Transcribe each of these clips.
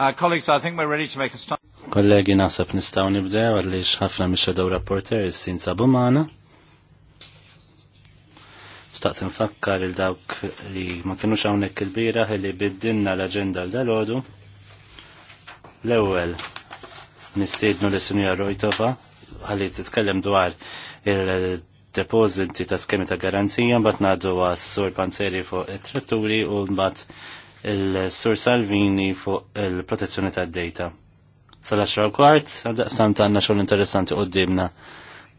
Uh, colleagues, I think we're ready to make a start. Kollegi nasab nistaw nibdew għalli xafna mixedaw rapporter sin sabu maħna. Staqt nfakkar il-dawk li ma kienux hawnhekk il-bira li biddinna l agenda l-dalodu. l ewel nistidnu li sinja Rojtova għalli t-tkellem dwar il-depoziti ta' skemi ta' garanzija bat naddu għas-sur Panzeri fuq il tratturi u bat il-Sur Salvini fuq il-protezzjoni tad data Sal-10 kwart, għaddaqsam tanna xogħol interessanti d-dibna.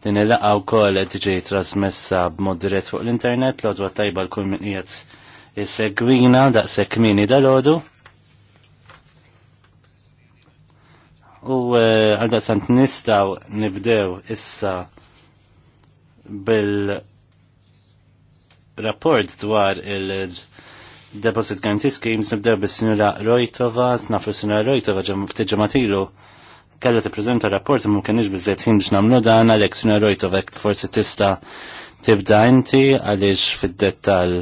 Din il-laqgħa wkoll qed tiġi trasmessa b'mod dirett fuq l-internet, l-għodwa tajba l-kull min qiegħed isegwina daqshekk mini dal-għodu. U t eh, nistgħu nibdew issa bil-rapport dwar il- Deposit Guarantee Schemes nibdew bis-sinjura Rojtova, nafu sinjura Rojtova ġematilu kalla tippreżenta rapport imma kienx biżejt ħin biex nagħmlu dan għalhekk sinjura Rojtova hekk forsi tista' tibda inti għaliex fid-dettall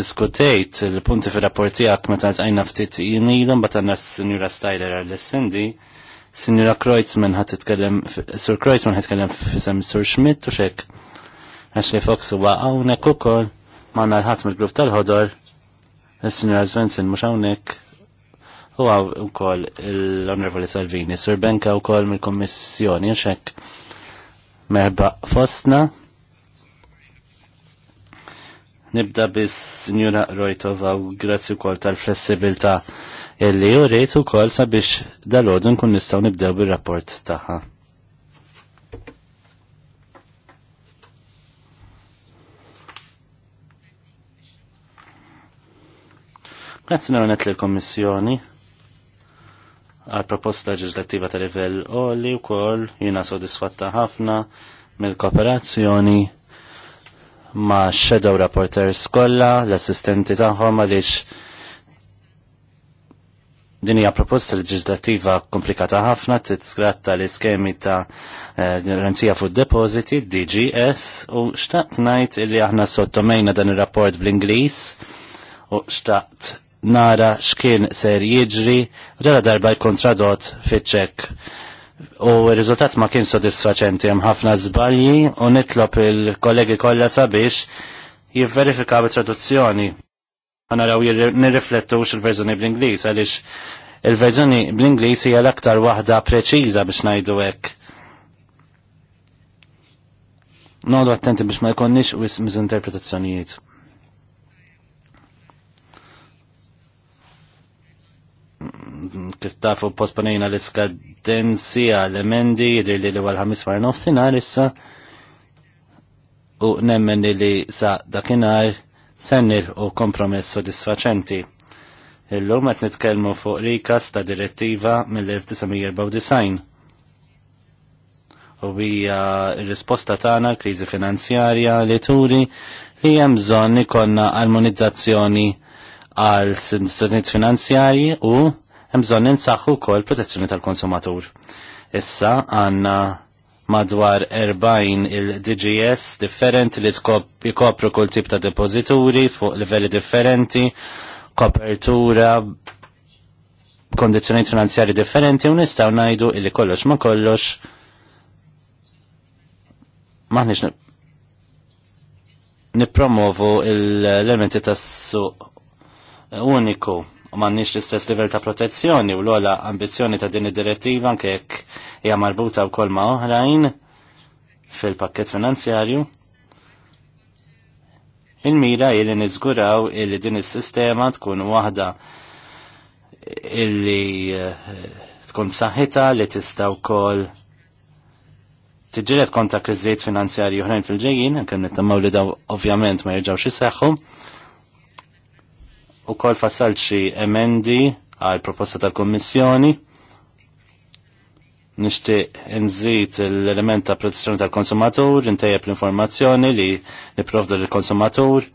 diskutejt il-punti fil rapporti għak meta għajna ftit jimilum bat għanna s-Sinjura Styler għal-Sindi, Sinjura Kreuzman ħat titkellem, Sur Kreuzman ħat titkellem fissem Sur Schmidt u xek Ashley Fox huwa hawnhekk ukoll ma l-ħadd mill-grupp tal-ħodor il-Sinjor Svensson mhux hawnhekk huwa wkoll l-Onorevoli Salvini, Sir Benka wkoll mill-Kummissjoni xek merba fostna. Nibda bis-Sinjura Rojtova u grazzi wkoll tal-flessibilta illi u rejt ukoll sabiex dal nkun nistgħu nibdew bir-rapport tagħha. Grazzi naranet li l-Kommissjoni għal proposta ġizlettiva ta' livell oli u koll jina sodisfatta ħafna mill-kooperazzjoni ma' shadow rapporters kolla, l-assistenti tagħhom għaliex din hija proposta leġislattiva komplikata ħafna titgratta l-iskemi ta' eh, garanzija fuq depositi DGS u xtaqt ngħid li aħna sottomejna dan ir-rapport bl-Ingliż u xtaqt nara xkien ser jiġri ġara darba jkontradot fitxek. ċek U r-riżultat ma kien sodisfaċenti hemm ħafna żbalji u nitlob il-kollegi kollha sabiex jivverifikaw it-traduzzjoni. Naraw x il-verżjoni bl-Ingliż għaliex il-verżjoni bl-Ingliż hija l-aktar waħda preċiża biex ngħidu hekk. Nodu attenti biex ma jkunniex wis miżinterpretazzjonijiet. kif tafu posponejna l-iskadenzi għal-emendi jidir li l-għal ħamis war nofsinar issa u nemmen li sa dakinar sennil u kompromess sodisfaċenti. Illum qed nitkellmu fuq rikas ta' direttiva mill-1994 u hija risposta tagħna kriżi finanzjarja li turi li hemm bżonn ikollna armonizzazzjoni għal istituzzjonijiet finanzjarji u bżonn ninsaħħu wkoll protezzjoni tal-konsumatur. Issa għandna madwar 40 il-DGS differenti li jkopru kull tip ta' depozituri fuq livelli differenti, kopertura, kondizjoni finanzjari differenti u nistaw najdu illi kollox ma kollox maħniġ nipromovu l-elementi tas-suq uniku u mannix l-istess livell ta' protezzjoni u l-ola ambizjoni ta' din id-direttiva anke jekk hija marbuta wkoll ma' oħrajn fil-pakket finanzjarju. Il-mira jilli niżguraw illi din is-sistema tkun waħda illi eh, tkun b'saħħitha li tista' wkoll tiġġieled konta kriżijiet finanzjarji oħrajn fil-ġejjin, kemm nittammaw li daw ovvjament ma jirġgħux jiseħħu u kol fassalt xi emendi għal proposta tal-Kommissjoni nishtiq nżid l-element ta' protezzjoni tal-konsumatur, ntejjeb l-informazzjoni li niprovdu l-konsumatur,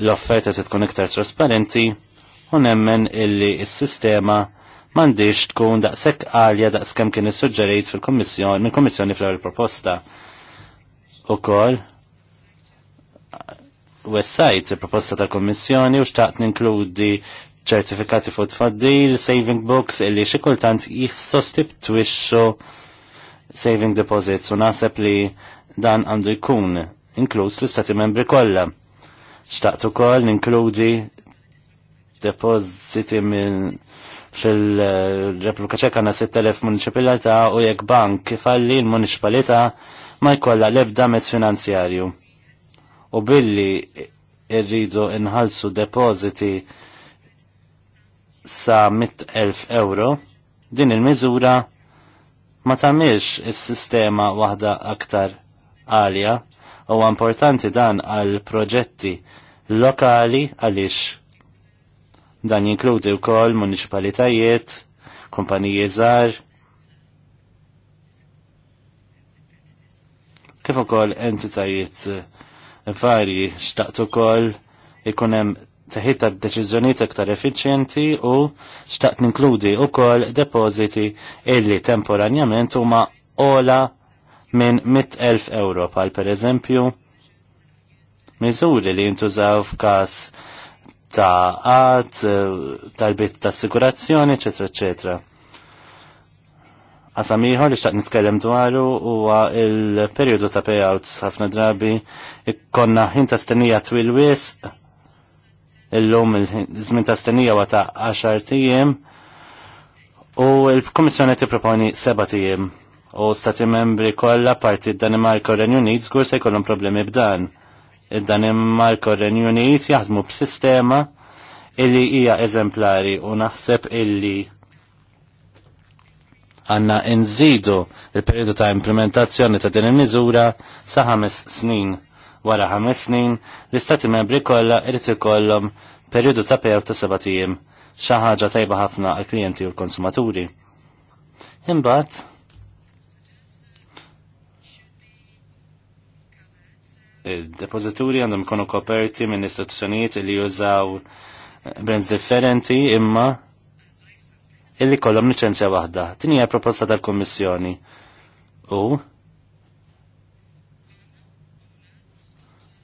l-offerta se tkun iktar trasparenti, u nemmen illi s-sistema mandiġ tkun daqshekk għalja daqskemm kien issuġġerit fil-Kommissjoni minn Kommissjoni fl-ewwel proposta. Ukoll website il-proposta ta' kommissjoni u xtaqt ninkludi ċertifikati fuq tfaddil, saving books illi xi kultant jissostitwixxu saving deposits u naħseb li dan għandu jkun inkluż fl-istati membri kollha. Xtaqt ukoll ninkludi depositi minn fil-Repubblika Ċeka na 6000 municipalità u jekk bank falli l-municipalità ma jkollha l-ebda mezz finanzjarju u billi irridu inħalsu depositi sa 100.000 euro, din il-miżura ma tamilx is-sistema waħda aktar għalja u importanti dan għal proġetti lokali għaliex dan jinkludi wkoll municipalitajiet, kumpaniji żgħar, kif ukoll entitajiet varji xtaqt ukoll ikun hemm d deċiżjonijiet iktar effiċjenti u xtaqt ninkludi kol depoziti illi temporanjament huma ola minn 100.000 euro pal eżempju miżuri li jintużaw f'każ ta' għad, eh, talbit ta' assigurazzjoni, eccetera, eccetera. Qasam ieħor li xtaqt nitkellem dwaru huwa il-perjodu ta' payouts ħafna drabi ikkonna ħin ta' stenija twil wisq illum il-żmien ta' stennija wa ta' 10 tijem, u l ti tipproponi seba' tijem. u stati membri kollha parti d-Danimarka u Renju Unit żgur se jkollhom problemi b'dan. Id-Danimarka u Renju Unit jaħdmu b'sistema illi hija eżemplari u naħseb illi għanna nżidu il-periodu ta' implementazzjoni ta' din il-miżura sa' ħames snin. Wara ħames snin, l-Istati membri kollha irid ikollhom periodu ta' pejaw ta' seba' tiem, xi ħaġa tajba ħafna għal klijenti u l-konsumaturi. Imbagħad il-depozituri għandhom ikunu koperti minn istituzzjonijiet li jużaw brands differenti imma illi kollom liċenzja waħda. Din hija proposta tal-Kummissjoni. U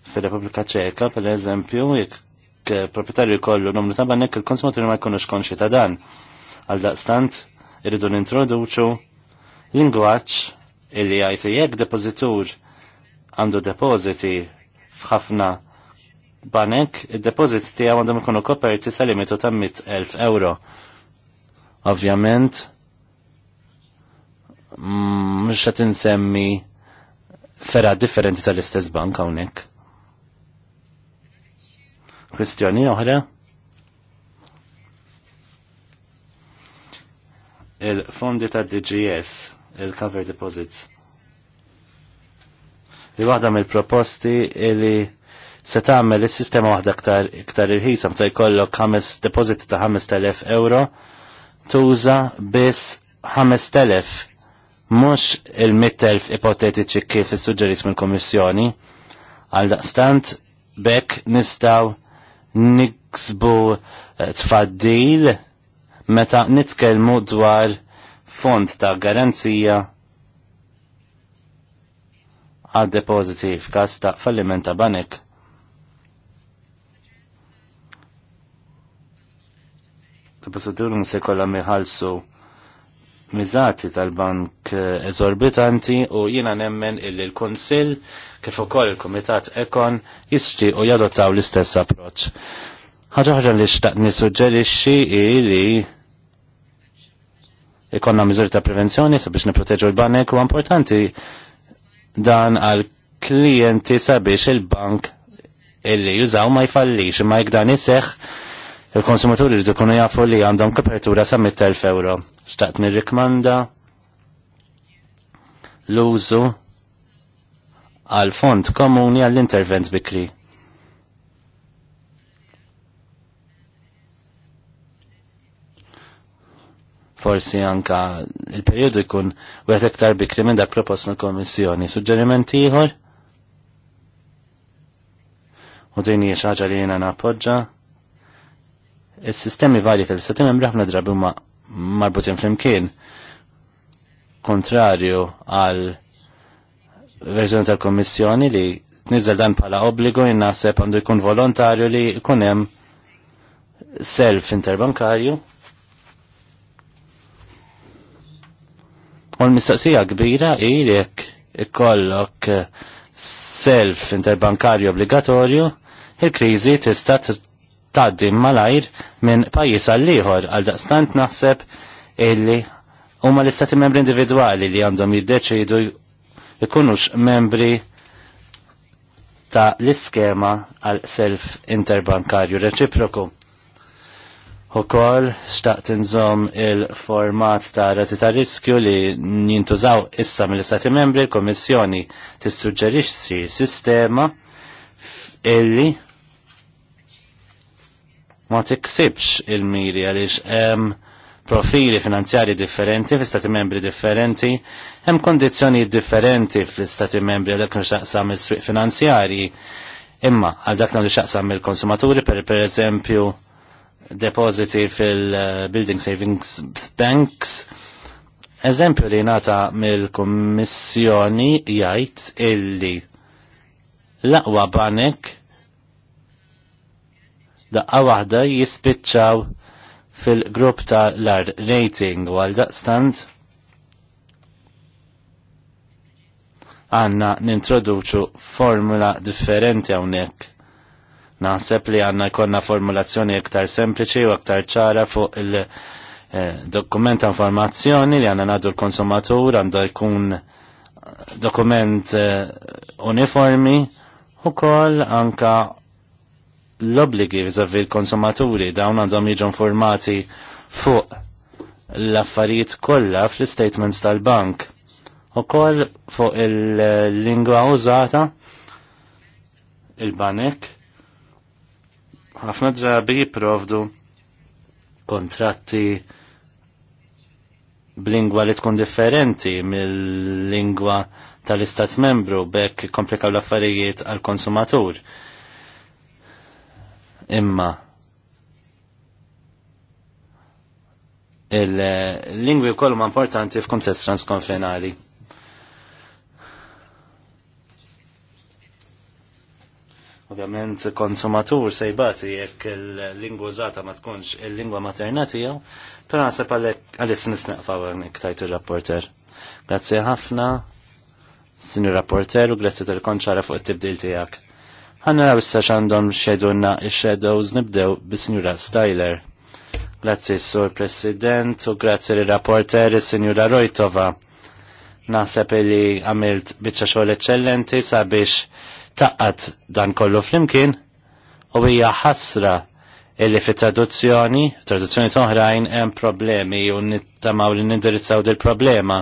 fil repubblika Ċeka, per eżempju, jek proprietarju kollu numru ta' banek il-konsumaturi ma jkunux konxi ta' dan. Għal daqstant, irridu nintroduċu lingwaġġ illi għajtu jekk depozitur għandu depoziti f'ħafna banek, il depoziti tiegħu għandhom ikunu koperti sa limitu ta' 100.000 euro. Ovvjament, mm, mhux qed insemmi fera differenti tal-istess bank hawnhekk. Kwistjoni oħra? Il-fondi tad DGS, il-cover deposits. Li waħda mill-proposti li se tagħmel is-sistema waħda iktar iktar irħisam ta' jkollok ħames deposit ta' 5000 euro tuża biss 5000 mux il 100000 ipotetiċi kif suġġerit mill kummissjoni għal daqstant bekk nistaw niksbu eh, tfaddil meta nitkelmu dwar fond ta' garanzija għad depoziti f'każ ta' falliment ta' banek. il-prosedur se kolla miħalsu miżati tal-bank eżorbitanti u jiena nemmen illi l-Konsil kif ukoll il-Kumitat Ekon jistri u jadottaw l-istess approċċ. Ħaġa ħaġa li xtaqt nissuġġerixxi li ikonna miżuri ta' prevenzjoni sabiex nipproteġu l-banek u importanti dan għal klijenti sabiex il-bank illi jużaw ma jfallix imma jekk dan iseħħ il-konsumaturi rridu kunu jafu li għandhom kopertura sa' 100.000 euro. staqt nirrikmanda l-użu għal fond komuni għall-intervent bikri. Forsi anka il-periodu jkun wieħed iktar bikri minn dak propost mill-Kommissjoni. Suġġerimenti ieħor? U din hija xi ħaġa li jiena nappoġġa. Is-sistemi varji tal-istati membri ħafna drabi ma marbutin flimkien kontrarju għal verżjoni tal-Kommissjoni li nizzel dan bħala obbligu jinnaħseb għandu jkun volontarju li jkun hemm self interbankarju. U l-mistaqsija kbira hi li jekk ikollok self interbankarju obbligatorju, il-kriżi tista' taddim malajr minn pajis għall-liħor għal daqstant naħseb illi huma l-istati membri individuali li għandhom jiddeċidu jikunux membri ta' l-iskema għal self interbankarju reċiproku. U kol xtaqt nżom il-format ta' rati ta' riskju li jintużaw issa mill-Istati membri l-Komissjoni tissuġġerixxi sistema illi ma tiksibx il-miri għaliex hemm profili finanzjari differenti fl-istati membri differenti, hemm kondizzjoni differenti fl-istati membri għal dak xaqsam il-swiq finanzjari, imma għal dak li xaqsam il-konsumaturi per per eżempju depositi fil-Building Savings Banks. Eżempju li nata mill-Kommissjoni jgħid illi l-aqwa banek daqqa waħda jispiċċaw fil-grupp ta' l-art rating u għal daqstant għanna nintroduċu formula differenti għonek. Naħseb li għanna jkonna formulazzjoni iktar sempliċi u iktar ċara fuq il-dokument eh, ta' informazzjoni li għanna nadu l-konsumatur għandu jkun eh, dokument eh, uniformi u koll anka l-obligi vizavi l-konsumaturi dawn għandhom jiġu informati fuq l-affarijiet kollha fl-statements tal-bank. U koll fuq il-lingwa użata il-banek ħafna drabi jiprovdu kontratti b'lingwa li tkun differenti mill-lingwa tal-istat membru bekk komplikaw l-affarijiet għal-konsumatur imma il-lingwi wkoll ma importanti f'kuntest transkonfinali. Ovvjament konsumatur sejbati jekk il-lingwa użata ma tkunx il-lingwa materna tiegħu, però naħseb għalis nisnaqfa hawnhekk tajt ir-rapporter. Grazzi ħafna, Sinjur Rapporter, u grazzi tal-konċara fuq it-tibdil tiegħek. Ħanna sta x'għandhom xedunna il shadows nibdew bis-Sinjura Styler. Grazzi Sur President u grazzi l il Sinjura Rojtova. Naħseb li għamilt biċċa xogħol eċċellenti sabiex taqqat dan kollu flimkien u hija ħasra illi fi traduzzjoni, traduzzjoni toħrajn hemm problemi u nittamaw li nindirizzaw del problema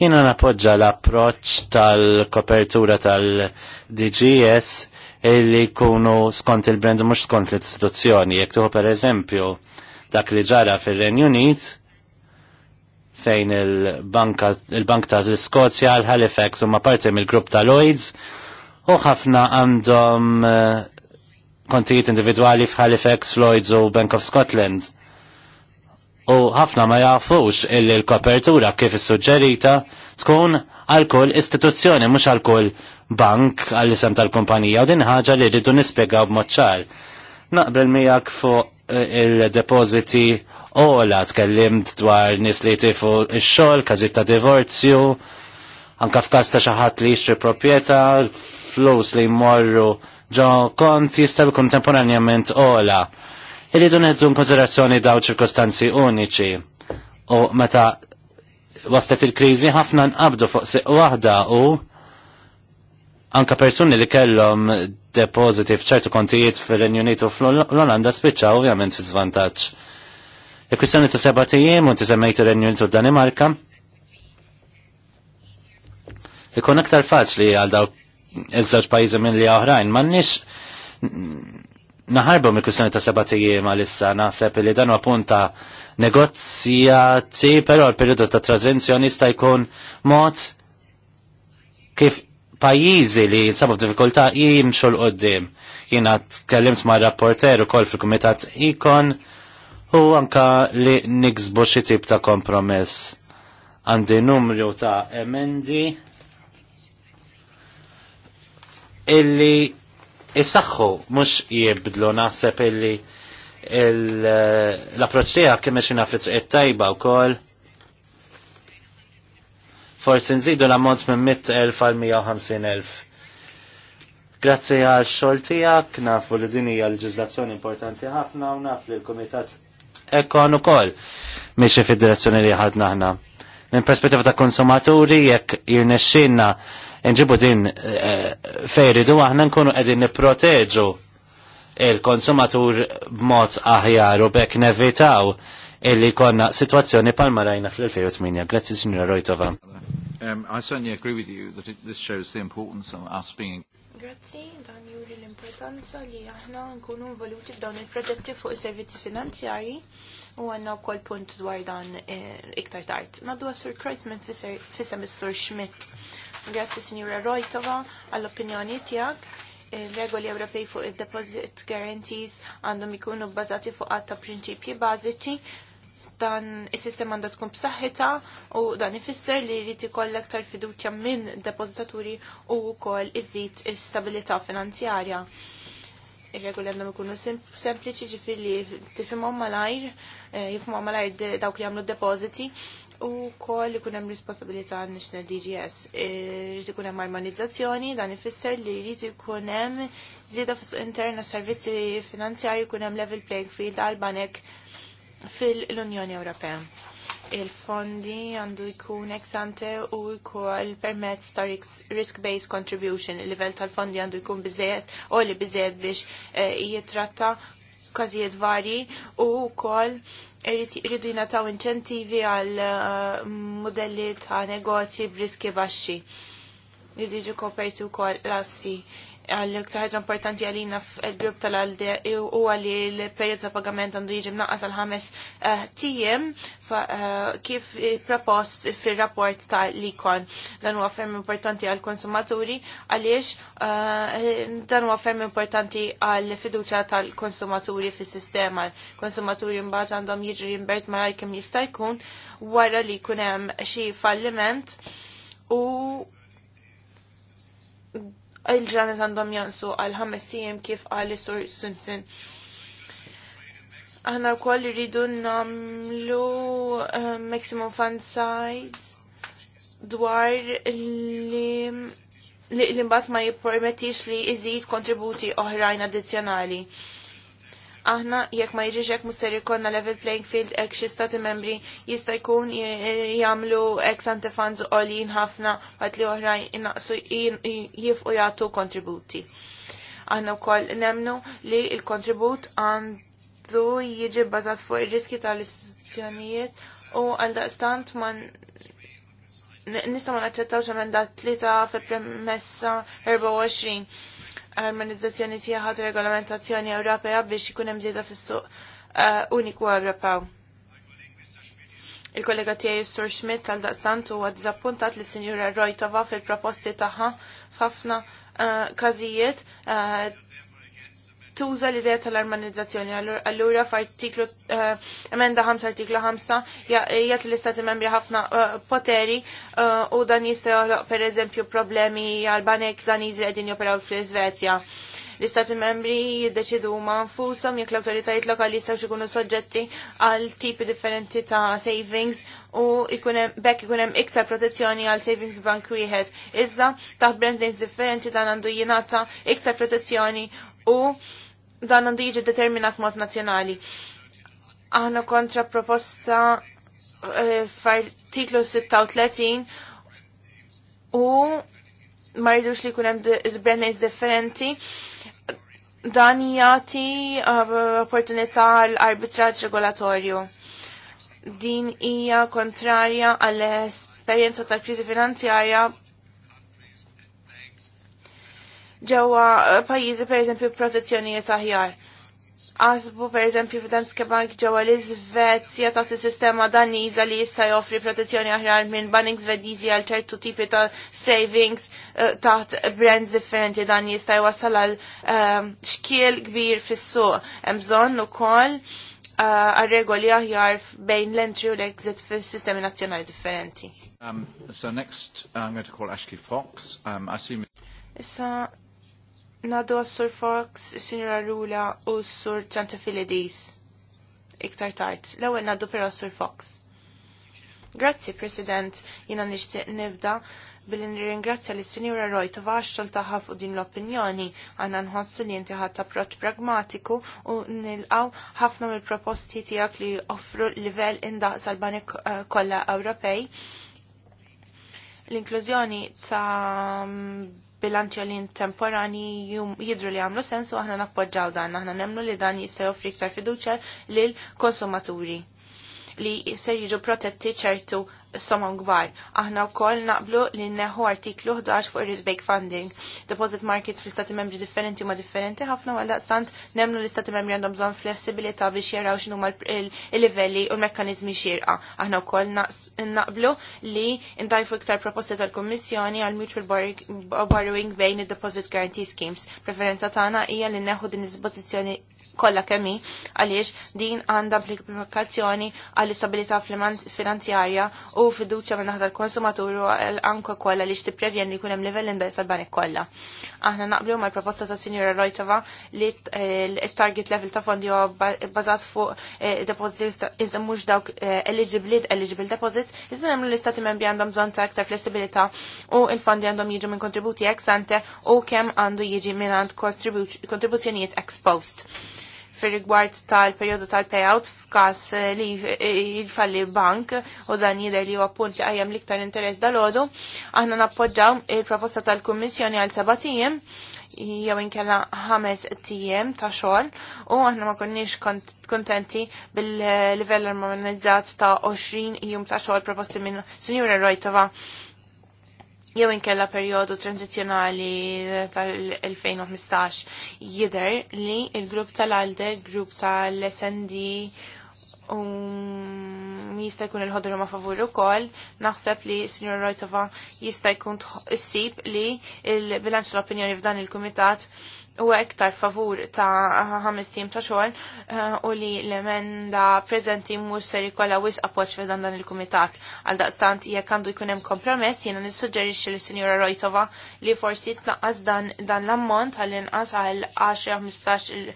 Jiena napoġġa l-approċċ tal-kopertura tal-DGS li jkunu skont il-brand mhux skont l-istituzzjoni. Jekk tuħu pereżempju dak li ġara fir-Renju Unit fejn il-bank il bank ta' l skozja l halifax huma parti mill-grupp ta' Lloyds u ħafna għandhom eh, kontijiet individwali f'Halifax, Lloyds u Bank of Scotland. U ħafna ma jafux il l-kopertura kif is-suġġerita tkun għal kull istituzzjoni mhux għal kull bank għall-isem tal-kumpanija u din ħaġa li rridu nispjegaw b'mod ċar. Naqbel miegħek fuq eh, il-depożiti ola tkellimt dwar nies li tifu x-xogħol, każiet ta' divorzju, anka f'każ ta' xi ħadd li jixtri proprjetà, flus li jmorru ġo kont jista' kontemporanjament ola. Irridu neħdu konsiderazzjoni daw ċirkostanzi uniċi u meta waslet il-kriżi ħafna nqabdu fuq siq waħda u anka persuni li kellhom depositi f'ċertu kontijiet fil-Renju Unitu fl-Olanda spiċċa ovvjament fi żvantaġġ. Il-kwistjoni e ta' seba' tiem u tisemmejt ir-Renju Unitu Danimarka. Ikun aktar faċli għal dawk iż-żewġ pajjiżi minn li oħrajn, m'għandniex naħarbu mill-kwistjoni ta' seba' tiem għalissa naħseb li dan punta negozjati, però l-periodu ta' tranzizjoni jista' jkun mod kif pajjiżi li jinsabu f'diffikultà jimxu l-qoddim. Jiena tkellimt ma' rapporter kol fil-kumitat ikon u anka li nixbu xi tip ta' kompromess. Għandi numru ta' emendi illi jisaxħu mux jibdlu naħseb illi l-approċ tijak kemm xina fit triq tajba u kol forsi nżidu l-ammont minn 100.000 għal 150.000. Grazzi għal xogħol tiegħek, nafu li din hija ġizlazzjoni importanti ħafna u naf li l-Kumitat ekon ukoll mixi fid-direzzjoni li ħadna aħna. Minn perspettiva ta' konsumaturi jekk jirnexxinna nġibu din eh, fejridu aħna nkunu qegħdin nipproteġu il-konsumatur b'mod aħjar u bekk nevitaw illi konna situazzjoni palma rajna fl-2008. Grazzi, signora Rojtova. Um, I certainly agree with you that it, this shows the importance of us being Grazzi, dan juri l-importanza li aħna nkunu involuti f'dawn il-proġetti fuq servizzi finanzjari u għanna u koll punt dwar dan eh, iktar tard. Naddu għasur Kreuzman fissem is-sur Schmidt. Grazzi Signora Rojtova għall-opinjoni tijak. Eh, regoli Ewropej fuq il-deposit guarantees għandhom ikunu bbażati fuq għatta prinċipji bażiċi dan is-sistema għandha tkun b'saħħitha u dan ifisser li jrid ikollek aktar fiduċja minn depożitaturi u wkoll iżid is-stabilità finanzjarja. Ir-regoli għandhom ikunu sempliċi ġifieri li tifhimhom malajr, eh, jifhmhom malajr dawk li jagħmlu depożiti u wkoll ikun hemm responsabilità National DGS. ikun hemm armonizzazzjoni, dan ifisser li ikun hemm żieda fis interna servizzi ikun hemm level playing field għal banek fil-Unjoni Ewropea. Il-fondi għandu jkun eksante u jkoll permezz ta' risk-based contribution. Il-level tal-fondi għandu jkun bizzejed u li bizzejed biex eh, jitratta kazijiet varji u kol rridu jinataw inċentivi għal eh, modelli ta' negozji b'riski baxxi. Rridu ġu koperti u kol lassi għall-iktar ħaġa importanti għalina fil-grupp tal għaldi u għalli l-periodu ta' pagament għandu jiġi mnaqqas għal ħames eh, tijem eh, kif propost fil-rapport ta' l-ikon. Dan huwa ferm importanti għal-konsumaturi għaliex eh, dan huwa ferm importanti għal-fiduċa tal-konsumaturi fil-sistema. Konsumaturi mbagħad għandhom jiġri jimbert ma' kemm jista' jkun wara li jkun hemm xi falliment u il-ġranet għandhom jansu għal ħames tijem kif għal Sur Simpson. Aħna wkoll rridu namlu uh, eh, maximum Fan size dwar li l mbagħad ma jippermettix li iżid kontributi oħrajn addizzjonali aħna jekk ma jiġix hekk muster jkollna level playing field hekk xi stati membri jista' jkun jagħmlu hekk sante funds għolin ħafna waqt li oħrajn innaqsu jifqu jagħtu kontributi. Aħna wkoll nemnu li l-kontribut għandu jiġi bbażat fuq ir-riski tal-istituzzjonijiet u għal daqstant ma nista' ma naċċettawx emendat tlieta fil-premessa 24 armonizzazzjoni sieħat regolamentazzjoni Ewropea biex ikun hemm żieda fis-suq eh, uniku Ewropew. Il-kollega tiegħi Sur Schmidt tal daqstant huwa dizappuntat li Sinjura Rojtova fil-proposti tagħha f'ħafna eh, każijiet eh, tuża l-idea tal-armonizzazzjoni. Allura f'artiklu eh, emenda 5 artiklu 5 jgħat l-istati membri ħafna eh, poteri eh, u dan jista' joħloq pereżempju problemi għal-banek daniżi qegħdin joperaw fl-Iżvezja. L-istati membri jiddeċidu ma nfushom jekk l-awtoritajiet lokali jistgħu ikunu soġġetti għal tipi differenti ta' savings u bekk ikun hemm iktar protezzjoni għal savings bank wieħed. Iżda taħt brandings differenti dan għandu jingħata iktar protezzjoni u dan għandu jiġi determinat mod nazjonali. Aħna kontra proposta e, titlu 36 u ma rridux li kunem brandings differenti dan jati uh, opportunità l-arbitraġġ regolatorju. Din hija kontrarja għall-esperjenza tal-kriżi finanzjarja ġewwa eh, pajjiżi pereżempju protezzjonijiet aħjar. Asbu pereżempju f'Danske Bank ġewwa l-Iżvezja tagħti sistema Daniża li jista' joffri protezzjoni aħjar minn banning Svediżi għal ċertu tipi ta' savings eh, taħt brands differenti dan jista' jwassal għal eh, xkiel kbir fis-suq. Hemm bżonn ukoll għal-regoli aħjar bejn l-entry u l-exit fis sistemi nazzjonali differenti. Um, so next, I'm going to call Ashley Fox. Um, I see... Issa, Nadu għas-Sur Fox, Sinjora Rula u Sur Ċantafilidis. Iktar tard. L-ewwel nadu però Sur Fox. Grazzi, President, jina nixtieq nibda billi nirringrazzja li Sinjura Roy tivax xol taħaf u din l-opinjoni għanna nħossu li jinti ħadd approċċ pragmatiku u nilqaw ħafna mill-proposti tiegħek li offru livell indaqs għal-banik eh, kollha Ewropej. L-inklużjoni ta' Bilanċjalin temporani jidru li għamlu sensu aħna nappoġġaw dan, aħna nemnu li dan jista' joffri iktar fiduċa lil konsumaturi li ser jiġu protetti ċertu somon gbar. Aħna wkoll naqblu li neħu artiklu 11 fuq risk risbake funding. Deposit markets fl istati membri differenti huma differenti ħafna għal sant nemnu l-istati membri għandhom bżonn flessibilità biex jaraw x'inhu il-livelli u l-mekkaniżmi xirqa. Aħna wkoll naqblu li ndajfu iktar proposti tal-Kummissjoni għal mutual borrowing bejn id-deposit guarantee schemes. Preferenza tagħna hija li neħu din il-dispożizzjoni Kolla kemm għaliex din għandha implikazzjoni għall-istabilità finanzjarja u fiduċja minn naħdar konsumatur u anke kollha li x-tiprevjen li jkun hemm livell inda għall kolla. kollha. Aħna naqblu mal-proposta ta' Signora Rojtova li t-target eh, level ta' fondi huwa bbażat fuq eh, deposits iżda mhux dawk eh, eligible eligible deposits, iżda nagħmlu l-istati membri għandhom bżonn ta' aktar flessibilità u il-fondi għandhom jiġu minn kontributi ex ante u kemm għandu jiġi minn għand kontribuzzjonijiet ex post fir rigward tal-periodu tal-payout f'kas eh, li eh, jidfalli bank u dan jider li huwa punt li għajem liktar interess dal-ħodu, aħna nappoġġaw il-proposta tal-Kummissjoni għal sabatijem jew inkella ħames tijem ta' xogħol u aħna ma konniex kontenti bil-livell armonizzat ta' 20 jum ta' xogħol proposti minn Sinjura Rojtova jew inkella perjodu tranzizjonali tal-2015 jider li il-grupp tal-ALDE, grupp tal-SND u um, jista' jkun il-ħodru ma' favur ukoll, naħseb li Sr. Rojtova jista' jkun issib li il-bilanċ tal-opinjoni f'dan il-kumitat u iktar favur ta' ħames tim ta' xogħol eh, u li l-emenda preżenti mhux ser jkollha wisq appoġġ fil dan il-kumitat. Għal daqstant jekk għandu jkun hemm kompromess jiena nissuġġerixxi lis sinjura Rojtova li forsi tnaqqas dan, dan l-ammont għal inqas għal 10-15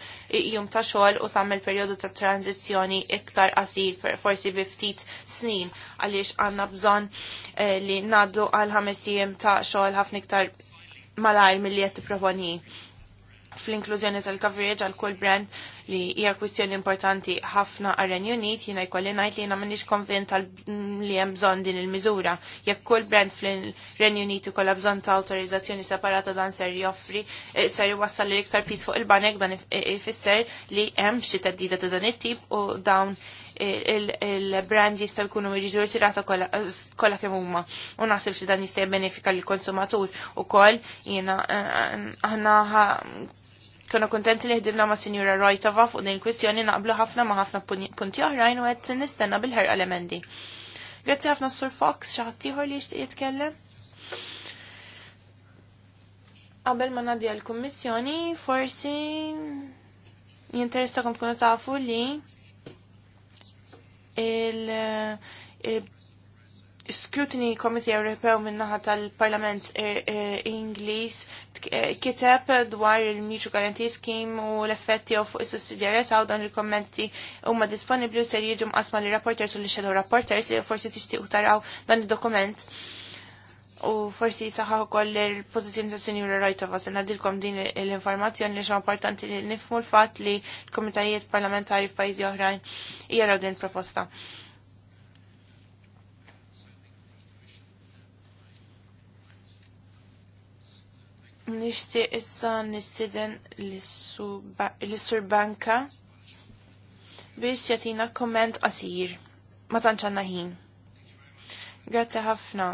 jum ta' xogħol u tagħmel perjodu ta' tranzizzjoni iktar qasir forsi bi ftit snin għaliex għandna bżonn eh, li ngħaddu għal ħames tim ta' xogħol ħafna iktar malajr mill-li qed tipproponi fl-inklużjoni tal-coverage għal kull brand li hija kwistjoni importanti ħafna għar-Renju Unit jiena jkolli ngħid li jina m'għandix konvint li hemm bżonn din il-miżura. Jekk kull brand fl-Renju Unit ikollha bżonn ta' awtorizzazzjoni separata dan ser joffri eh, ser jwassal li iktar pis fuq il-banek dan eh, ifisser li hemm xi teddida ta' dan it-tip u dawn eh, il-brand jistaw jkunu miġiġur tirata kolla kemm huma. U naħseb xi dan jista' benefika l-konsumatur ukoll jiena aħna Kona kontenti li ħdimna ma' Sinjura Rojtova fuq din kwistjoni naqblu ħafna ma' ħafna punti oħrajn u għed nistenna bil-ħer emendi. Grazzi ħafna Sur Fox, xaħtiħor li jishtiq jitkellem. Qabel ma nadi għal-kommissjoni, forsi jinteressa jinteressakom tkunu tafu li il- Scrutiny Committee Ewropew minnaħa tal-Parlament eh, eh, Ingliż eh, kiteb dwar il-Mutual Guarantee Scheme u l-effetti u fuq is-sussidjarjetà u dan il-kommenti huma disponibbli u ser jiġu mqasma li rapporters u li shadow rapporters li forsi tixtiequ taraw dan id-dokument u forsi saħħa ukoll il-pożizzjoni ta' Sinjura of Us ngħidilkom din l-informazzjoni li xi importanti li nifmu l-fatt li l-komitajiet parlamentari f'pajjiżi oħrajn jaraw din proposta. proposta Nixtieq issa nistiden l-sur banka biex jatina komment qasir. Ma tanċanna għandna ħin. ħafna.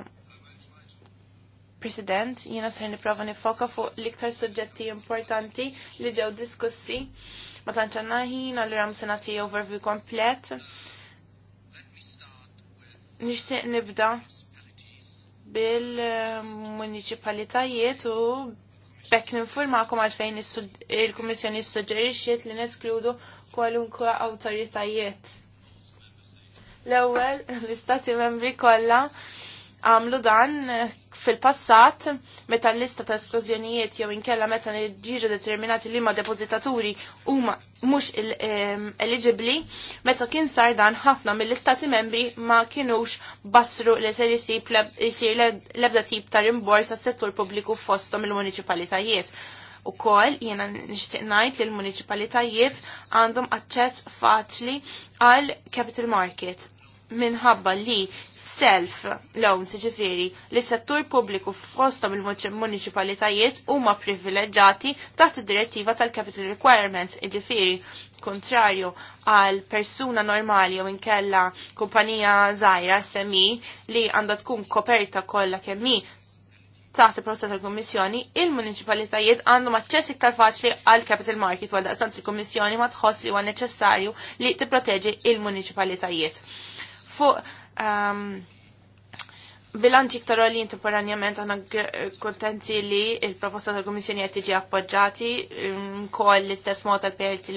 President, jiena ser nipprova nifoka fuq l-iktar suġġetti importanti li ġew diskussi. Ma tanċanna ħin, allura msenati overview komplet. Nixtieq nibda bil-municipalitajiet u bekk ninformakom għalfejn il-Kummissjoni suġġerixxiet li neskludu kwalunkwe awtoritajiet. L-ewwel l-Istati Membri kollha għamlu dan fil-passat meta l-lista ta' esklużjonijiet jew inkella meta ġiġu determinati li ma' depozitaturi huma mhux eligibbli, meta kien sar dan ħafna mill-istati membri ma kienux basru li ser jisir l-ebda tip ta' rimbors tas settur pubbliku fostom il-municipalitajiet. U kol jena nishtiq najt li l-municipalitajiet għandhom aċċess faċli għal capital market minħabba li self loans ġifiri li settur pubbliku f'fostom il-municipalitajiet huma privileġġati taħt id-direttiva tal-capital requirements ġifiri kontrarju għal persuna normali u inkella kumpanija zaħira SMI e, li għandha tkun koperta kollha kemmi taħt il-proċess tal-Kommissjoni, il-municipalitajiet għandhom aċċess iktar faċli għal capital market għal daqstant il-Kommissjoni ma tħoss li huwa neċessarju li tipproteġi il-municipalitajiet. il il municipalitajiet fuq um, bilanċi iktar li temporanjament għana kontenti li il-proposta tal-Komissjoni għed tiġi appoġġati mm, kol l-istess mod tal-PRT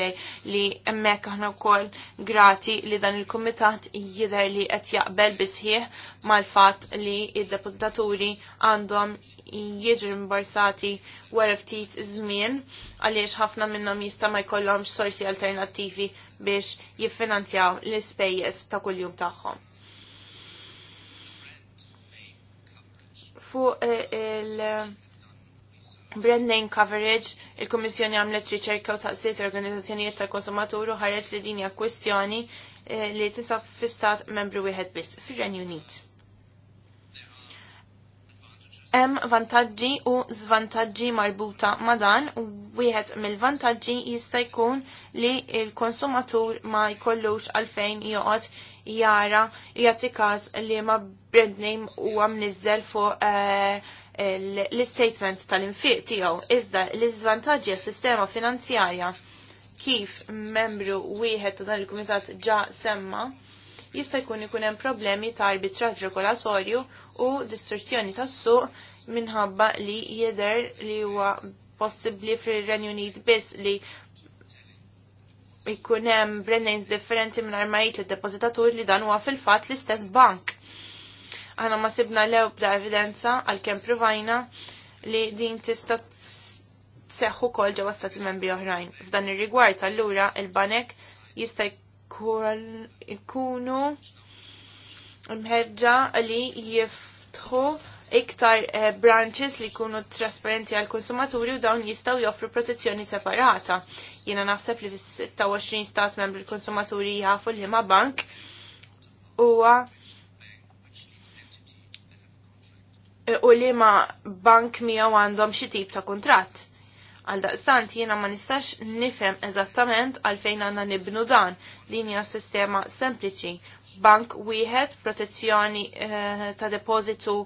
li emmek għana kol grati li dan il-Komitat jider li għed jaqbel bisħieħ mal-fat li il-deputaturi għandhom jieġri rimborsati wara ftit żmien għaliex ħafna minnhom jista' ma jkollhomx sorsi alternattivi biex jiffinanzjaw l-ispejjeż ta' kuljum tagħhom. fuq eh, il- eh, Brand name coverage, il-Komissjoni għamlet riċerka u saqsiet l-organizzazzjonijiet tal-konsumatur u ħareġ li dinja kwestjoni eh, li tinsab fi stat membru wieħed biss, fir-Renju Unit. Hemm vantaġġi u żvantaġġi marbuta ma' dan u wieħed mill-vantaġġi jista' jkun li l-konsumatur ma jkollux għalfejn joqgħod jara jagħti każ li ma brand name huwa mniżżel fuq eh, l-statement tal-infiq tiegħu. Iżda l-iżvantaġġi għas-sistema finanzjarja kif membru wieħed ta' dan il-kumitat ġa semma, jista' jkun ikun hemm problemi ta' arbitraġġ regolatorju u distruzzjoni tas-suq minħabba li jidher li huwa possibbli fir-Renju Unit biss li jkun hemm brand differenti minn armajiet li depozitatur li dan huwa fil-fatt l-istess bank. Aħna ma sibna l-ebda evidenza għalkemm provajna li din tista' seħħu kol ġewwa stati membri oħrajn. F'dan ir-rigward allura il-banek jista' jkunu mħeġġa li jiftħu iktar eh, branches li jkunu trasparenti għal konsumaturi u dawn jistaw joffru protezzjoni separata. Jiena naħseb li fis-26 stat membri l-konsumaturi jafu li ma bank huwa eh, u li ma bank miegħu għandhom xi tip ta' kuntratt. Għal daqstant jiena ma nistax nifhem eżattament għalfejn għandna nibnu dan din hija sistema sempliċi. Bank wieħed, protezzjoni eh, ta' depożitu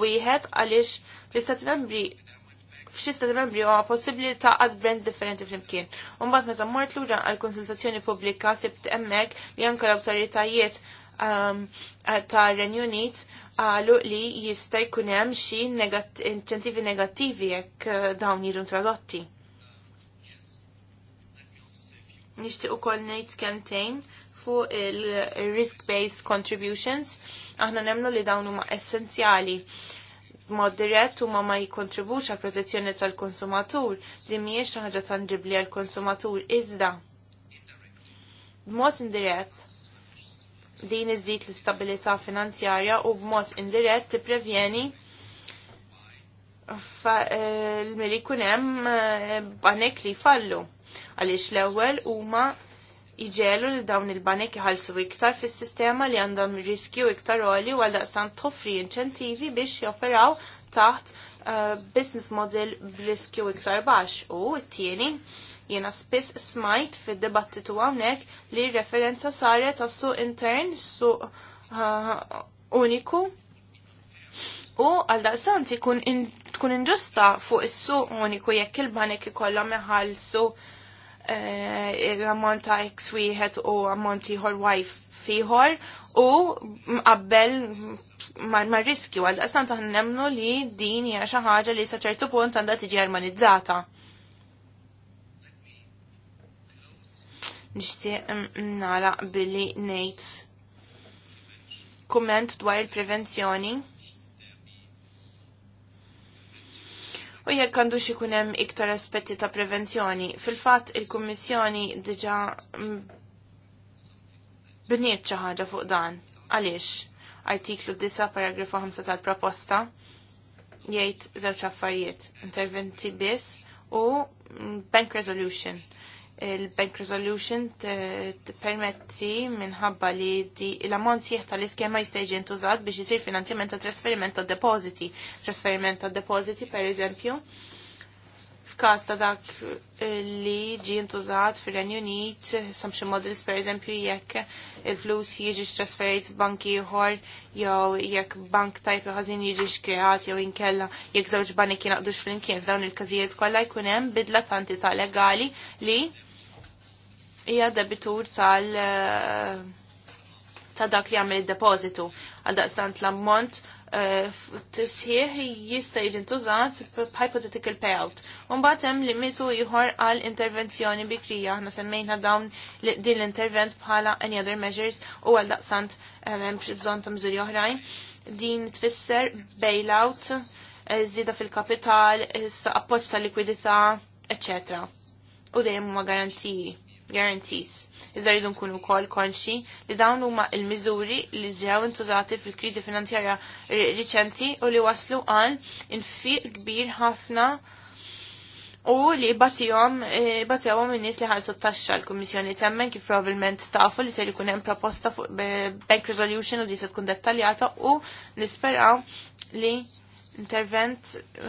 wieħed għaliex l-istati membri f'xi stati membri huwa possibbli ta' għad brand differenti flimkien. mbagħad meta mort lura għal konsultazzjoni pubblika sibt hemmhekk li anke l-awtoritajiet um, ta' Renju Unit għalu li jista' jkun hemm xi inċentivi negattivi jekk uh, dawn jiġu tradotti. Nixtieq ukoll ngħid kemmtejn fuq il-risk-based contributions Aħna nemnu li dawn huma essenzjali mod dirett huma ma jikontribux għal protezzjoni tal-konsumatur li mhijiex ħagġa ħaġa għal għall konsumatur iżda. B'mod indirett din iżdid l-istabilità finanzjarja u b'mod indirett tipprevjeni eh, l-mili kunem eh, banek li fallu għaliex l-ewwel huma iġelu li dawn il-banek jħalsu iktar fis sistema li għandhom riskju iktar għoli u għaldaqstan toffri inċentivi biex joperaw taħt uh, business model b'riskju iktar baxx u t-tieni jiena spiss smajt fid-dibattitu hawnhekk li referenza saret għas suq intern suq uh, uniku u għaldaqstant tkun inġusta fuq is-suq uniku jekk il-banek ikollhom iħallsu Eh, l-ammont ta' x wieħed u ammont ieħor wife fiħor u mqabbel ma' riskju għal daqstan taħn nemnu li din hija xi ħaġa li sa ċertu punt għandha tiġi armonizzata. Nixtieq mm, mm, nagħlaq billi ngħid kument dwar il-prevenzjoni. u jekk għandu ikun hemm iktar aspetti ta' prevenzjoni. Fil-fatt il-Kummissjoni diġà bniet xi ħaġa fuq dan. Għaliex? Artiklu 9 paragrafu 5 tal-proposta jgħid żewġ affarijiet, interventi biss u bank resolution il-Bank Resolution permetti minħabba li l-ammont jieħ tal-iskema jista' jiġi biex isir finanzjament ta' trasferiment ta' depositi. Trasferiment ta' depositi, per eżempju, f'każ ta' dak eh, li ġi jintużat fir-Renju Unit, samxie models per eżempju jekk il-flus jiġi trasferit banki ieħor jew jekk bank tajp ħażin jiġi kreat jew inkella jekk żewġ banki jinaqdux fl-imkien f'dawn il-każijiet kollha jkun hemm bidla ta' legali li hija debitur tal eh, ta' dak li għamil depozitu għal daqstant l-ammont eh, tisħieħ jista' jiġi ntużat hypothetical payout. Mbagħad hemm limitu ieħor għal intervenzjoni bikrija aħna semmejna dawn din l-intervent bħala any other measures u għal daqstant eh, hemm xi bżonn ta' miżuri oħrajn. Din tfisser bailout, żieda fil-kapital, appoġġ tal-likwidità, eċċetera. U dejjem huma garanziji guarantees. Iżda rridu nkunu wkoll konxi li dawn huma l-miżuri li ġew intużati fil-kriżi finanzjarja riċenti u li waslu għal infiq kbir ħafna u li batijom e, battijom minnis li ħarsu t-taxxa l komissjoni temmen kif probabilment tafu li se ikun hemm proposta fuq bank resolution u di se tkun dettaljata u nisperaw li intervent e,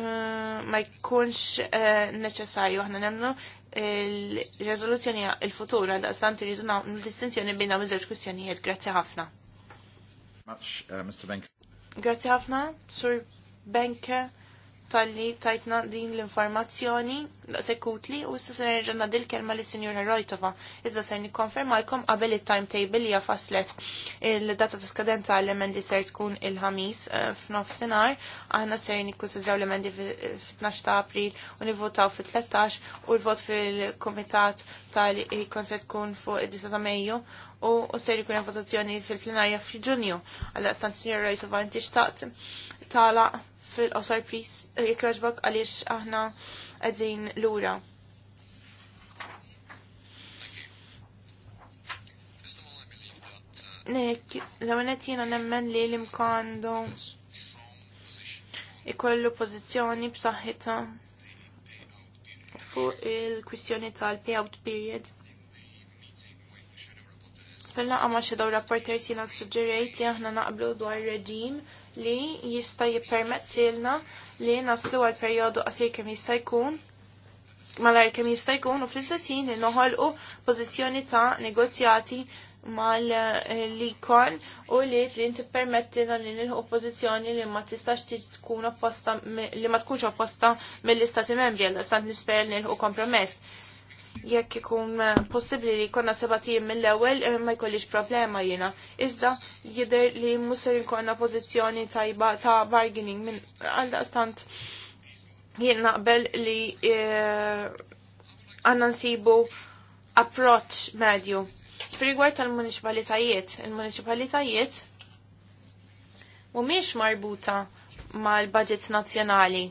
ma jkunx e, neċessarju aħna nemnu il-rezoluzzjoni il-futura da' stant rridu distinzjoni bina dawn iż-żewġ kwistjonijiet. ħafna. Uh, Grazie ħafna, Sur Benke tal-li tajtna din l-informazzjoni da' sekutli u issa se nerġa' dil kelma li sinjura Rojtova. Iżda ser nikkonfermalkom qabel it-timetable li faslet il-data ta' skadenza l-emendi ser tkun il-ħamis eh, f'nofsinhar, aħna ser nikkonsidraw l-emendi fit-12 ta' April u nivvotaw fit-13 u l-vot fil-komitat tal-ikon se tkun fuq id-9 ta' Mejju u ser jkun votazzjoni fil-plenarja fil-ġunju. Għalla stanzjoni Rojtova inti xtaqt tala' fil-qosor plis eh, jikraġbak għaliex aħna għedin l-ura. Nek, l-għonet jena nemmen li l-imkandu ikollu pozizjoni b'saħħita fuq il-kwistjoni tal-payout period. Fil-laqa ma xedaw rapporter jena suġġerejt li aħna naqblu dwar reġim li jista jippermettilna li naslu għal perjodu qasir kemm jista' jkun malar kemm jista' jkun u fl-istess ħin noħolqu pożizzjoni ta' negozjati mal eh, likon u li din tippermettilna li nilħu pożizzjoni li ma tistax tkun opposta li ma tkunx opposta mill-istati membri għal stant nisper nilħu kompromess jekk ikun eh, possibbli li jkollna seba' tim mill-ewwel eh, ma jkollix problema jiena. Iżda jidher li musser jkollna pożizzjoni tajba ta' bargaining minn għaldaqstant jien naqbel li eh, għandna nsibu approach medju. Frigwar tal-municipalitajiet, il-municipalitajiet mhumiex marbuta mal-budget nazzjonali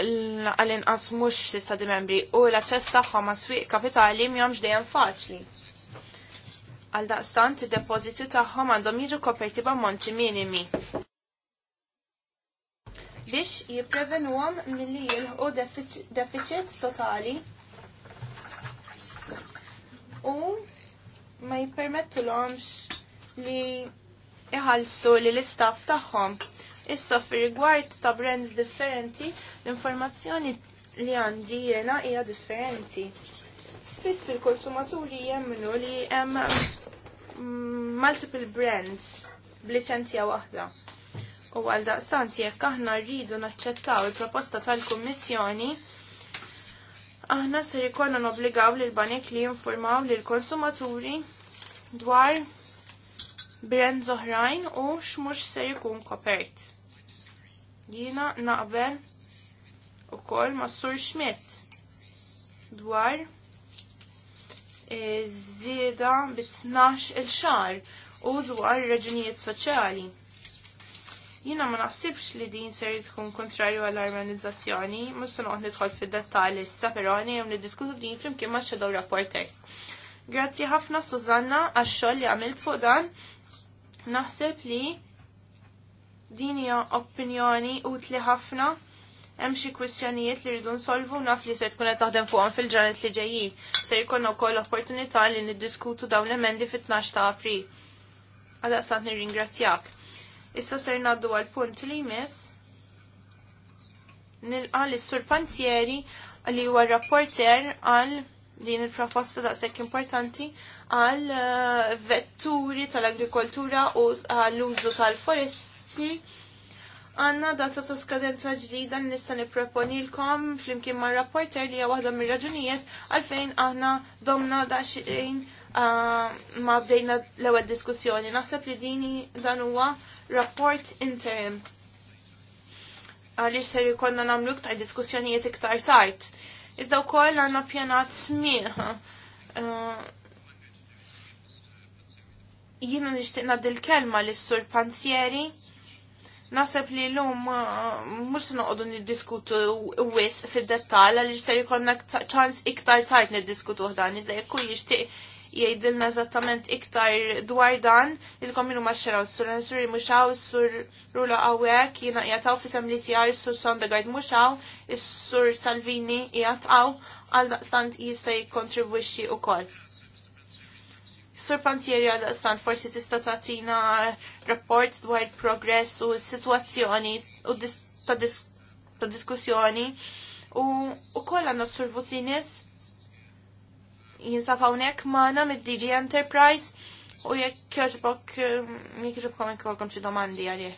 għal-inqas mux di membri u l-aċċess tagħhom ma' swieq kapitali m'jomx dejjem faċli. Għal daqstant id depożitu tagħhom għandhom jiġu koperti b'ammonti minimi. Biex jipprevenuhom milli jilħu defiċit totali u ma jippermettulhomx li iħallsu li l-istaff tagħhom Issa fi rigward ta' brands differenti, l-informazzjoni li għandi jena hija differenti. Spiss il-konsumaturi jemmnu li hemm mm, multiple brands b'liċenzja waħda. U għal daqstant jekk aħna rridu naċċettaw il-proposta tal-Kummissjoni, aħna se jkollna nobbligaw lil banek li jinformaw lil konsumaturi dwar brand oħrajn u x'mhux se jkun kopert. Jiena naqbel ukoll ma' Sur Schmidt dwar iż-żieda bi il xar u dwar raġunijiet soċjali. Jiena ma naħsibx li din ser tkun kontrarju għall armonizzazzjoni mhux se nidħol fid-dettall issa, però għandhom niddiskutu din flimkien ma' Shadow Rapporters. Grazzi ħafna Susanna għax-xogħol li għamilt fuq dan Naħseb li din hija opinjoni utli ħafna hemm xi kwistjonijiet li rridu nsolvu naf li se tkun qed taħdem fuqhom fil-ġranet li ġejjin. Se jkollna wkoll opportunità li niddiskutu dawn l-emendi fit-12 ta' April. Għadaqstant nirringrazzjak. Issa ser ngħaddu għal punt li jmiss nilqa l-sur Panzieri li huwa rapporter għal din il-proposta daqshekk importanti għal eh, vetturi tal-agrikoltura u għall-użu tal-foresti. Għanna data ta' skadenza ġdida nista' nipproponilkom flimkien ma' rapporter li hija waħda mir-raġunijiet għalfejn aħna domna daqsxejn eh, ma' bdejna l-ewwel diskussjoni. Naħseb li dini dan huwa rapport interim għaliex ser jkollna nagħmlu iktar diskussjonijiet iktar tard. Iżda wkoll għandna pjanat smieħ. Uh, jiena nixtieq nagħdi l-kelma lis-sur Panzieri. Naseb li l-lum uh, mux noqogħdu niddiskutu wis fil dettall għalli se jikonna ċans iktar tard niddiskutuh dan iżda jekku jishtiq jgħidilna eżattament iktar dwar dan il-kom minu maċċeraw sur Ansuri muxaw, sur Rula għawek, jina jgħataw fisem li sijar, sur Sondagard muxaw, sur Salvini jgħataw għal daqstant jista jikontribwixi u koll. Sur Pantieri għal daqstant forsi tista tatina rapport dwar progress u situazzjoni u ta' diskussjoni u kol għanna sur Vusinis jinsab hawnhekk maħna mid-DG Enterprise u jekk jogħġbok jek eh, jogħġbok jekk jogħkom xi domandi għalih.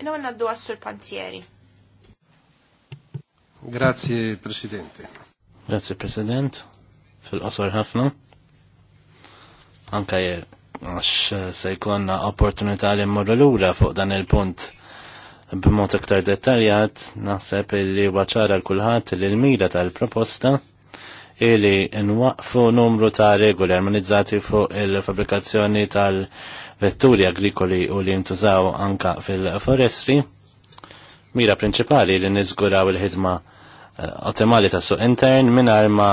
Inhu ngħaddu għas-Sur Pantieri. Grazie Presidente. Grazie President. Fil-qosor ħafna. Anka għax eh, se jkunna opportunità li mmorru lura fuq dan il-punt b'mod iktar dettaljat naħseb li waċara l-kulħadd li l-mira tal-proposta ili nwaqfu numru ta' regoli armonizzati fuq il-fabrikazzjoni tal-vetturi agrikoli u li jintużaw anka fil-foresti. Mira prinċipali li nizguraw il-ħidma eh, ottimali ta' suq intern minar ma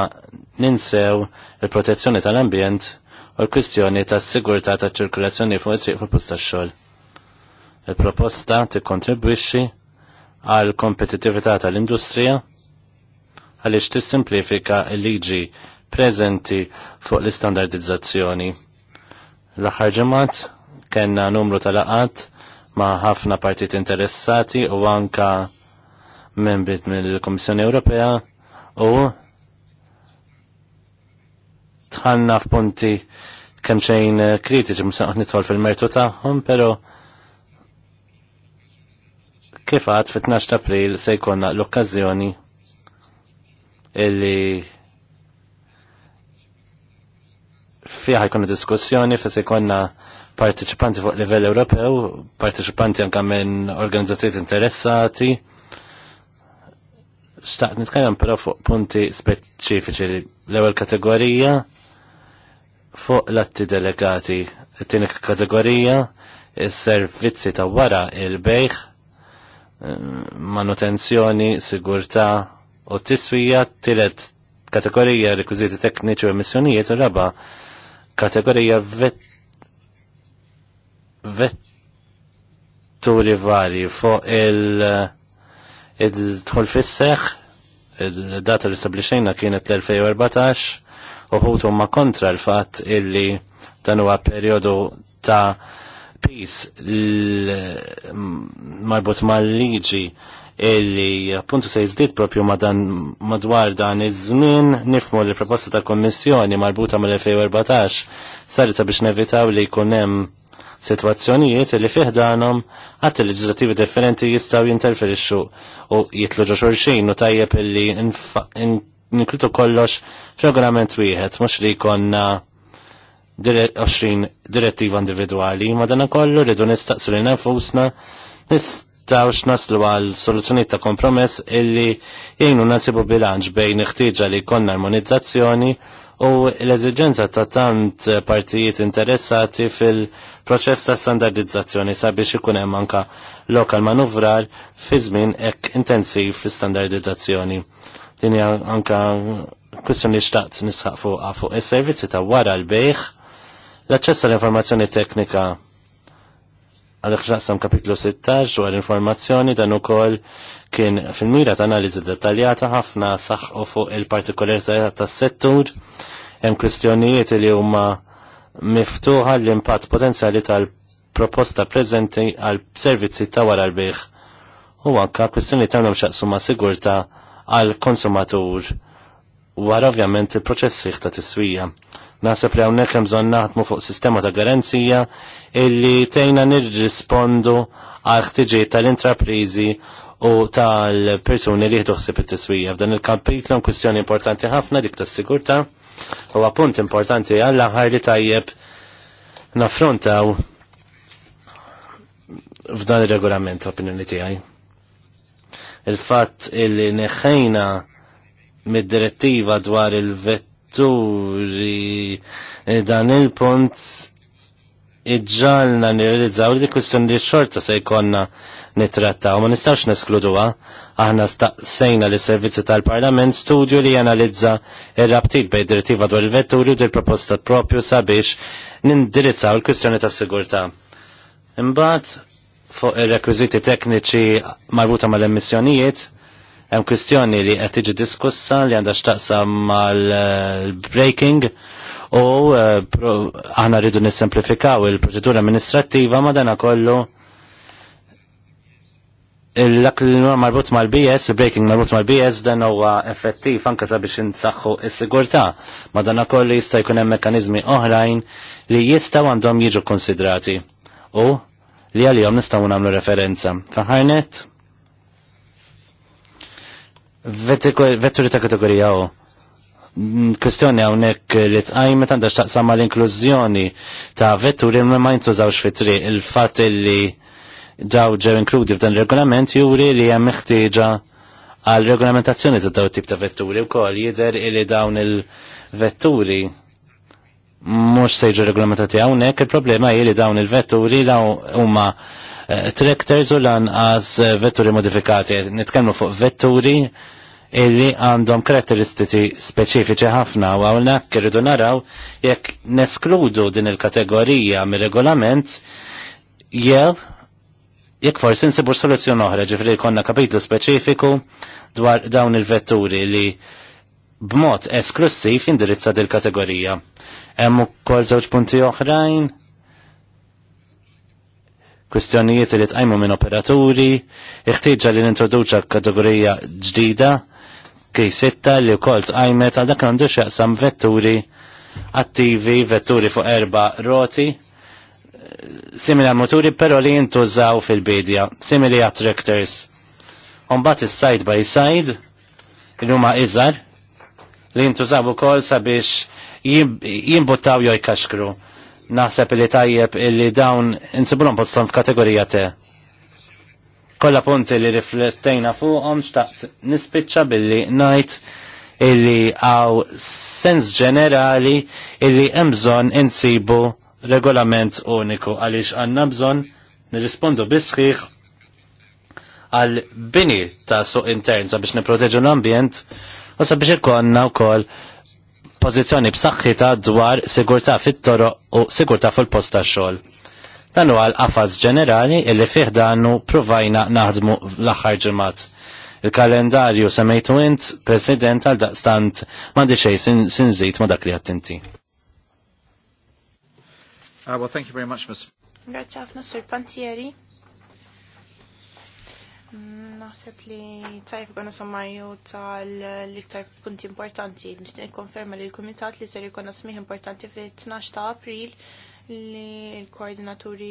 ninsew il-protezzjoni tal-ambjent u l-kwistjoni ta' sigurta ta' ċirkulazzjoni fuq it-triq fuq posta xogħol. Il-proposta tikkontribwixxi għal kompetitività tal-industrija għaliex tissimplifika l-liġi preżenti fuq l-istandardizzazzjoni. L-aħħar ġimgħat kellna numru tal-laqat ma' ħafna partit interessati u anka membri mill-Komissjoni Ewropea u tħanna f'punti kemm xejn kritiċi msaqt nidħol fil-mertu tagħhom, pero kif għad fit-12 April se jkollna l-okkażjoni illi fiħa jkunu diskussjoni fis ikonna partiċipanti fuq livell Ewropew, partiċipanti anka minn organizzazzjoni interessati. Xtaqt nitkellem però fuq punti speċifiċi l-ewwel kategorija fuq l-atti delegati, it-tieni kategorija is-servizzi ta' wara il-bejħ eh, manutenzjoni, sigurtà, u tiswija tiret kategorija rekwiziti tekniċi u emissjonijiet u raba kategorija vetturi vari fuq il il-tħol fisseħ il-data li stabliċejna kienet l-2014 u ħutu ma kontra l-fat illi dan huwa periodu ta' pis marbut mal-liġi illi appuntu se jizdit propju madan madwar dan iż-żmien nifmu li proposta ta' kommissjoni marbuta mal-2014 sarita biex nevitaw li jkun hemm situazzjonijiet li fiħdanhom il leġislattivi differenti jistgħu jinterferixxu u jitlu xulxin u tajjeb illi inklutu kollox f'regolament wieħed mhux li jkollna 20 direttiva individwali, ma dan kollu rridu nistaqsu li nafusna nittawx naslu għal soluzzjoniet ta' kompromess illi jgħinu nasibu bilanċ bejn iħtieġa li konna armonizzazzjoni u l-eżigenza ta' tant partijiet interessati fil-proċess ta' standardizzazzjoni sabiex ikun hemm anka lokal manuvrar fi żmien hekk intensiv fl-standardizzazzjoni. Din hija anka kwistjoni xtaqt nisħaq fuqha fuq is-servizzi ta' wara l-bejħ l-aċċess għall-informazzjoni teknika għal ġaqsam kapitlu 16 dwar informazzjoni dan ukoll kien fil-mira ta' analiżi dettaljata ħafna saħħu fuq il partikolarità tas-settur hemm kwistjonijiet li huma miftuħa l-impatt potenzjali tal-proposta preżenti għal servizzi ta' wara l-bieħ u anka kwistjoni ta' xaqsu ma' sigurta għal konsumatur wara ovvjament il-proċess ta' tiswija. Naħseb li hawnhekk hemm bżonn naħdmu fuq sistema ta' garanzija illi tejna nirrispondu għal ħtiġijiet tal-intraprizi u tal-persuni li jħduħsib it-tiswija. F'dan il-kampiklu kwistjoni importanti ħafna dik tas-sigurtà u appunt importanti għall-aħħar li tajjeb naffrontaw f'dan ir regolament l-opinjoni tiegħi. Il-fatt illi neħħejna mid-direttiva dwar il-vetturi e dan il-punt iġġalna nirrealizzaw li kwistjoni li xorta se jkonna nitrattaw. Ma nistax neskluduha, aħna staqsejna li servizzi tal-Parlament studju li analizza ir-rabtit bej direttiva dwar il-vetturi u proposta propju sabiex nindirizzaw il-kwistjoni ta' sigurtà. Imbagħad fuq ir-rekwiżiti tekniċi marbuta mal-emissjonijiet, Hemm kwistjoni li qed tiġi diskussa li għandha x'taqsam mal-breaking u eh, aħna rridu nissemplifikaw il-proċedura amministrattiva ma kollu l-dak li marbut mal-BS, breaking marbut mal-BS, dan huwa effettiv anke sabiex insaħħu s-sigurtà. Ma dan kollu jista' jkun hemm mekkaniżmi oħrajn li jistgħu għandhom jiġu konsidrati u li għalihom nistgħu nagħmlu referenza. Faħajnet? vetturi ta' kategorija u mm, kwestjoni għawnek li tqajmet għandax taqsam l-inklużjoni ta' vetturi ma ma jintużawx fitri il-fat li ġaw ġew inkludi f'dan il-regolament juri li hemm ħtieġa għal regolamentazzjoni ta' daw tip ta' vetturi u koll jider li dawn il-vetturi mux sejġu regolamentati għawnek, il-problema li dawn il-vetturi law huma Eh, tractors u lanqas eh, vetturi modifikati. Nitkellmu fuq vetturi illi għandhom karatteristiċi speċifiċi ħafna u hawnhekk irridu naraw jekk neskludu din il-kategorija mir-regolament jew jekk forsi nsibu soluzzjoni oħra ġifri konna kapitlu speċifiku dwar dawn il-vetturi li b'mod esklusiv jindirizza dil kategorija Hemm ukoll żewġ punti oħrajn kwistjonijiet li tqajmu minn operaturi, iħtieġa li nintroduċa kategorija ġdida k sitta li wkoll tqajmet għal dak għandu xaqsam vetturi attivi, vetturi fuq erba roti, simili għal moturi però li jintużaw fil-bidja, simili għal tractors. Umbat is-side by side, il-huma iżar, li jintużaw ukoll sabiex jimbuttaw joj kaxkru naħseb li tajjeb illi dawn insibulhom postom f'kategorija te. Kolla punti li riflettejna fuqhom xtaqt nispiċċa billi ngħid illi għaw sens ġenerali illi hemm bżonn insibu regolament uniku għaliex għandna bżonn nirrispondu bisħiħ għal bini ta' suq intern sabiex niproteġu l-ambjent u sabiex ikonna wkoll pożizzjoni b'saħħitha dwar sigurtà fit-toroq u sigurtà fil-post tax-xogħol. Dan huwa l-qafas ġenerali li fih danu provajna naħdmu l-aħħar ġimgħat. Il-kalendarju semmejtu int President għal daqstant m'għandi xejn sinżid ma dak li għattinti. Uh, ah, well, thank you very much, Mr. Grazie, Mr. Pantieri. Naħseb li tajf għana sommaju tal-iktar punti importanti. Nishtin konferma li l-Komitat li ser għana smiħ importanti fi 12 ta' april li l-koordinaturi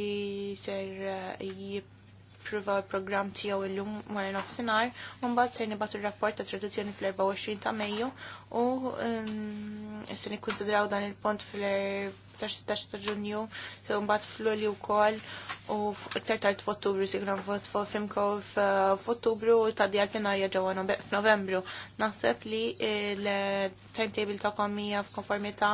ser eh, jipruva l-program tijaw il-lum mwara nofsinar. Mbagħad ser nibatu l rapport ta' traduzzjoni fl-24 ta' Mejju u mm, ser nikkonsidraw dan il pont fl 16 ta' ġunju, mbagħad f'Lulju wkoll u iktar tard f'Ottubru sikna vot f'Imko f'Ottubru u ta' djar plenarja ġewwa f'Novembru. Naħseb li l-timetable eh, ta' komija f'konformità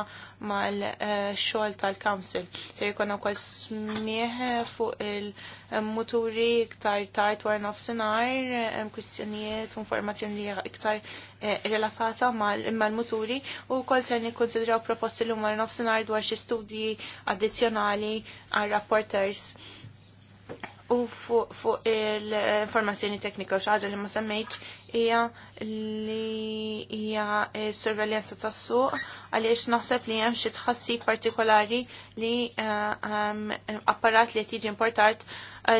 mal-xogħol tal-Council. Ser ikun wkoll smieħ fuq il-muturi iktar tard wara nofsinhar, eh, kwistjonijiet, informazzjoni li iktar Eh, relatata mal-muturi u kol ser nikkonsidraw proposti l mar nofsinhar dwar xi studji addizzjonali għal rapporters u fuq il-informazzjoni teknika u xaħġa li ma semmejtx hija li hija s-sorveljanza eh, tas-suq għaliex naħseb li hemm xi tħassib partikolari li eh, apparat li qed jiġi importat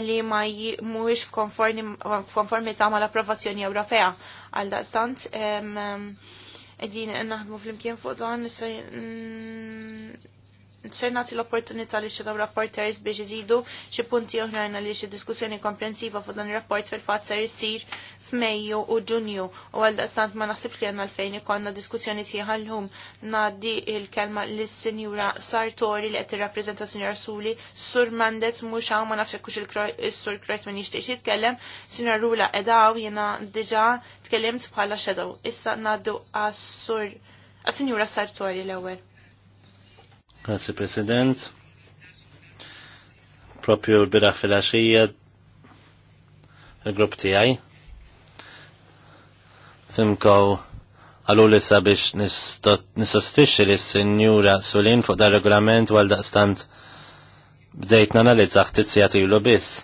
li ma mhuwiex f'konformità mal-approvazzjoni Ewropea għal daqstant qegħdin naħdmu fl-imkien fuq dan issa ser nagħti l-opportunità li xi rapporters biex jizidu xi punti oħrajn li xi diskussjoni komprensiva fuq dan ir-rapport fil-fatt ser f'Mejju u Ġunju u għal daqstant ma naħsibx li għanna l-fejn ikonna diskussjoni sieħa llum ngħaddi il-kelma lis-Sinjura Sartori li qed s-senjura Suli, Sur Mandez mhux hawn ma nafxek kux il-Sur Kreuzman jixtiex jitkellem, senjura Rula qiegħda jiena diġà tkellimt bħala xedaw. Issa ngħaddu għas-Sur għas-Sinjura Sartori l-ewwel. Grazie President. Propju l-bira fil-axija il-grupp tijaj. Fimkow għallu li sabiex nistostfixi li s-senjura Sulin fuq dar regolament għal daqstant bdejt nanalizza ħtizzjat ilu biss.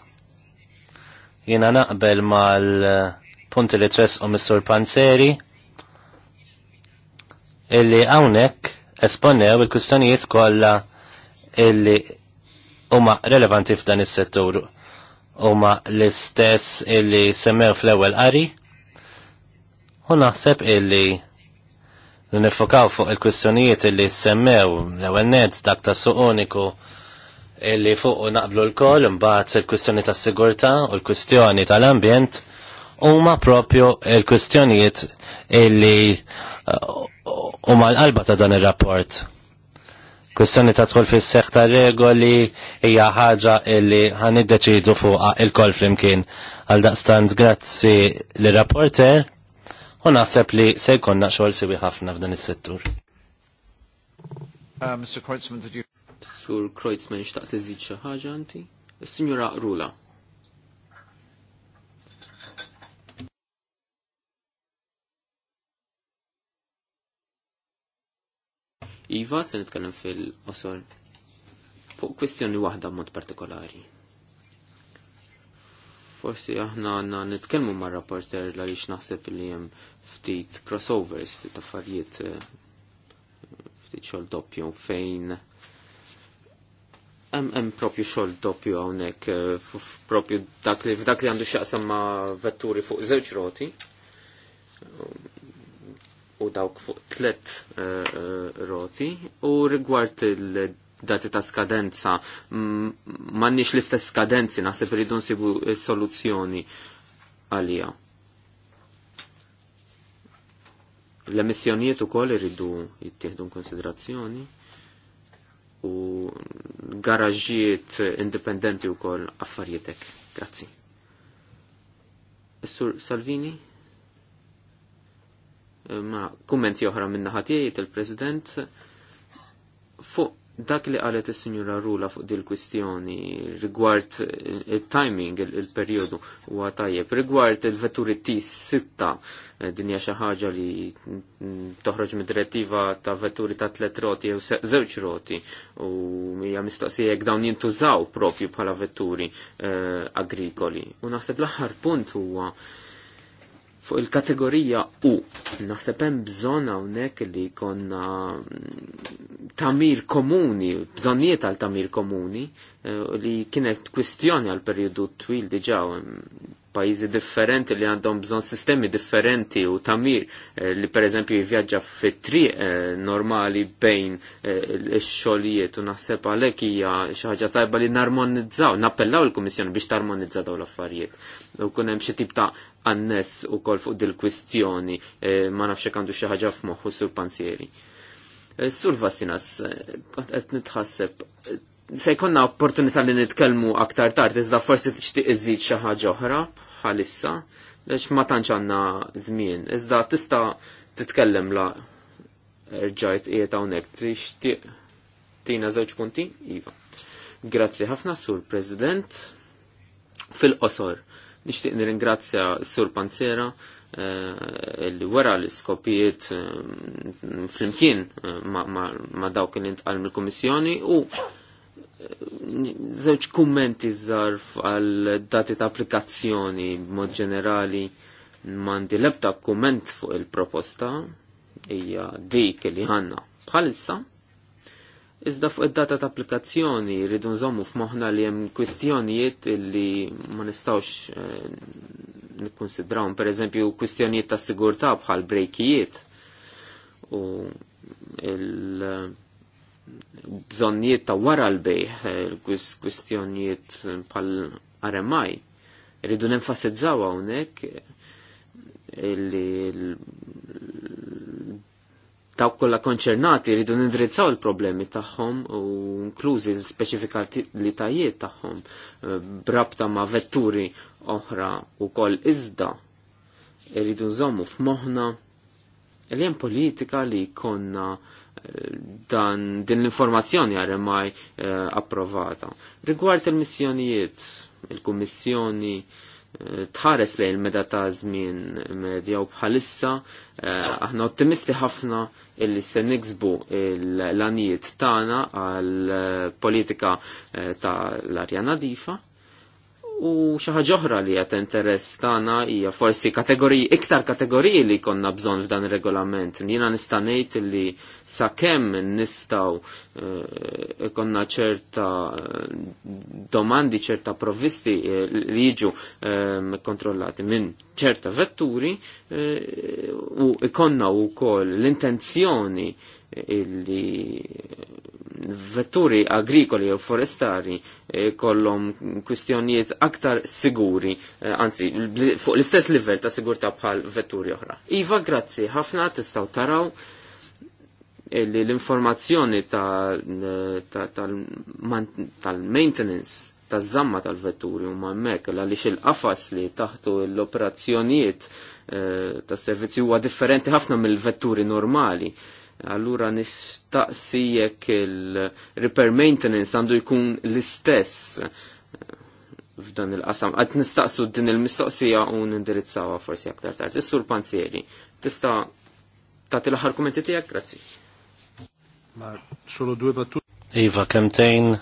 Jiena naqbel mal-punti eh, li tressqu is-sur Panzeri illi għawnek esponew il-kustanijiet kollha illi huma relevanti f'dan is-settur huma l-istess illi semmew fl-ewwel qari u naħseb illi nifokaw fuq il-kwistjonijiet illi semmew l-ewwel nett dak ta' suq uniku illi fuq naqblu l-koll imbagħad il-kwistjoni tas-sigurtà u l-kwistjoni tal-ambjent huma propju il-kwistjonijiet illi uh, u mal-qalba ta' dan ir-rapport. Kwistjoni ta' tħol fis seħħ ta' regoli hija ħaġa illi ħaniddeċidu fuqha il-kol flimkien. Għal daqstant grazzi li rapporter u naħseb li se jkollna xogħol siwi ħafna f'dan is-settur. Uh, Mr. Sur Kreutzmann, xtaqt iżid xi ħaġa anti? Is-Sinjura Rula. Iva, se nitkellem fil-qosor fuq kwistjoni waħda mod partikolari. Forsi aħna għanna nitkellmu ma' rapporter la lix naħseb li jem ftit crossovers, ftit affarijiet, eh, ftit xol doppju fejn Em, hemm propju xol doppju għonek, eh, propju dak li għandu x'aqsam ma' vetturi fuq zewċ roti u dawk fuq tlet eh, eh, roti u rigward il-dati ta' skadenza mannix mm, l-istess skadenzi naħseb rridu nsibu soluzzjoni għalija. L-emissjonijiet ukoll irridu jittieħdu konsiderazzjoni u garaġijiet indipendenti koll affarietek. Grazzi. sur Salvini? ma kummenti oħra minna ħatijiet il-President fuq dak li qalet is-Sinjura Rula fuq dil kwistjoni rigward il-timing eh, il periodu huwa tajjeb rigward il-vetturi T6 eh, dinja xi ħaġa li toħroġ mid-direttiva ta' vetturi ta' tliet roti jew żewġ roti u hija mistoqsija jekk dawn jintużaw propju bħala vetturi eh, agrikoli. U naħseb l-aħħar punt huwa fuq il-kategorija U. Naħseb hemm bżonn hawnhekk li konna mm, tamir komuni, bżonnijiet għal tamir komuni eh, li kienet kwistjoni għal perjodu twil diġà pajjiżi differenti li għandhom bżonn sistemi differenti u tamir eh, li pereżempju jivvjaġġa fit-triq eh, normali bejn ix-xogħlijiet u naħseb għalhekk hija xi ħaġa tajba li narmonizzaw, nappellaw il-Kummissjoni biex tarmonizza dawn l-affarijiet. U kun hemm xi tip ta' għannes u kol fuq dil-kwistjoni eh, ma nafx għandu xi ħaġa f'moħħu sur pansieri. Eh, sur Vassinas, eh, kont qed nitħasseb se jkollna opportunità li nitkellmu aktar tard iżda forsi tixtieq iżid xi ħaġa oħra bħalissa lex ma tantx għandna żmien. Iżda tista' titkellem la rġajt qiegħed hawnhekk tixtieq tina żewġ punti? Iva. Grazzi ħafna sur President fil-qosor. Nixtieq nirringrazzja s-Sur Panzera eh, li wara l skopijiet eh, flimkien eh, ma dawk li ntqal mill-Kummissjoni u żewġ kummenti żarf għal dati ta' applikazzjoni b'mod ġenerali mandi lebda kumment fuq il-proposta hija dik li ħanna bħalissa. Iżda fuq id-data ta' applikazzjoni rridu nżommu f'moħħna li hemm kwistjonijiet li ma nistgħux eh, nikkunsidrawhom, pereżempju kwistjonijiet ta' sigurtà bħal brejkijiet u il eh, bżonnijiet ta' wara l-bejħ, eh, kwistjonijiet bħal RMI. Rridu nenfasizzaw hawnhekk li taw kolla konċernati rridu nindrizzaw il-problemi tagħhom u inklużi l-speċifikalitajiet tagħhom eh, brabta ma' vetturi oħra u koll iżda rridu nżommu f'moħħna li hemm politika li konna eh, dan din l-informazzjoni għare mai eh, approvata. Rigward il-missjonijiet, il-kummissjoni, tħares lejn il-meda ta' żmien medja u bħalissa eh, aħna ottimisti ħafna illi se niksbu l-anijiet tagħna għal politika eh, ta' l-arja nadifa U xi ħaġa oħra li qed interess tagħna hija forsi kategoriji iktar kategoriji li konna bżonn f'dan regolament Jiena nista' ngħid li sakemm nistgħu eh, konna ċerta eh, domandi, ċerta provvisti eh, li jiġu kontrollati minn ċerta vetturi u ikonna wkoll l-intenzjoni illi vetturi agrikoli u forestari eh, kollom kwistjonijiet aktar siguri, eh, anzi, fuq l-istess livell ta' sigurta bħal vetturi oħra. Iva, grazzi, ħafna tistaw taraw l-informazzjoni tal-maintenance ta' zamma tal-vetturi u la għaliex il-qafas li taħtu l-operazzjonijiet eh, ta' servizzi huwa differenti ħafna mill-vetturi normali allura nistaqsi jekk il-repair maintenance għandu jkun l-istess eh, f'dan il-qasam. Għad nistaqsu din il-mistoqsija u nindirizzawa forsi aktar tard. Is-sur panzieri, tista' ta' til-ħar kumenti tiegħek, grazzi. Ma solo due battu. Iva, kemtejn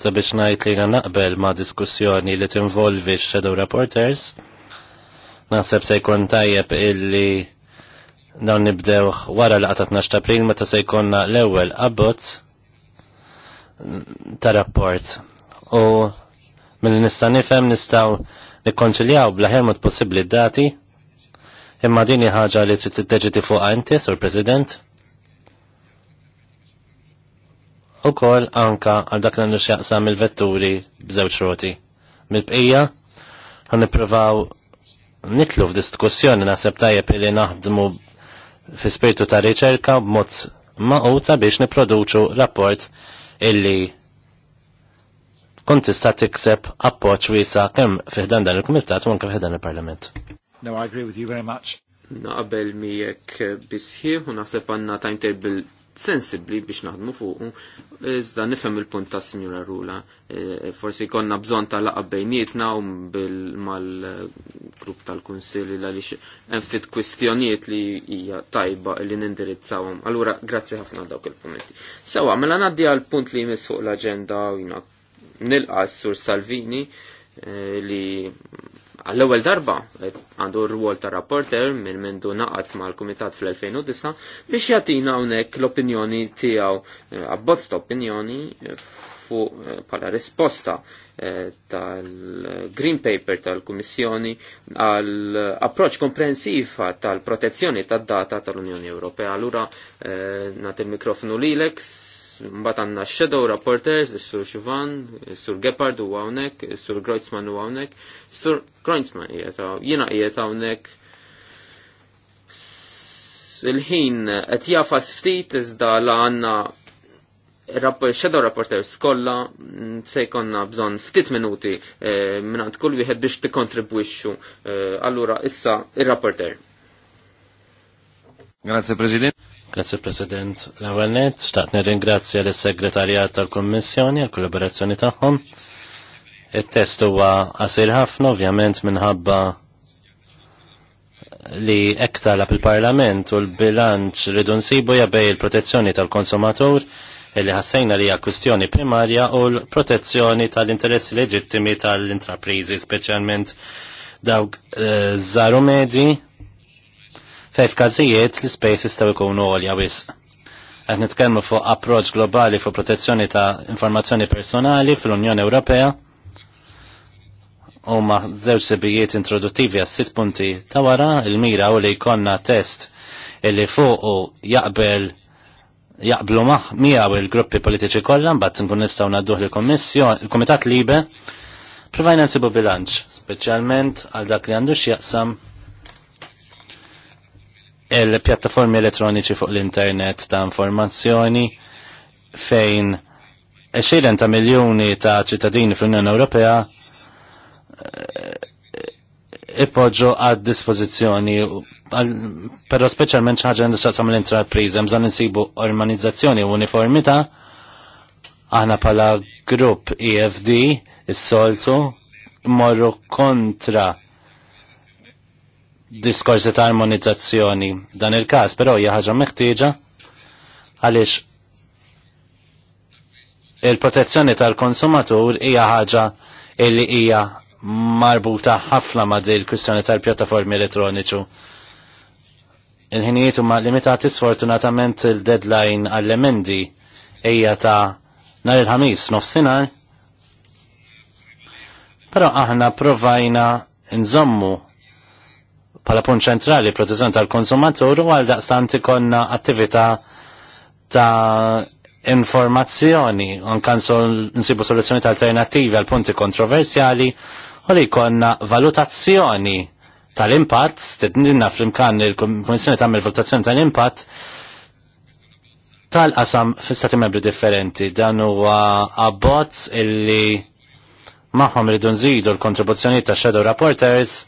sabiex ngħid li naqbel ma' diskussjoni li tinvolvi involvi shadow reporters. Naħseb se jkun tajjeb illi dawn nibdew wara l qatat ta' april meta se jkollna l-ewwel abbozz ta' rapport. U mill nista' nifhem nistgħu nikkonċiljaw bla ħelmut possibbli dati imma din ħaġa li trid tiddeġiti fuq inti sur President. Ukoll anka għal dak l xjaqsam il-vetturi b'żewġ roti. Mill-bqija ħan nippruvaw nitlu f'diskussjoni naħseb tajjeb li naħdmu fi spirtu ta' riċerka b'mod maquta biex niproduċu rapport illi kont tista' tikseb appoġġ wiesa' kemm fiħdan dan il-Kumitat u anke fiħdan il-Parlament. No, I agree with you very much. Naqbel miegħek bisħieħ u naħseb għandna timetable sensibli biex naħdmu fuqu. Iżda nifhem il-punt ta' Sinjura Rula. E, forsi konna bżon ta' laqab bejnietna u mal-grupp tal-Kunsilli la hemm ftit kwistjonijiet li hija tajba li nindirizzawhom. Allura grazzi ħafna dawk il-punti. Sewa, mela naddi għal punt li jmiss fuq l-aġenda u nilqa' s-Sur Salvini e, li għall-ewwel darba għandu r-rwol ta' rapporter minn mendu naqat mal-Kumitat fl-2009 biex jagħtina hawnhekk l-opinjoni tiegħu eh, abbozz ta' opinjoni eh, fuq pala eh, risposta tal-Green Paper tal-Kummissjoni għal approċ komprensiva tal-protezzjoni tad-data tal-Unjoni Ewropea. Allura nagħti l mikrofonu lilek Mbagħad għandna Shadow Reporters, is-Sur Shivan, is-Sur Gepard u hawnhekk, is-Sur Groitzman u hawnhekk, is-Sur Kreutzmann qiegħed jiena qiegħed hawnhekk il-ħin qed jafas ftit iżda la għandna Shadow Reporters kollha se jkollna bżonn ftit minuti eh, mingħand kull wieħed biex tikkontribwixxu. Eh, allura issa ir-rapporter. Grazie President. Grazie President. l Staqt xtaqt nirringrazzja lis-Segretarjat tal-Kummissjoni għall kollaborazzjoni tagħhom. Il-test huwa qasir ħafna ovvjament minħabba li ektar la il-Parlament u l-bilanċ ridu nsibu jabej il-protezzjoni tal-konsumatur illi ħassejna li hija kwistjoni primarja u l-protezzjoni tal-interessi leġittimi tal-intraprizi, speċjalment dawk eh, żaru medji Fejf każijiet l-ispejs jistgħu jkunu għolja wisq. Qed nitkellmu fuq approċċ globali fuq protezzjoni ta' informazzjoni personali fl-Unjoni Ewropea u ma' żewġ sibijiet introduttivi għas sit punti ta' wara il-mira u li jkollna test illi u jaqbel jaqblu maħ miegħu il-gruppi politiċi kollha mbagħad nkun nistgħu nadduħ il komissjon il-Kumitat Libe Provajna nsibu bilanċ, speċjalment għal dak li għandu x'jaqsam il-pjattaformi elettroniċi fuq l-internet ta' informazzjoni fejn xiren ta' miljoni ta' ċittadini fl-Unjoni Ewropea eh, ipoġġu għad dispożizzjoni però speċjalment xi ħaġa għandha xaqsam l-intrapriż hemm bżonn insibu organizzazzjoni u uniformità aħna pala grupp EFD is-soltu morru kontra diskorsi ta' armonizzazzjoni dan il-każ, però hija ħaġa meħtieġa għaliex il-protezzjoni tal-konsumatur hija ħaġa illi hija marbuta ħafna ma' il kwistjoni tal-pjattaformi elettroniċu. Il-ħinijiet huma limitati sfortunatament il-deadline għall-emendi hija ta' nhar il-ħamis nofsinhar. Però aħna provajna nżommu pala punt ċentrali protezzjoni tal-konsumatur u għal daqstanti konna attività ta' informazzjoni un kansol nsibu soluzzjoni alternativi għal punti kontroversjali u li konna valutazzjoni tal-impatt, tindinna fl-imkan il-Komissjoni tagħmel valutazzjoni tal-impatt tal-qasam fissati stati membri differenti. Dan huwa abbozz illi magħhom ridun nżidu l-kontribuzzjoni ta' shadow rapporters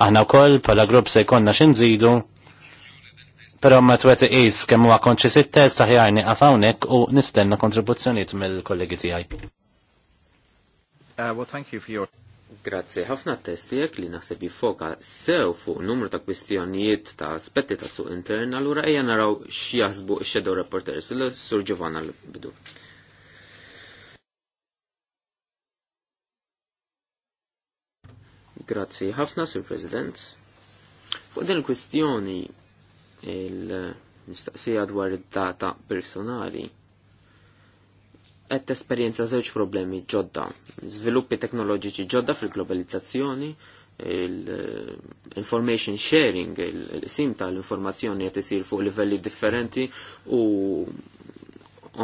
Aħna wkoll bħala grupp se jkollna xi nżidu, però ma t qis kemm huwa għakonċi it-test aħjar nieqaf hawnhekk u nistenna kontribuzzjonijiet mill-kollegi tiegħi. Uh, well, thank you for your... Grazie, ħafna testijek li naħseb jifoka sew fuq numru ta' kwistjonijiet ta' aspetti ta' suq intern, allura ejja naraw x'jaħsbu x-shadow reporters l-Sur Giovanna l-bidu. Grazzi ħafna, Sur President. Fuq din il-kwistjoni il-mistaqsija dwar id-data personali qed esperienza żewġ problemi ġodda. Żviluppi teknoloġiċi ġodda fil-globalizzazzjoni, il-information sharing, il-sim tal-informazzjoni qed isir fuq livelli differenti u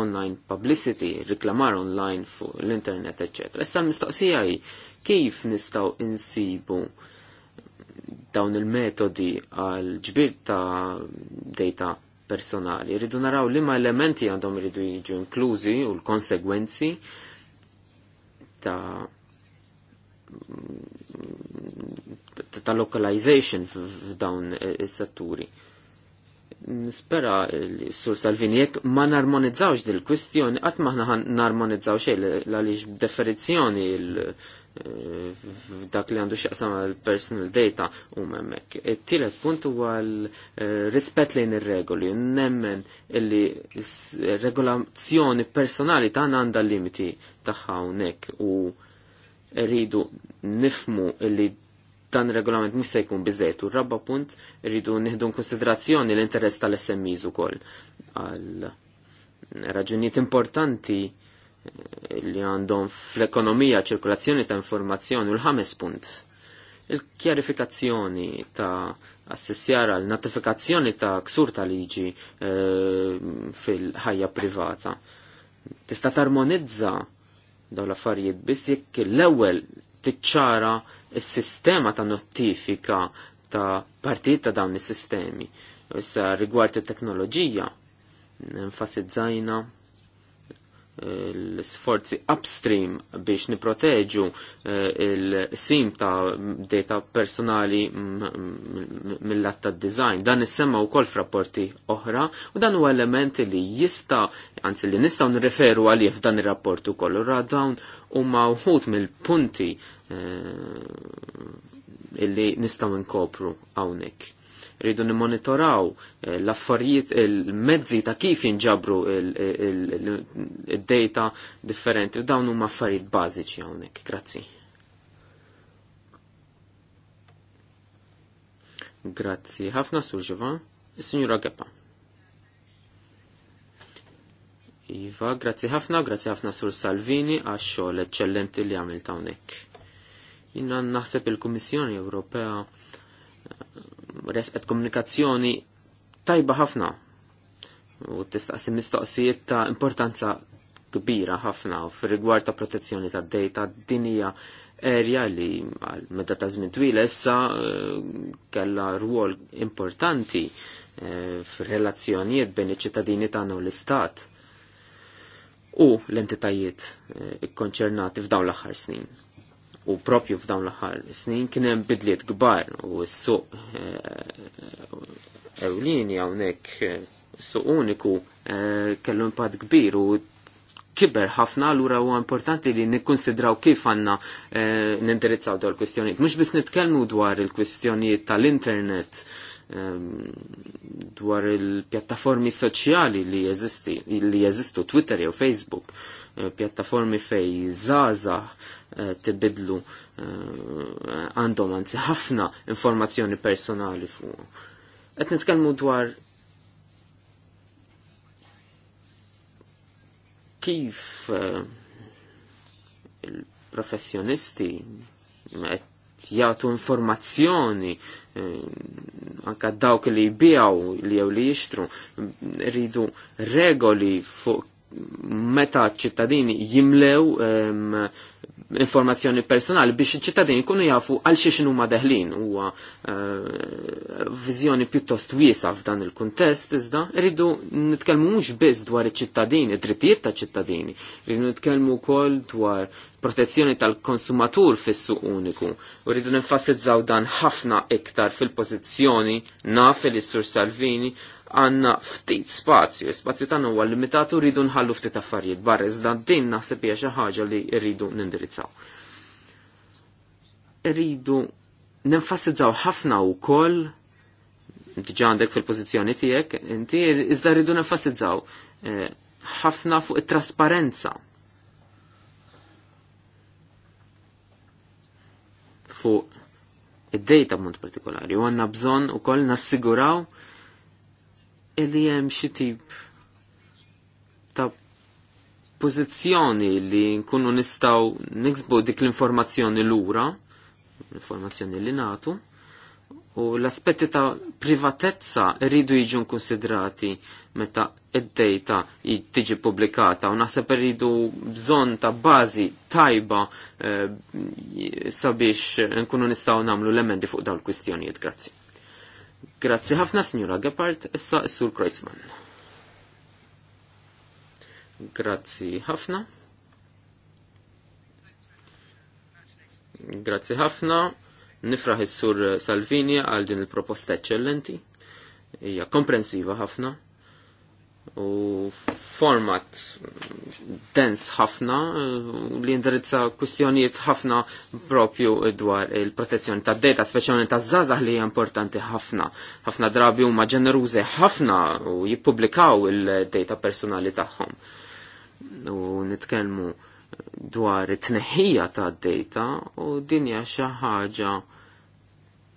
online publicity, riklamar online fuq l-internet, ecc. Issa l-mistoqsija kif nistaw insibu dawn il-metodi għal ġbir ta' data personali. Rridu naraw li ma elementi għandhom rridu jiġu inklużi u l-konsegwenzi ta' ta' localization f'dawn is-setturi. Nispera sur Salvini jekk ma narmonizzawx dil-kwistjoni qatt ma narmonizzaw xejn għaliex l- f'dak li għandu xaqsam għal-personal data u memmek. Tielet punt huwa l-rispett lejn ir-regoli, nemmen illi regolazzjoni personali ta' għanda limiti tagħha hawnhekk u rridu nifmu illi dan regolament mhux se jkun biżejt u rabba punt rridu nieħdu konsiderazzjoni l-interess tal-SMEs ukoll għal raġunijiet importanti li għandhom fl-ekonomija ċirkolazzjoni ta' informazzjoni u l-ħames punt. Il-kjarifikazzjoni ta' assessjar għal notifikazzjoni ta' ksur ta' liġi e, fil-ħajja privata. Tista' tarmonizza daw l-affarijiet biss jekk l-ewwel tiċċara s-sistema ta' notifika ta' partijiet ta' dawn is-sistemi. Issa rigward it-teknoloġija, enfasizzajna l-sforzi upstream biex niproteġu eh, il-sim ta' data personali mill-att ta' design. Dan nissemma u kol f'rapporti oħra u dan u elementi li jista, anzi li nistaw nirreferu għalli f'dan il-rapport u koll. Ra dawn u mawħut mill-punti eh, illi nistaw nkopru għawnek rridu nimmonitoraw eh, l-affarijiet il-mezzi ta' kif jinġabru il-data differenti u dawn huma affarijiet bażiċi hawnhekk. Grazzi. Grazzi. Ħafna suġiva. Signora Geppa. Iva, grazzi ħafna, grazzi ħafna Sur Salvini għax xogħol eċċellenti li għamil hawnhekk. Jina naħseb il-Kummissjoni Ewropea respet komunikazzjoni tajba ħafna u tistaqsi mistoqsijiet ta' importanza kbira ħafna fir-rigward ta' protezzjoni ta' data dinija erja li għal meta ta' żmien twil issa eh, kellha rwol importanti eh, f'relazzjonijiet relazzjonijiet bejn iċ-ċittadini tagħna u l-istat u l-entitajiet eh, ikkonċernati f'dawn l-aħħar snin u propju f'dawn l-aħħar snin kien hemm bidliet kbar u s-suq eh, ewlieni hawnhekk eh, suq uniku eh, kellu impatt kbir u kiber ħafna lura huwa importanti li nikkonsidraw kif għandna nindirizzaw dwar il-kwistjonijiet. Mhux biss nitkellmu dwar il-kwistjonijiet tal-internet dwar il-pjattaformi soċjali li jeżisti, li jeżistu Twitter jew Facebook Eh, pjattaformi fej zaza eh, tibidlu eh, għandhom anzi ħafna informazzjoni personali fuq. Qed nitkellmu dwar kif il-professjonisti qed jagħtu informazzjoni anka dawk li jbijaw li jew li jixtru rridu regoli fuq meta ċittadini jimlew um, informazzjoni personali biex iċ-ċittadini kunu jafu għal xiex huma deħlin u uh, eh, vizjoni pjuttost wiesa f'dan il-kontest iżda rridu nitkellmu mhux biss dwar iċ-ċittadini, drittijiet ta' ċittadini, rridu nitkellmu wkoll dwar protezzjoni tal-konsumatur fis-suq uniku. U rridu nenfasizzaw dan ħafna iktar fil-pożizzjoni naf il-Sur Salvini għanna ftit spazju, spazju tan huwa limitatu rridu nħallu ftit affarijiet barra, iżda din naħseb hija xi ħaġa li rridu nindirizzaw. Rridu nenfasizzaw ħafna wkoll diġa għandek fil-pożizzjoni tiegħek, inti iżda rridu nenfasizzaw eh, ħafna fuq it-trasparenza fuq id-dejta b'mod partikolari u għanna bżonn ukoll nassiguraw illi hemm xi tip ta' pożizzjoni li nkunu nistgħu niksbu dik l-informazzjoni lura, l-informazzjoni li natu, u l-aspetti ta' privatezza rridu jiġu konsidrati meta id-dejta tiġi publikata u naħseb rridu bżonn ta' bażi tajba eh, sabiex nkunu nistgħu nagħmlu l-emendi fuq dawn il kwistjonijiet Grazzi. Grazzi ħafna, Signora Gepard, issa s-Sur Kreuzmann. Grazzi ħafna. Grazzi ħafna. Nifraħ is-Sur Salvini għal din il-proposta eccellenti. Hija komprensiva ħafna u format dens ħafna eh, li indirizza kwistjonijiet ħafna propju dwar il-protezzjoni ta' data, speċjalment ta' zazah li hija importanti ħafna. ħafna drabi huma ġenerużi ħafna u jippubblikaw il-data personali tagħhom. U nitkellmu dwar it-tneħħija ta' data u dinja xi ħaġa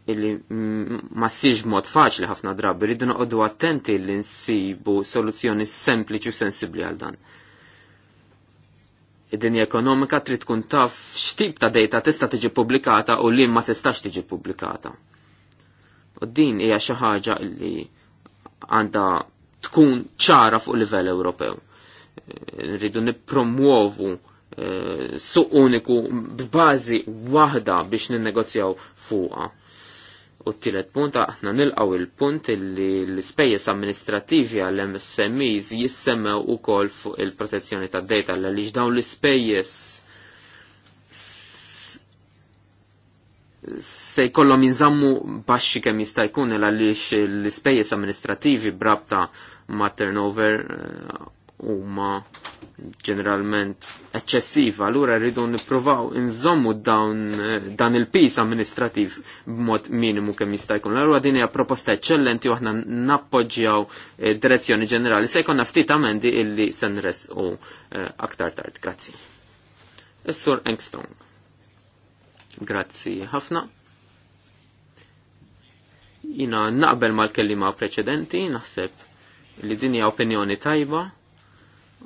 illi ma siġ mod faċli ħafna drabi, rridu noqogħdu attenti li nsibu soluzzjoni sempliċi u sensibbli għal dan. Id-dinja ekonomika trid tkun taf x'tip ta' data tista' tiġi pubblikata u li ma tistax tiġi pubblikata. U din hija xi ħaġa li għandha tkun ċara fuq livell Ewropew. Rridu nippromuovu eh, suq uniku b'bażi waħda biex ninnegozjaw fuqha U t-tielet punt aħna nilqaw il-punt li l-ispejjeż amministrativi għall-MSMEs jissemmew ukoll fuq il-protezzjoni tad-data għaliex dawn l-ispejjeż se jkollhom jinżammu baxxi kemm jista' jkun għaliex l-ispejjeż amministrativi brabta ma' turnover eh, huma uh, ġeneralment eċċessiva, allura rridu nippruvaw inżommu dawn eh, dan il-pis amministrativ b'mod minimu kemm jista' jkun. Allura din hija proposta eċċellenti u aħna nappoġġjaw eh, direzzjoni ġenerali se jkollna ftit amendi illi se nresqu eh, aktar tard. Grazzi. Is-Sur Engstrong. Grazzi ħafna. Jina naqbel mal-kellima preċedenti, naħseb li dinja opinjoni tajba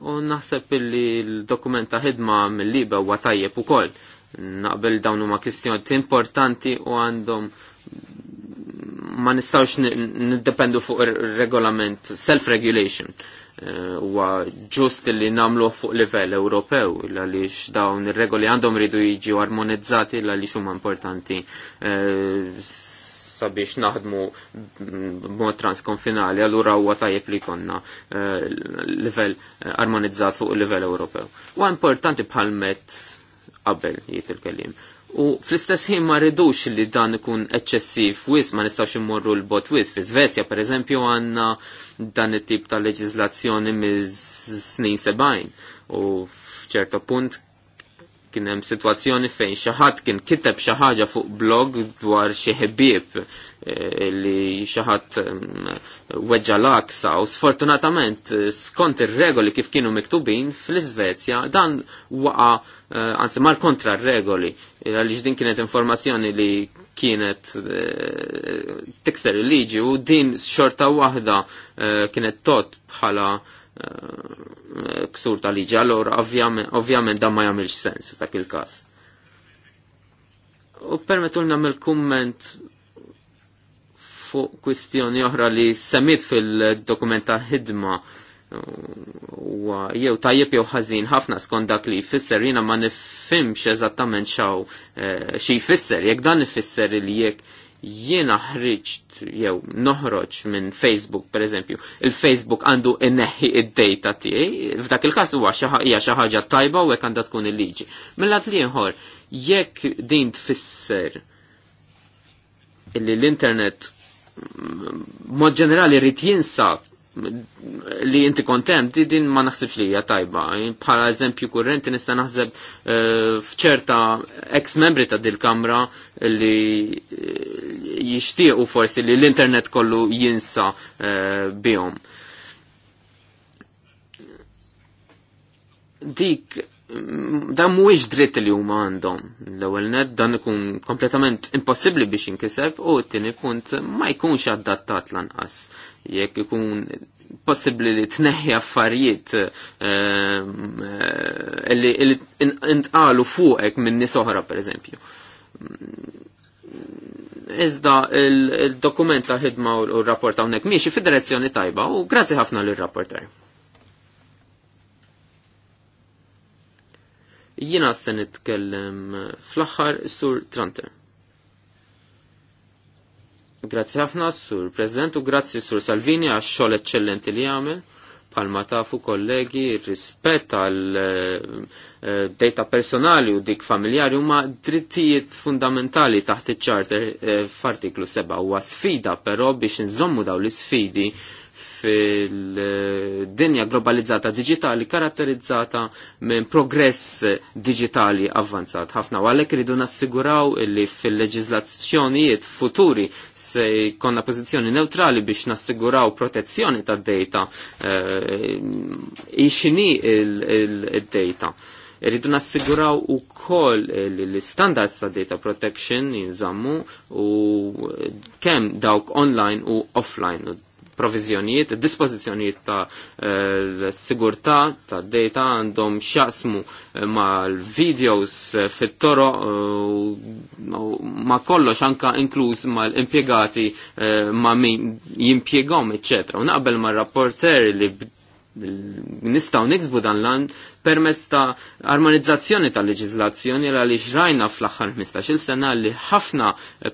u naħseb li l-dokument ta' ħidma mill-liba huwa tajjeb ukoll. Naqbel dawn huma kistjoni importanti u għandhom ma nistawx niddependu fuq regolament self-regulation eh, huwa ġust li namlu fuq livell Ewropew għaliex dawn ir-regoli għandhom ridu jiġu armonizzati għaliex huma importanti eh, sabiex naħdmu b'mod transkonfinali, allura huwa tajjeb li konna eh, livell eh, armonizzat fuq il-livell Ewropew. U importanti bħal met qabel jiet il-kelim. U fl-istess ħin ma ridux li dan ikun eċċessiv wis ma nistax immorru l-bot wis. Fi Svezja pereżempju għandna dan it-tip ta' leġiżlazzjoni miż snin sebgħin u f'ċerta punt kien hemm sitwazzjoni fejn xi ħadd kien kiteb xi ħaġa fuq blog dwar xi ħbieb eh, li xi ħadd mm, weġġa l-aksa u sfortunatament eh, skont ir-regoli kif kienu miktubin fl-Iżvezja dan waqa eh, anzi mar kontra r-regoli għaliex din kienet informazzjoni li kienet tikser il-liġi u din xorta waħda kienet tot bħala Eh, ksur ta' liġi allora ovvjament dan ma jagħmilx sens f'dak il-każ. U permetul nagħmel kumment fuq kwistjoni oħra li semmit fil-dokument ta' ħidma u jew tajjeb jew ħażin ħafna skont dak li jfisser jiena ma nifhimx eżattament xaw eh, xi jfisser jekk dan ifisser li jekk jiena ħriġt jew noħroġ minn Facebook per eżempju, il-Facebook għandu inneħħi id-data tiegħi, f'dak il-każ huwa hija xi ħaġa tajba u hekk għandha tkun il-liġi. Mill-lat li ieħor, jekk din tfisser li l-internet mod ġenerali rrid jinsab li inti kontent, din ma naħsibx li hija tajba. Bħala eżempju kurrenti nista' naħseb eh, fċerta ex-membri ta' dil-kamra li eh, jixtiequ forsi li l-internet kollu jinsa eh, bihom. Dik mm, dan mhuwiex dritt li huma għandhom. L-ewwel net dan ikun kompletament impossibbli biex jinkiseb u t-tieni punt ma jkunx adattat lanqas jekk ikun possibli li tneħħi affarijiet ehm, eh, li intqalu fuqek minn nisohra per pereżempju. Iżda il-dokument ta' ħidma u r-rapport hawnhekk miexi fid-direzzjoni tajba u grazzi ħafna l rapporter Jiena se nitkellem fl-aħħar sur Tranter. Grazzi ħafna, Sur President, u grazzi Sur Salvini għax xogħol eċċellenti li jagħmel. Palma tafu kollegi, rispett għal eh, eh, data personali u dik familjari huma drittijiet fundamentali taħt iċ-charter eh, f'artiklu 7 huwa sfida però biex nżommu daw l-sfidi fil-dinja globalizzata digitali karatterizzata minn progress digitali avvanzat ħafna għalek għalhekk iridu nassiguraw li fil leġizlazzjonijiet futuri se jkollna pożizzjoni neutrali biex nassiguraw protezzjoni tad-data eh, ixini il-data. Irridu nassiguraw u koll l-standards ta' data protection jinżammu u kem dawk online u offline provizjonijiet, dispozizjonijiet ta' eh, sigurtà ta' data għandhom xjaqsmu eh, mal-videos eh, fit-toro ma' kollox anka inkluż mal-impjegati ma' min jimpiegom, eccetera. U naqbel ma' rapporter li nistaw niksbu dan lan permezz ta' armonizzazzjoni ta' leġizlazzjoni l li ġrajna fl-aħħar 15-il sena li ħafna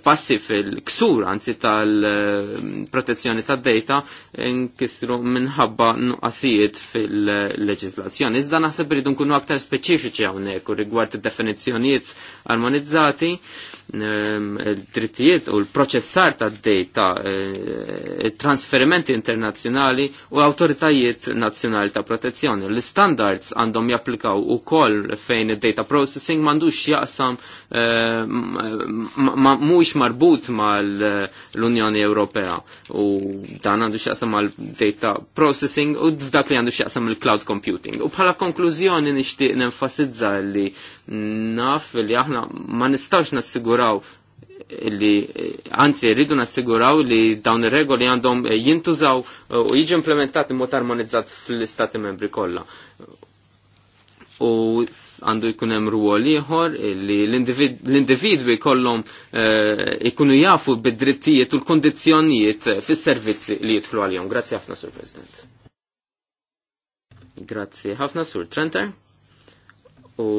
passi fil-ksur anzi tal-protezzjoni ta' data nkisru minħabba nuqqasijiet fil-leġizlazzjoni. Iżda naħseb ridu nkunu aktar speċifiċi hawnhekk rigward id-definizzjonijiet armonizzati ehm, il-drittijiet u l-proċessar ta' data, eh, trasferimenti internazzjonali u autoritajiet nazzjonali ta' protezzjoni. L-standards għandhom għandhom japplikaw u koll fejn il-data processing mandux jaqsam eh, mux marbut mal l-Unjoni Ewropea u dan għandu x'jaqsam mal data processing u f'dak li għandux x'jaqsam il-cloud computing. U bħala konklużjoni nishtiq nenfasizza li naf li aħna ma nistax nassiguraw li anzi rridu nassiguraw li dawn il regoli għandhom jintużaw u jiġi implementati mod armonizzat fl-istati membri kollha u għandu jkun hemm ruol ieħor li l-individwi kollhom eh, ikunu jafu bid-drittijiet u l-kondizzjonijiet eh, fis-servizzi li jidħlu għalihom. Grazzi ħafna, Sur President. Grazzi ħafna, Sur Trenter. U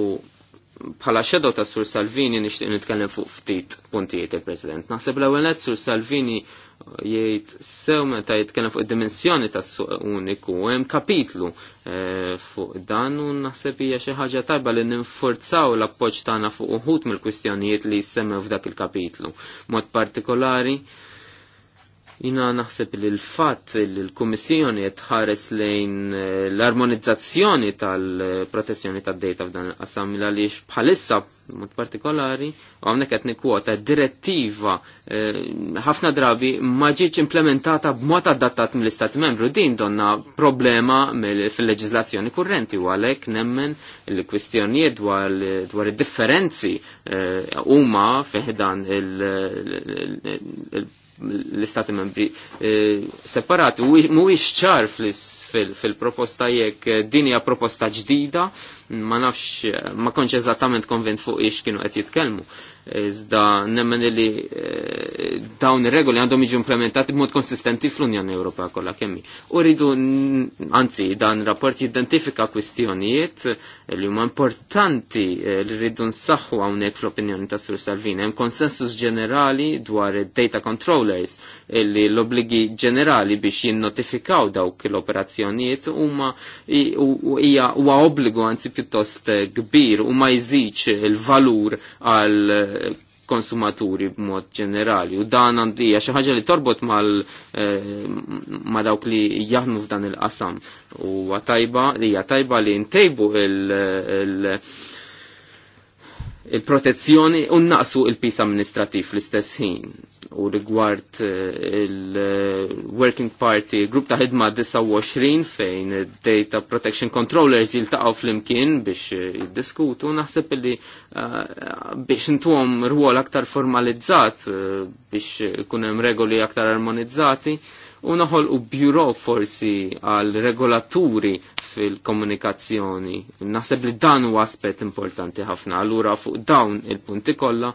bħala xedow ta' Sur Salvini nixtieq nitkellem fuq ftit puntijiet il-President. Naħseb l-ewwel Sur Salvini jgħid sew meta jitkellem fuq id-dimensjoni tas-suq uniku, hemm kapitlu eh, fuq dan u naħseb hija xi ħaġa tajba li ninforzaw l-appoġġ tagħna fuq uħud mill-kwistjonijiet li jissemmew f'dak il-kapitlu. Mod partikolari Jina naħseb li l-fat li l-Kummissjoni tħares lejn eh, l-armonizzazzjoni tal-protezzjoni tad-data f'dan il-qasam li bħalissa mod partikolari u għamnek qed kwota direttiva eh, ħafna drabi ma ġietx implementata b'mod adattat mill-Istati Membru din donna problema fil leġizlazzjoni kurrenti u għalhekk nemmen il-kwistjonijiet dwar id-differenzi eh, huma fiħdan il l-istati membri eh, separati. Mhuwiex ċar fil-proposta jekk eh, din hija proposta ġdida, ma nafx eh, ma konċ eżattament konvent fuq ix kienu qed jitkellmu. Iżda nemmen li eh, dawn ir-regoli għandhom jiġu implementati b'mod konsistenti fl-Unjoni Ewropea kollha kemmi. U rridu anzi dan rapport jidentifika kwistjonijiet eh, li huma importanti eh, li rridu nsaħħu hawnhekk fl-opinjoni ta' Sur Salvini. Hemm konsensus ġenerali dwar data controllers li l-obligi ġenerali biex jinnotifikaw dawk l-operazzjonijiet huma huwa obbligu anzi pjuttost kbir u ma jżidx il-valur għal konsumaturi b'mod ġenerali u dan għandija xi ħaġa li torbot mal eh, ma dawk li jaħdmu f'dan il-qasam u tajba hija tajba li ntejbu il- il-protezzjoni u naqsu il-pis amministrativ l-istess ħin u rigward eh, il-Working Party grupp ta' ħidma 29 fejn Data Protection Controllers jiltaqgħu flimkien biex eh, jiddiskutu naħseb li eh, biex intuhom rwol aktar formalizzat biex ikun hemm regoli aktar armonizzati u noħol u bjuro forsi għal regolaturi fil-komunikazzjoni. Naħseb li dan u aspet importanti ħafna, allura fuq dawn il-punti kollha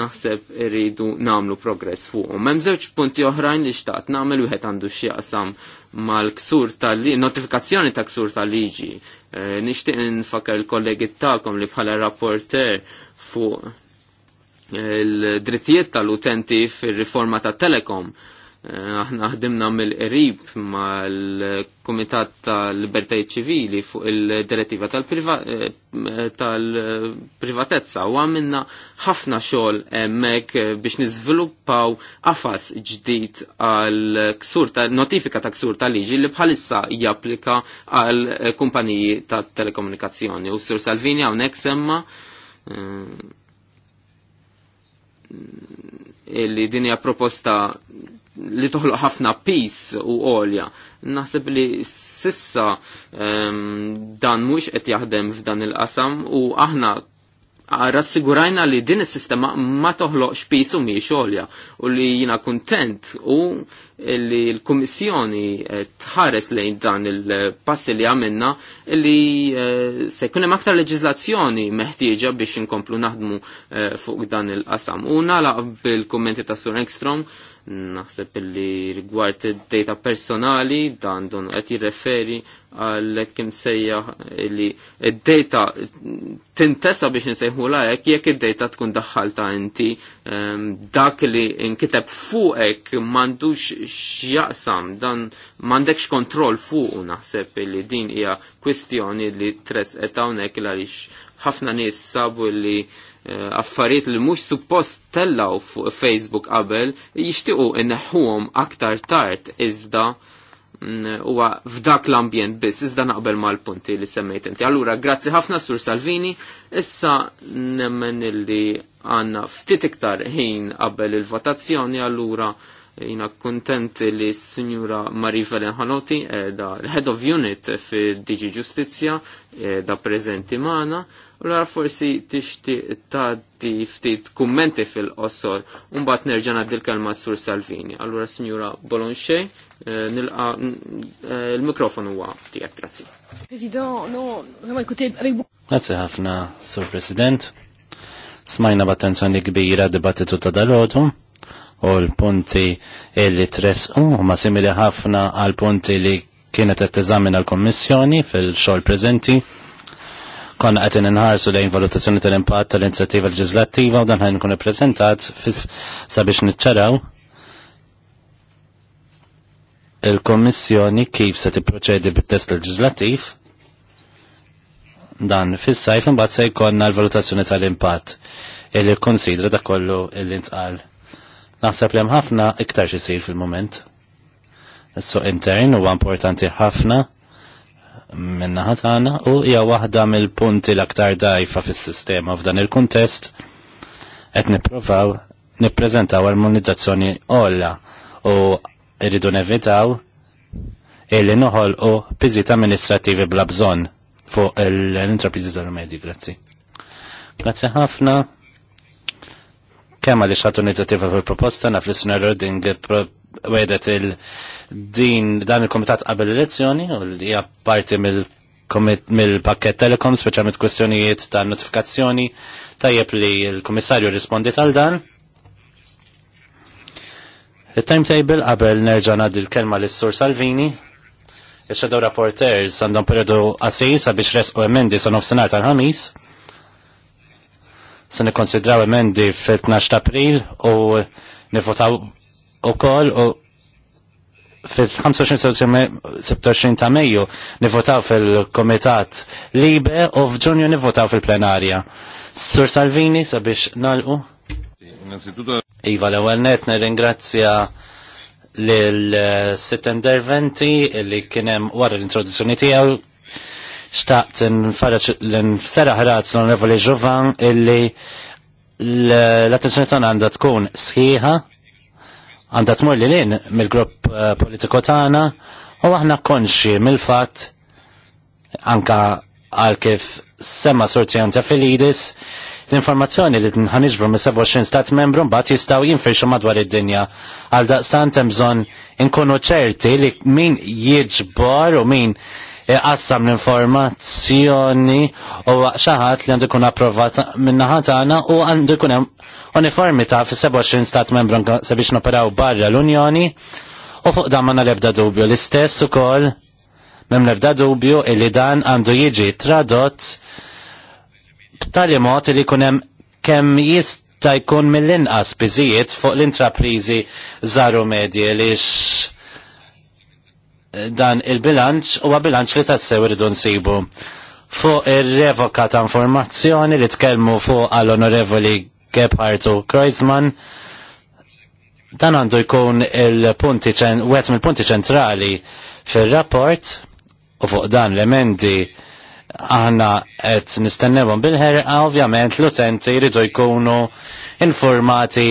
naħseb irridu namlu progress fuq. Mem żewġ punti oħrajn li xtaqt namel wieħed għandu x'jaqsam mal-ksur tal-liġi, notifikazzjoni ta' ksur tal-liġi. E, Nixtieq nfakkar il-kollegi tagħkom li bħala rapporter fuq eh, il-drittijiet tal-utenti fir-riforma ta' Telekom aħna ħdimna mill-qrib mal-Kumitat tal-Libertajiet Ċivili fuq il-Direttiva eh, tal-Privatezza u għamilna ħafna xogħol hemmhekk biex niżviluppaw qafas ġdid għal ksur ta' notifika ta' ksur ta' liġi li bħalissa japplika għal kumpaniji ta' telekomunikazzjoni. U Sur Salvini hawnhekk semma eh, li dinja proposta li toħloq ħafna pis u għolja. Naħseb li sissa um, dan mhux qed jaħdem f'dan il-qasam u aħna rassigurajna li din is-sistema ma toħloqx pis u miex għolja. u li jina kuntent u li l-Kummissjoni eh, tħares lejn dan il-passi li għamilna li eh, se jkun hemm aktar leġizlazzjoni meħtieġa biex inkomplu naħdmu eh, fuq dan il-qasam. U nalaq bil-kummenti ta' Sur Engstrom Naħseb li rigward id-data personali dan don qed jirreferi għal kim sejja li id-data tintesa biex nsejħu lajek jekk id-data tkun daħħalta inti ehm, dak li nkiteb fuqek m'għandux x'jaqsam dan m'għandekx kontroll fuq naħseb li din hija kwistjoni li tres qed hawnhekk għaliex ħafna nies sabu li affarijiet li mhux suppost tellaw fuq Facebook qabel jixtiequ inneħħuhom aktar tard iżda mm, huwa f'dak l-ambjent biss iżda naqbel mal-punti li semmejt inti. Allura grazzi ħafna Sur Salvini, issa nemmen illi għandna ftit iktar ħin qabel il-votazzjoni allura jina kontent li s-Sinjura Marie Valenhanoti, eh, da l-Head of Unit fi Digi Justizia, eh, da prezenti maħna, u l forsi tixti tati ftit kummenti fil-qosor un bat nerġa kelma sur Salvini. Allura, signora Bolonxe, eh, nilqa eh, il-mikrofon huwa tijak, grazzi. Grazzi ħafna, sur President. Smajna b'attenzjoni kbira dibattitu ta' dal-għodu u l-punti li tresqu ma simili ħafna għal punti li kienet qed teżamina l-Kommissjoni fil-xogħol prezenti konna qed inħarsu lejn valutazzjoni tal-impatt tal-inizjattiva leġislattiva u dan ħajn ikun ippreżentat sabiex niċċaraw il-Kommissjoni kif se tipproċedi bit-test leġislattiv dan fis-sajf imbagħad se jkollna l-valutazzjoni tal-impatt illi konsidra da kollu illi ntqal. Naħseb li hemm ħafna iktar xisir fil-moment. Is-suq intern huwa importanti ħafna minna ħatana u hija waħda mill-punti l-aktar dajfa fis-sistema f'dan il-kuntest qed nippruvaw nippreżentaw armonizzazzjoni olla u rridu nevitaw illi noħol u piżit amministrativi bla bżonn fuq l-intrapriżi tal-medji, grazzi. Grazzi ħafna. Kemm għaliex ħadd inizjattiva fil-proposta naf l-Sner wedet il-din dan il-komitat qabel elezzjoni u li hija parti mill-pakket telekom, speċjalment kwestjonijiet ta' notifikazzjoni, tajjeb li l-komissarju rispondi tal dan. Il-timetable qabel nerġa' ngħaddi l-kelma lis sur Salvini. Il-Shadow Rapporters għandhom periodu qasir sabiex resqu emendi sa nofsinhar tal-ħamis. Se nikkonsidraw emendi fil-12 ta' April u nivotaw u kol u fil-25-26 ta' Mejju nivotaw fil-Komitat Libe u f'Ġunju nivotaw fil-Plenarja. Sur Salvini sabiex nalqu. Iva l-ewwel net nirringrazzja lil-sitt interventi li kienem wara l-introduzzjoni tiegħu xtaqt faraċ l l-n-seraħraċ l onrevoli ġuvan illi l-attenzjoni għandha tkun sħiħa għandha tmur li l-in mill-grupp eh, politiko tagħna u aħna konxi mill-fatt anka għal kif sema għanta fil filidis l-informazzjoni li nħanġbru me 27 stat membru mbagħad jistgħu jinfirxu madwar id-dinja. Għal daqstant hemm bżonn inkunu ċerti li min jiġbor u min iqassam l-informazzjoni u xaħat li għandu jkun approvat minna ħatana u għandu jkun uniformita fi 27 stat membru sabiex noperaw barra l-Unjoni u fuq dan manna lebda dubju l-istess ukoll mem lebda dubju illi dan għandu jiġi tradott b'tali mod li kunem kemm jista' jkun mill-inqas biżijiet fuq l-intraprizi żaru medje li x dan il-bilanċ huwa bilanċ li tassew irridu nsibu fuq il revoka ta' informazzjoni li tkellmu fuq għall-onorevoli Gebhardt u Kreuzmann dan għandu jkun il-punti wet mill-punti ċentrali fil-rapport u fuq dan l-emendi aħna qed nistennewhom bil-ħerqa ovvjament l-utenti jridu jkunu informati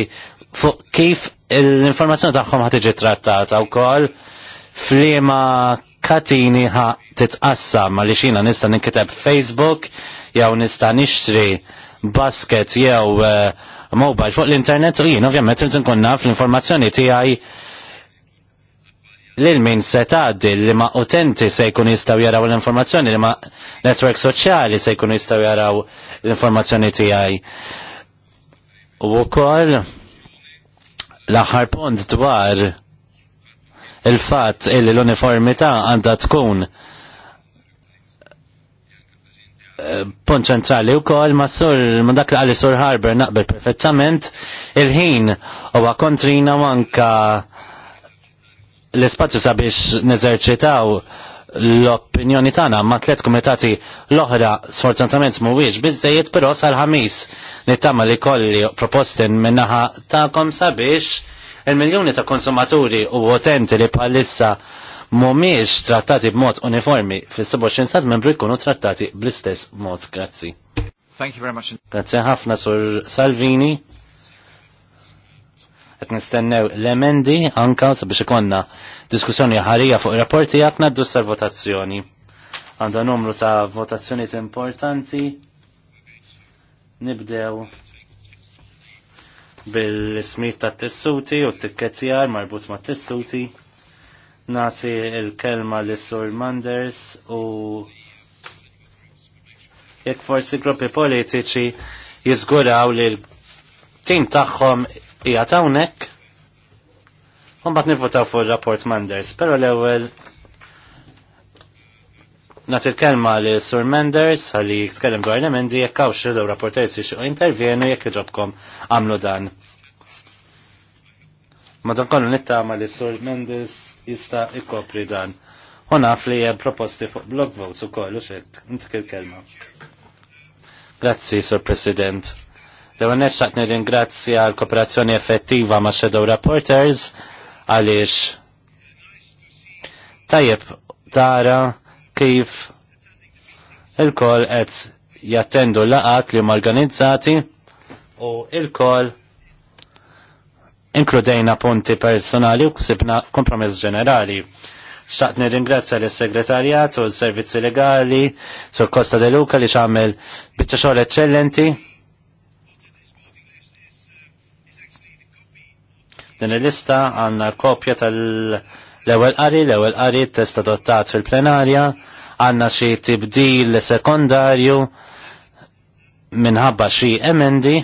fuq kif l-informazzjoni tagħhom ħad tiġi trattata wkoll flima katini titqassa ma li xina nista' ninkiteb Facebook jew nista' nixtri basket jew uh, mobile fuq l-internet u jien ovvjament trid nkun naf l-informazzjoni tiegħi lil min se tgħaddi li ma' utenti se jkun jistgħu jaraw l-informazzjoni li ma' netwerk soċjali se jkun jistgħu jaraw l-informazzjoni tiegħi. U wkoll l-aħħar punt dwar il-fatt illi l-uniformità għandha tkun eh, punt ċentrali u kol ma sur ma dak li għalli sur Harbor naqbel perfettament il-ħin u kontrina manka l-spazju sabiex neżerċitaw l-opinjoni tagħna ma tliet kumitati l-oħra sfortunatament mhuwiex bizzejiet però sal-ħamis nittama li kolli proposti minnaħa tagħkom sabiex Il-miljoni ta' konsumaturi u utenti li bħalissa mumiex trattati b'mod uniformi fis-27 stat membru jkunu trattati bl-istess mod. Grazzi. Thank you very much. Grazie ħafna sur Salvini. Qed nistennew l-emendi anka sabiex ikonna diskussjoni ħarija fuq rapporti għat naddu votazzjoni Għandha numru ta' votazzjonijiet importanti. Nibdew bil-smit ta' tessuti u t-tikketjar marbut ma' tessuti. Nati il-kelma l sur Manders u jekk forsi gruppi politiċi jizguraw li l-tim tagħhom hija Un bat nivvotaw fuq il-rapport Manders, pero l-ewwel Nat il-kelma li Sur Menders għalli jitkellem dwar l-emendi jekk għaw xridu rapportajs jixu intervjenu jekk iġobkom għamlu dan. Madan kollu nittama li Sur Menders jista ikopri dan. Honaf li jem proposti fuq blog votes u kollu xed, intik il-kelma. Grazzi, Sur President. L-għonet xaqt nir-ingrazzi għal kooperazzjoni effettiva ma' Shadow Reporters għalix tajjeb tara kif il koll qed jattendu laqat li organizzati u il koll inkludejna punti personali u ksibna kompromess ġenerali. Xtaqt nirringrazzja lis segretarjat u l-servizzi legali sur Costa de Luca li xamil biċċa xogħol eċċellenti. Din il-lista għandna kopja tal- L-ewwel qari, l-ewwel qari test adottat fil-plenarja, għandna xi tibdil sekondarju minħabba xi emendi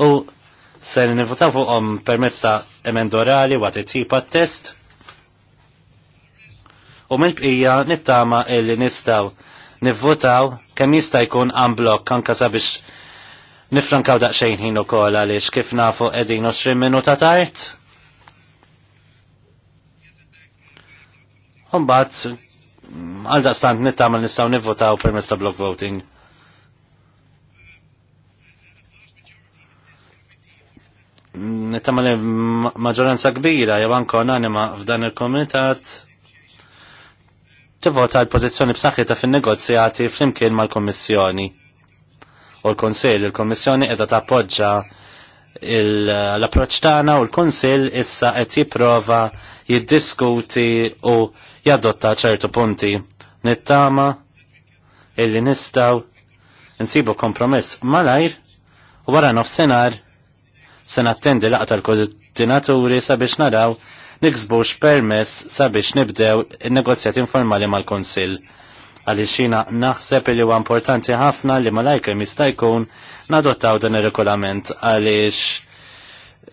u se nivutaw fuqhom permezz ta' emendorali waqt it-tipa test u mill-bqija nittama illi nistgħu nivvotaw kemm jista' jkun unblock anke sabiex nifrankaw daqsxejn ħin ukoll għaliex kif nafu qegħdin 20 minuta tard Umbat, għalda stant nittamal nistaw nivvotaw permess ta' block voting. Nittamal maġoranza kbira, jew anka unanima f'dan il-komitat tivvota l-pozizjoni b'saħħitha fin-negozjati flimkien mal komissjoni u l-Konsil. Il-Kommissjoni qiegħda tappoġġa l-approċċ tagħna u l-Kunsill issa qed jipprova jiddiskuti u jadotta ċertu punti. Nittama illi nistaw nsibu kompromess malajr u wara nofsenar se nattendi laqta l-koordinaturi sabiex naraw niksbux permess sabiex nibdew il-negozjat informali mal-Konsil. Għalix xina naħseb li huwa importanti ħafna li malajka jista' jkun nadottaw dan ir-regolament għaliex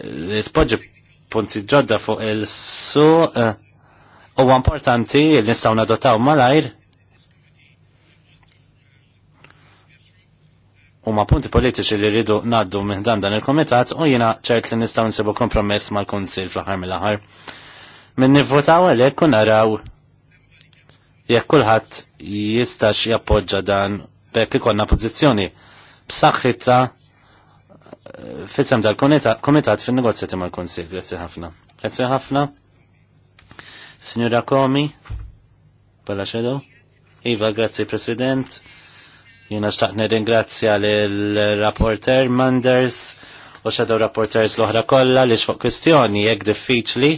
li spoġġi punti ġodda fuq il-su eh, u importanti li nistaw nadotaw malajr u ma punti politiċi li rridu naddu minn dan dan il-komitat u jina ċert li nistaw nsibu kompromess mal-kunsil fl-ħar mill-ħar. Minn nivvotaw għalek kun naraw jekk kulħadd jistax jappoġġa dan bekk ikonna pożizzjoni b'saħħitha fissem tal-komitat fin negozjati mal konsil Grazie ħafna. Grazie ħafna. Signora Komi, bella xedo. Iva, grazie President. Jena xtaqt ringrazzja l-rapporter Manders u xedo rapporters l-oħra kolla li xfuq kwestjoni jek diffiċli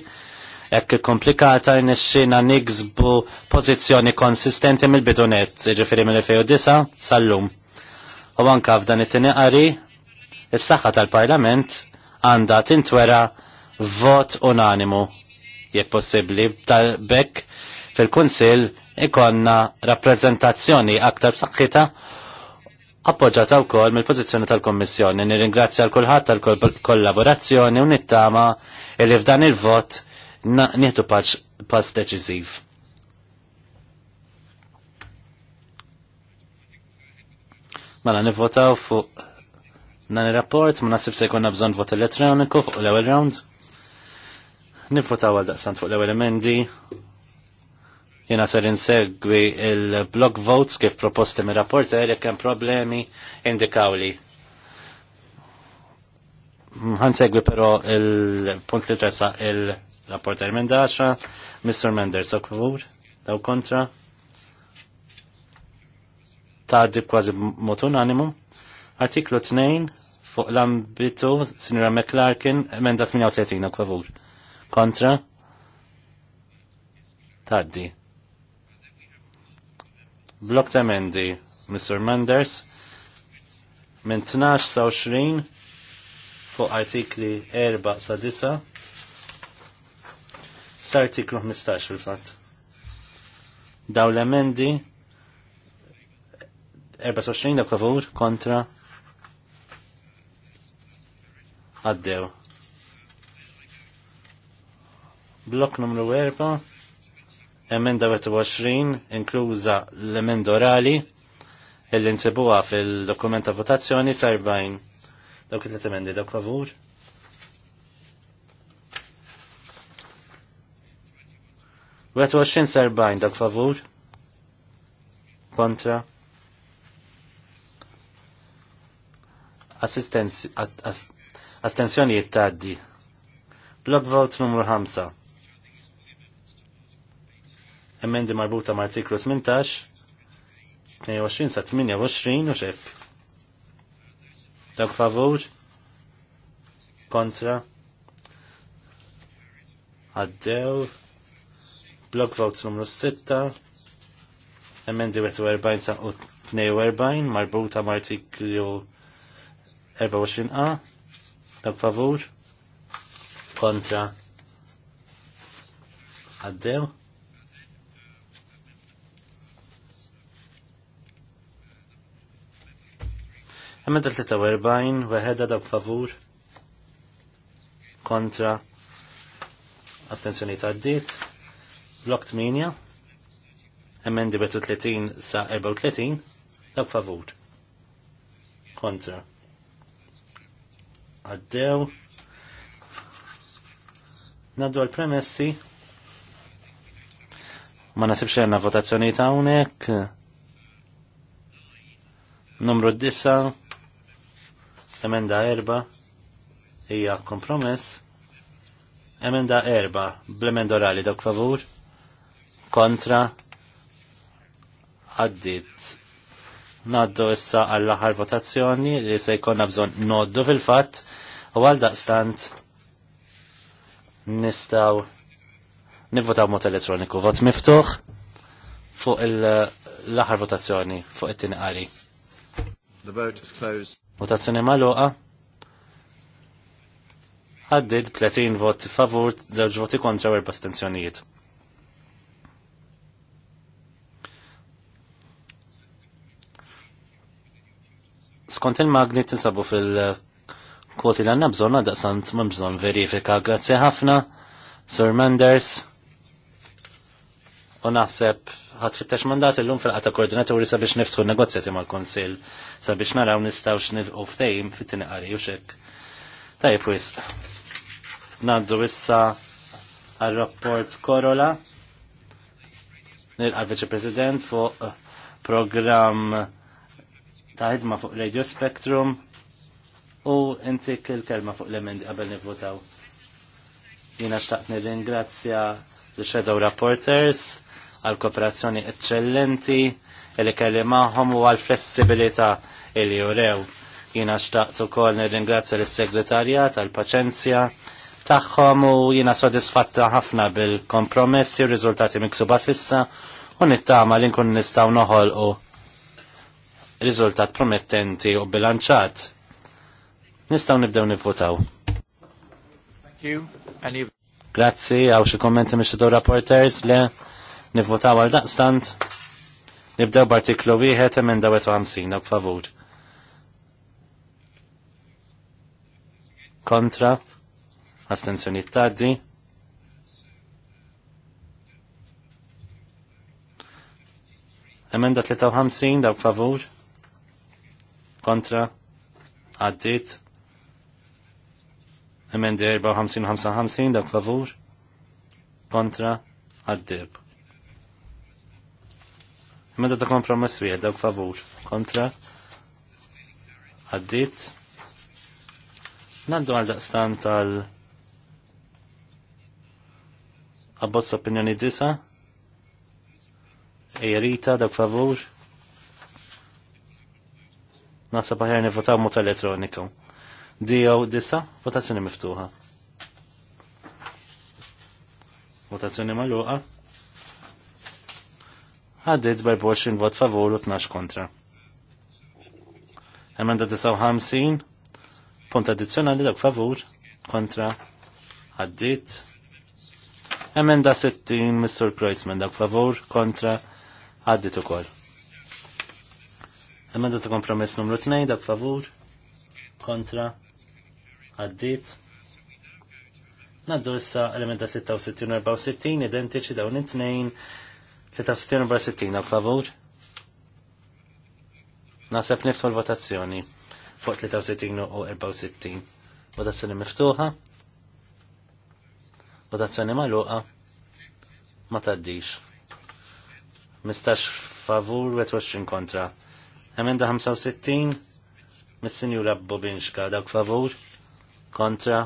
ekk komplikata nixxina nigzbu pozizjoni konsistenti mill-bidunet, ġifiri mill-2009 sal-lum. U anka f'dan it-tini qari is-saħħa tal-Parlament għandha tintwera vot unanimu jekk possibbli tal-bekk fil-Kunsill ikonna rappreżentazzjoni aktar b'saħħitha appoġġata wkoll mill-pożizzjoni tal-Kommissjoni. Nirringrazzja l kulħadd tal-kollaborazzjoni u nittama li f'dan il-vot nieħdu pass deċiżiv. Mela nivvotaw fuq Nani rapport ma nasib se jkunna bżon vot elettroniku fuq l-ewwel round. Nivvotaw għal daqsant fuq l-ewwel emendi. Jena ser insegwi il-block votes kif proposti mir rapport jekk hemm problemi indikawli. Ħansegwi però il-punt li tressa il-rapport għal-mendaċa, Mr. Mender, so kvur, daw kontra. Tadi kważi motun animum. Artiklu 2 fuq l-ambitu, Sinjora McClarkin, emenda 38 kwavur. Kontra? Taddi. Blok ta' emendi, Mr. Manders, minn 12 sa 20 fuq artikli 4 sa 9 sa artiklu 15 fil-fatt. Daw l-emendi 24 da kavur kontra għaddew. Blok numru 4, emenda 20, inkluża l-emenda orali, illi nsibuha fil-dokumenta votazzjoni sarbajn. Dawk il-let emendi dawk favur. Wet washin sarbajn dawk favur. Kontra. Assistenzi, Attenzjoni jittaddi. Block vote numru 5. Emendi marbuta ma' artiklu 18, 22 sa' 28 u xek. Dawk favur? Kontra? Għaddew? Block vote numru 6. Emendi 41 sa' 42 marbuta ma' artiklu 24a Dak favur kontra għaddew. Emenda 43, weħeda dak favur kontra attenzjoni ta' d-diet. Blok 8, emendi betu 30 sa' 34, dak favur kontra għaddew. Naddu għal-premessi. Ma nasibx għanna votazzjoni ta' unek. Numru 9. Emenda 4. Ija kompromess. Emenda 4. Blemend orali dok favur. Kontra. Għaddit Naddu issa għall-aħħar votazzjoni li se jkollna bżonn noddu fil-fatt u għal daqstant nistaw nivvotaw mod elettroniku. Vot miftuħ fuq l-aħħar votazzjoni fuq it-tieni qari. The vote is closed. Votazzjoni magħluqa. Għaddid 30 vot favur, 2 voti kontra u 4 astenzjonijiet. skont il-magni insabu fil-kwoti li għanna bżonna sant ma bżon verifika. Grazzi ħafna, Sir Menders. U naħseb ħatfittax mandat illum fil-qata koordinaturi sabiex niftħu negozjati mal-Konsil sabiex naraw nistaw u ftejm fit-tini għari u xek. u jis. Naddu issa għal-rapport Korola. Nilqa' Viċi President fuq program ta' ħidma fuq Radio Spectrum u intik il-kelma fuq l-emendi qabel nivvotaw. Jina xtaqt nir ingrazzja l-Shadow Reporters għal kooperazzjoni eccellenti li kelli maħom u għal flessibilità illi jurew. Jina xtaqt u kol nir-ringrazzja l-segretarjat għal paċenzja taħħom u jina sodisfatta ħafna bil-kompromessi u rizultati miksuba sissa u nittama li nkun nistaw noħol u riżultat promettenti u bilanċat. Nistaw nibdew nivvotaw. Grazzi, għaw xie kommenti miex do rapporters le nivvotaw għal daqstant. Nibdew b'artiklu wieħed emenda 50 u favur. Kontra, astenzjoni taddi. Emenda 53 dawk favur kontra għaddit emendi 54-55 dak favur kontra għaddib. Emenda ta' kompromess wieħed dak favur kontra għaddit. nandu għal daqstan tal għabbozz opinjoni disa. Ejrita dak favur nasa aħjar nivotaw mod elettroniku. Dijaw disa, votazzjoni miftuħa. Votazzjoni magħluqa. Għaddit b'24 vot favur u tnax kontra. Emenda 59, punt addizzjonali dak favur, kontra, għaddit. Emenda 60, Mr. Kreuzman dak favur, kontra, għaddit ukoll. Emenda ta' kompromess numru 2 dak favur kontra għaddit. Naddu issa elementa 63-64 identiċi dawn it-tnejn 63-64 dak favur. Nasab niftu l-votazzjoni fuq 63 u 64. Votazzjoni miftuħa. Votazzjoni maluqa. Ma taddix. Mistax favur, 20 kontra. Emenda 65 mis-Sinjura Bobinxka dawk favur kontra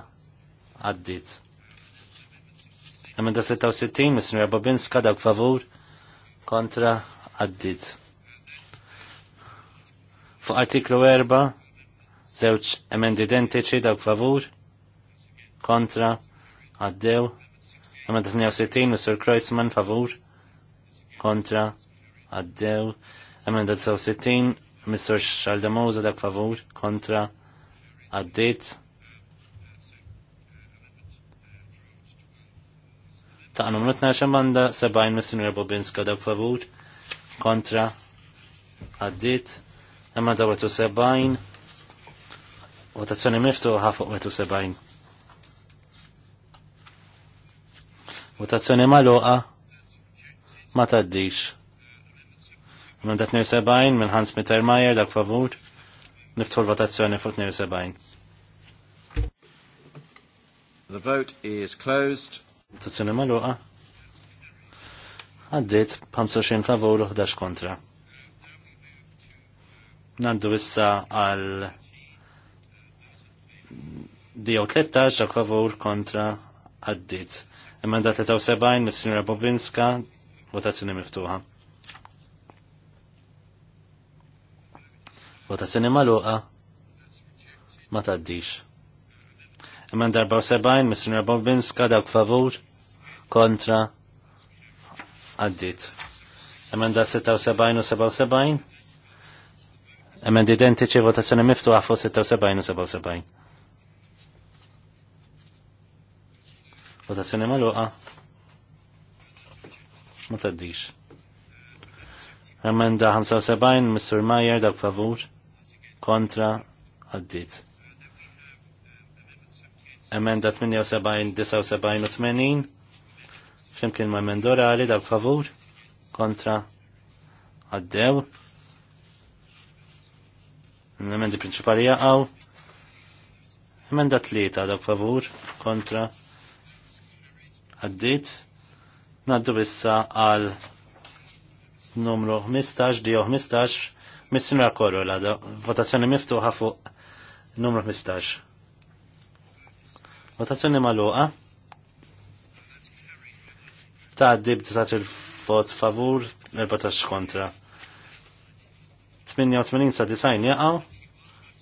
għaddit. Emenda 66 mis-Sinjura Bobinska dawk favur kontra għaddit. Fuq artiklu 4 żewġ emendi identiċi dawk favur kontra għaddew. Emenda 68 mis-Sur Kreuzmann favur kontra għaddew. Emenda 60, Mr. Xaldemoza dak favur kontra għaddit. Ta' numru 12 emenda 70, Mr. Bobinska dak favur kontra għaddit. Emenda 70, votazzjoni miftu għafu 70. Votazzjoni maluqa ma taddix. Minn 72 minn Hans Mittermeier dak favur niftħu l-votazzjoni fuq 72. The vote is closed. Votazzjoni maluqa. Għaddit 25 favur u 11 kontra. Nandu issa għal Dio 13 dak favur kontra għaddit. Emenda 73 Mr. Bobinska, votazzjoni miftuħa. Votazzjoni maluqa ma taddix. Imman darba u sebajn, Mr. Bobinska, dawk favur, kontra, għaddit. Imman da 76 u sebajn sebajn? u u 77, imman identiċi votazzjoni miftu għafu 76 u sebajn sebajn? u u 77. Votazzjoni maluqa ma taddix. Emenda 75, Mr. Mayer, dak favur kontra għaddit. Emenda 78, 79 u 80 flimkien ma' emenda orali dal favur kontra għaddew. L-emendi prinċipali jaqaw. Emenda tlieta dal favur kontra għaddit. Naddu bissa għal numru 15, di 15 mis sinu għakorru l votazzjoni miftuħa fuq numru 15. Votazzjoni maluqa. Ta' dib tisat il-vot favur, 14 kontra. 88 sa' disajn jaqaw.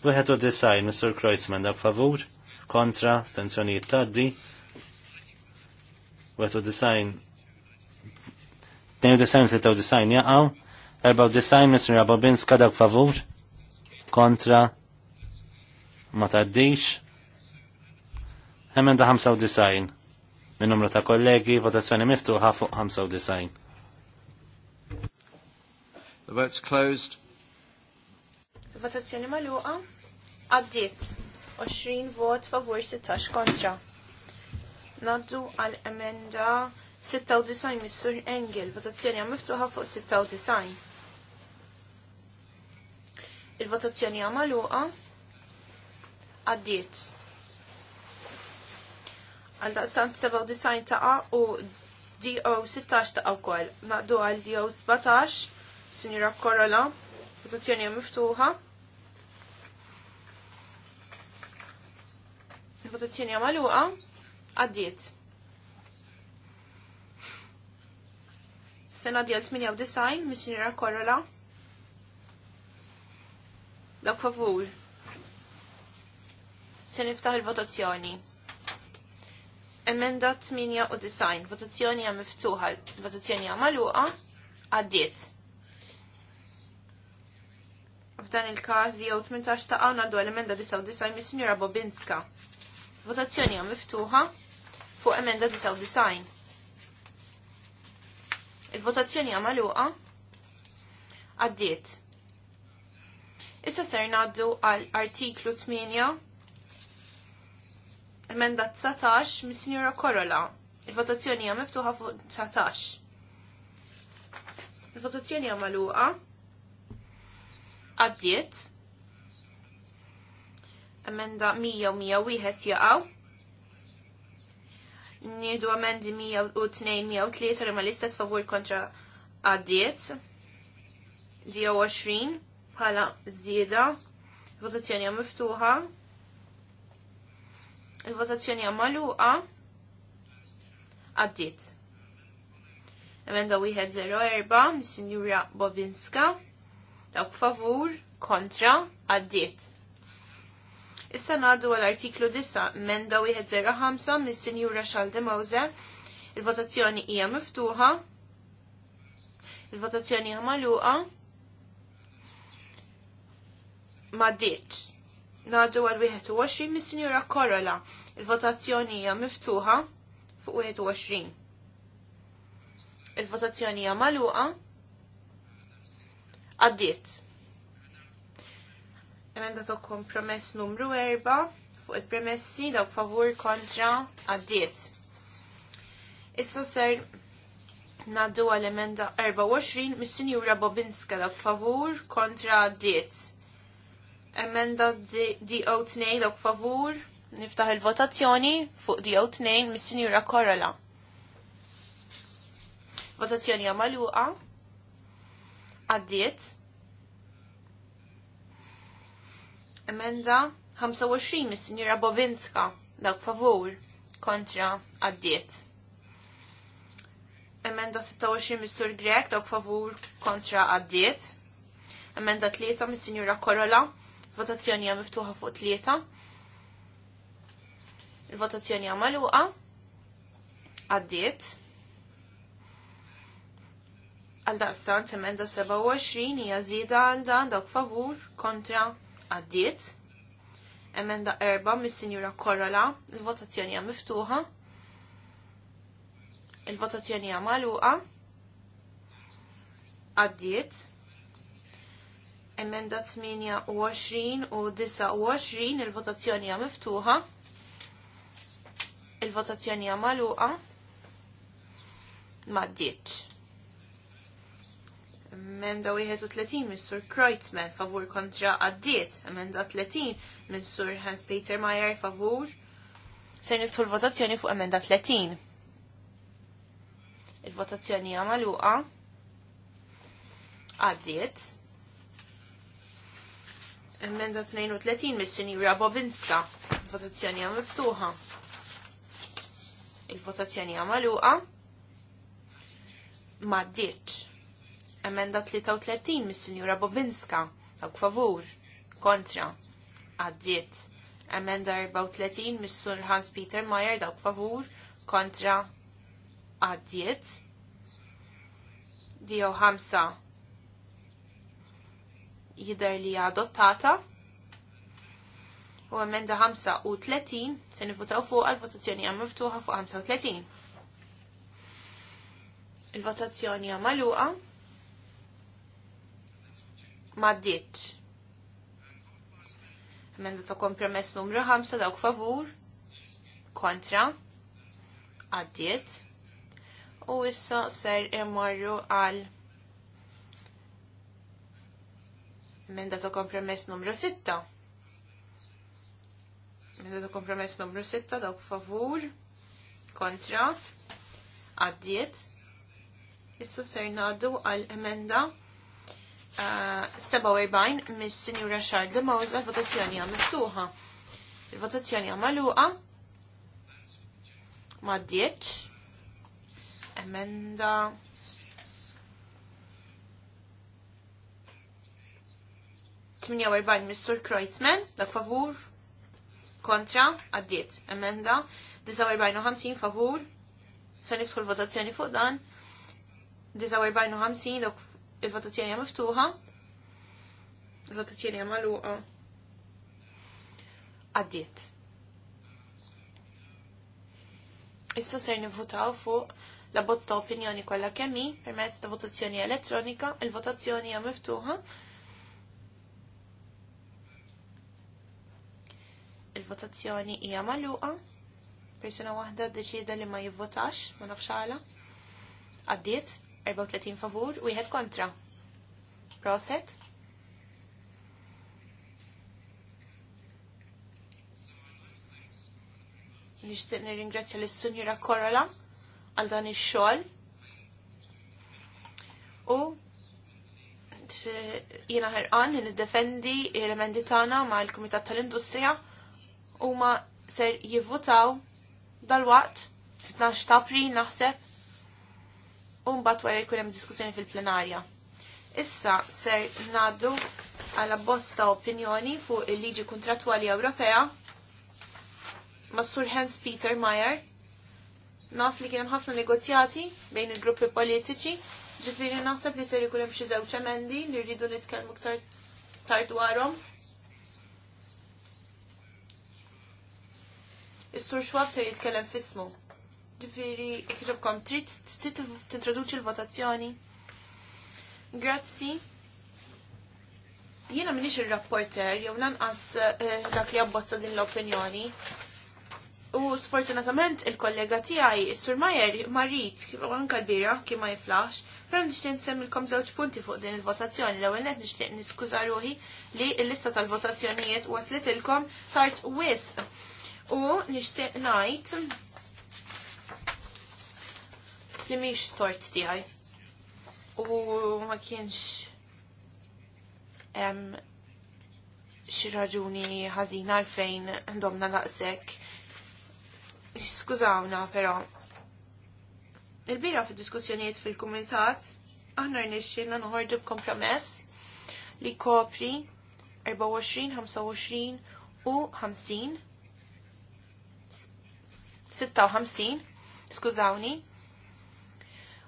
Wieħed u disajn, Mr. Kreuzman, dak favur, kontra, stenzjonijiet taddi. disajn. u disajn, 92 disajn jaqaw. 94 Mr. Babinska dak favur kontra ma taddix emenda 95 Min numru ta' kollegi votazzjoni miftuħa fuq 95 The vote's closed. Votazzjoni maluqa għaddiet 20 vot favur 16 kontra. Naddu għal emenda 96 Mr. Engel, votazzjoni miftuħa fuq 96 il-votazzjoni għamaluqa għaddiet. Għal daqstant 97 taqa u DO 16 taqa u koll. Naqdu għal DO 17, Sinjura Korola, votazzjoni miftuħa. Votazzjoni għamaluqa għaddiet. Sena DL 98, mis Korola. Korola Dak favur. Se niftaħ il-votazzjoni. Emenda 98, votazzjoni hija miftuħa, votazzjoni għam magħluqa, għaddiet. F'dan il-każ li jew 18 ta' għawna għal emenda 99 mis-Sinjura Bobinska. Votazzjoni hija miftuħa fuq emenda 99. Il-votazzjoni hija magħluqa, għaddiet. Issa ser naddu għal artiklu 8, emenda 19 mis sinjura Korola. Il-votazzjoni hija miftuħa fuq 19. Il-votazzjoni hija magħluqa. Għaddiet. Emenda 100 101 jaqgħu Nidu amendi 102-103 li ma l-istess favur kontra għaddiet. 20 bħala żieda. Il-votazzjoni għam miftuħa. Il-votazzjoni hija magħluqa. Għaddiet. Emenda wieħed 04 mis-Sinjura Bobinska. Dawk favur, kontra, għaddiet. Issa ngħaddu għal artiklu dissa, emenda wieħed 05 mis-Sinjura Xalde Mose. Il-votazzjoni hija miftuħa. Il-votazzjoni hija magħluqa ma ditx. Nadu għal 21 mis sinjura Korola. Il-votazzjoni hija miftuħa fuq 21. Il-votazzjoni hija magħluqa. Għaddiet. Emenda ta' kompromess numru 4 fuq il-premessi dawk favur kontra għaddiet. Issa ser naddu għal emenda 24 mis-sinjura Bobinska dawk favur kontra għaddiet Emenda DO2 dawk favur. Niftaħ il-votazzjoni fuq DO2 mis-Sinjura Korola. Votazzjoni għamaluqa. Għaddiet. Emenda 25 mis-Sinjura Bobinska. Dawk favur. Kontra. Għaddiet emenda 26 mis-Sur Grek dawk favur kontra għaddiet. Emenda 3 mis-Sinjura Korola Votazzjoni hija miftuħa fuq tlieta. Il-votazzjoni hija magħluqa. Għaddiet. Għal daqstan temenda 27 hija żieda għal dan dawk favur kontra għaddiet. Emenda erba mis-Sinjura korola, il-votazzjoni hija miftuħa. Il-votazzjoni hija magħluqa. Għaddiet. Emenda 28 u 29 il-votazzjoni hija miftuħa. Il-votazzjoni hija magħluqa. Ma ddiċ. Emenda 31 minn Sur Kreutzmann favur kontra għaddiet. Emenda 30 minn Sur Hans Peter Meyer favur. se niftu l-votazzjoni fuq emenda 30. Il-votazzjoni għamaluqa. Għaddiet. Emenda 32 mis-sinjura Bobinta. Votazzjoni għam miftuħa. Il-votazzjoni għam għaluqa. Ma ditx. Emenda 33 mis-sinjura Bobinska. Dawk favur. Kontra. Għaddiet. Emenda 34 mis-sur Hans Peter Meyer. Dawk favur. Kontra. Għaddiet. Dio 5 jider li adottata u emenda 35 se nivutaw fuq għal-votazzjoni għam miftuħa fuq 35. Il-votazzjoni għam maluqa ma ditx. Emenda ta' kompromess numru 5 dawk favur kontra għaddiet u issa ser imorru għal Menda ta' kompromess numru 6. Menda ta' kompromess numru 6 dawk favur kontra għaddiet. Issa ser nadu għal emenda uh, 47 mis-Sinjura Charles Mawza l-votazzjoni hija miftuħa. Il-votazzjoni hija magħluqa ma' 10 emenda 48 Mr. Kreutzmann, dak favur, kontra, għaddiet, emenda, 49 favur, se niftħu l-votazzjoni fuq dan, 49 dak il-votazzjoni għam miftuħa, il-votazzjoni hija magħluqa. Għaddiet. Issa ser nivvutaw fuq la botta opinjoni kollha kemmi permezz ta' votazzjoni elettronika, il-votazzjoni hija miftuħa. il-votazzjoni hija magħluqa. Persuna waħda deċida li ma jivvotax, ma nafx għala. Għaddiet 34 favur u jħed kontra. Proset. Nixtieq nirringrazzja lis sunjura Korola għal dan ix-xogħol. U jiena ħerqan li niddefendi l-elementi tagħna mal-Kumitat tal-Industrija huma ser jivvutaw dal-waqt fit-12 ta' April naħseb u mbagħad wara jkun hemm diskussjoni fil-plenarja. Issa ser ngħaddu għal abbozz ta' opinjoni fuq il-liġi kontrattwali Ewropea mas Sur Hans Peter Meyer. Naf li kien ħafna negozjati bejn il-gruppi politiċi, ġifieri naħseb li ser ikun hemm xi żewġ emendi li rridu nitkellmu iktar tard dwarhom Is-Sur ser jitkellem fismu. Ġifieri iħġobkom trid tintroduċi l-votazzjoni. Grazzi. Jiena minix ir-rapporter jew lanqas eh, dak li abbozza din l-opinjoni. U sfortunatament il-kollega tiegħi is-Sur Majer marit anke l-bira kif ma jiflax, però nixtieq nsemmilkom żewġ punti fuq din il-votazzjoni. L-ewwel qed nixtieq niskuża ruħi li l-lista tal-votazzjonijiet waslet ilkom tard wisq u nixtieq ngħid li mhix tort tiegħi. U ma kienx em xi raġuni ħażina għalfejn domna naqsek. Skużawna però. Il-bira fil diskussjonijiet fil-kumitat aħna rnexxilna noħorġu b'kompromess li kopri 24, 25 u 50 56, skużawni.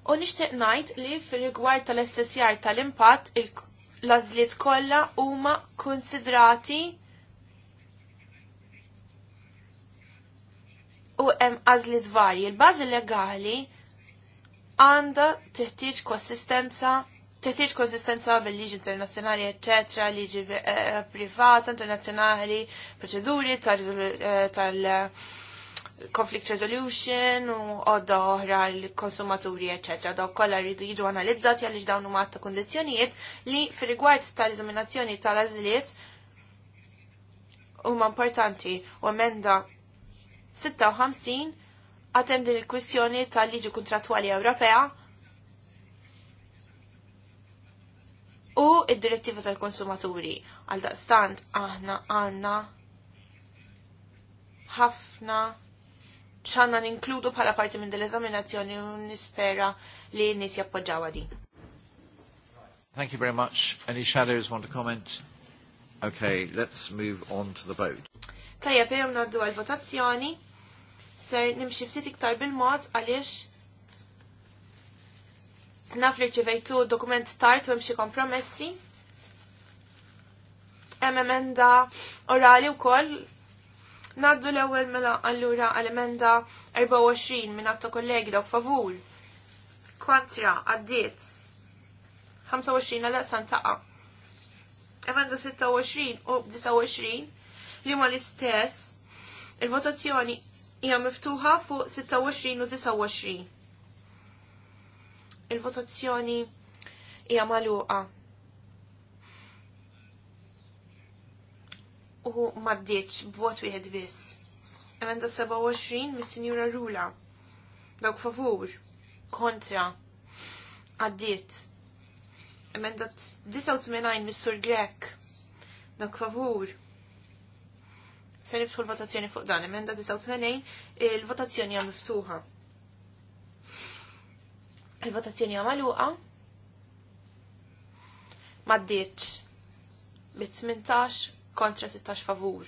U nixtieq ngħid li fir-rigward tal-SSR tal-impatt l-għażliet kollha huma konsidrati u hemm għażliet varji. Il-bażi legali għandha teħtieġ konsistenza teħtieġ konsistenza bil-liġi internazzjonali, eccetera, liġi eh, privata, internazzjonali, proċeduri tal eh, conflict resolution u għodda oħra l-konsumaturi, etc. Daw kolla rridu jiġu analizzati għalix dawn huma ta' kondizjonijiet li fil-rigward tal-eżaminazzjoni tal-azliet huma importanti u emenda 56 għatem din il-kwistjoni tal-liġi kontratwali Ewropea u id-direttiva tal-konsumaturi. Għal daqstant aħna għanna ħafna ċanna ninkludu bħala parti minn dell-eżaminazzjoni u nispera li nis jappoġġawa din. Thank you very much. Any shadows want to comment? Okay, let's move on to the vote. Tajja, pejem naddu għal-votazzjoni. Ser nimxi ftit iktar bil-mod għaliex naf li dokument tart u mxie kompromessi. Hemm emenda orali wkoll Naddu l-ewwel mela allura għal-emenda 24 minn għatta kollegi dawk favur. Kontra għaddiet. 25 għal san taqa. Emenda 26 u 29 li ma l-istess il-votazzjoni hija miftuħa fuq 26 u 29. Il-votazzjoni hija maluqa. uħu maddiċ b'vot wieħed biss. Emenda 27 mis-Sinjura Rula. Dawk favur. Kontra. Għaddiet. Emenda 89 mis-Sur Grek. Dawk favur. Se nifsħu l-votazzjoni fuq dan. Emenda 89 il-votazzjoni hija miftuħa. Il-votazzjoni hija magħluqa. Maddiċ. Bit 18 kontra 16 favur.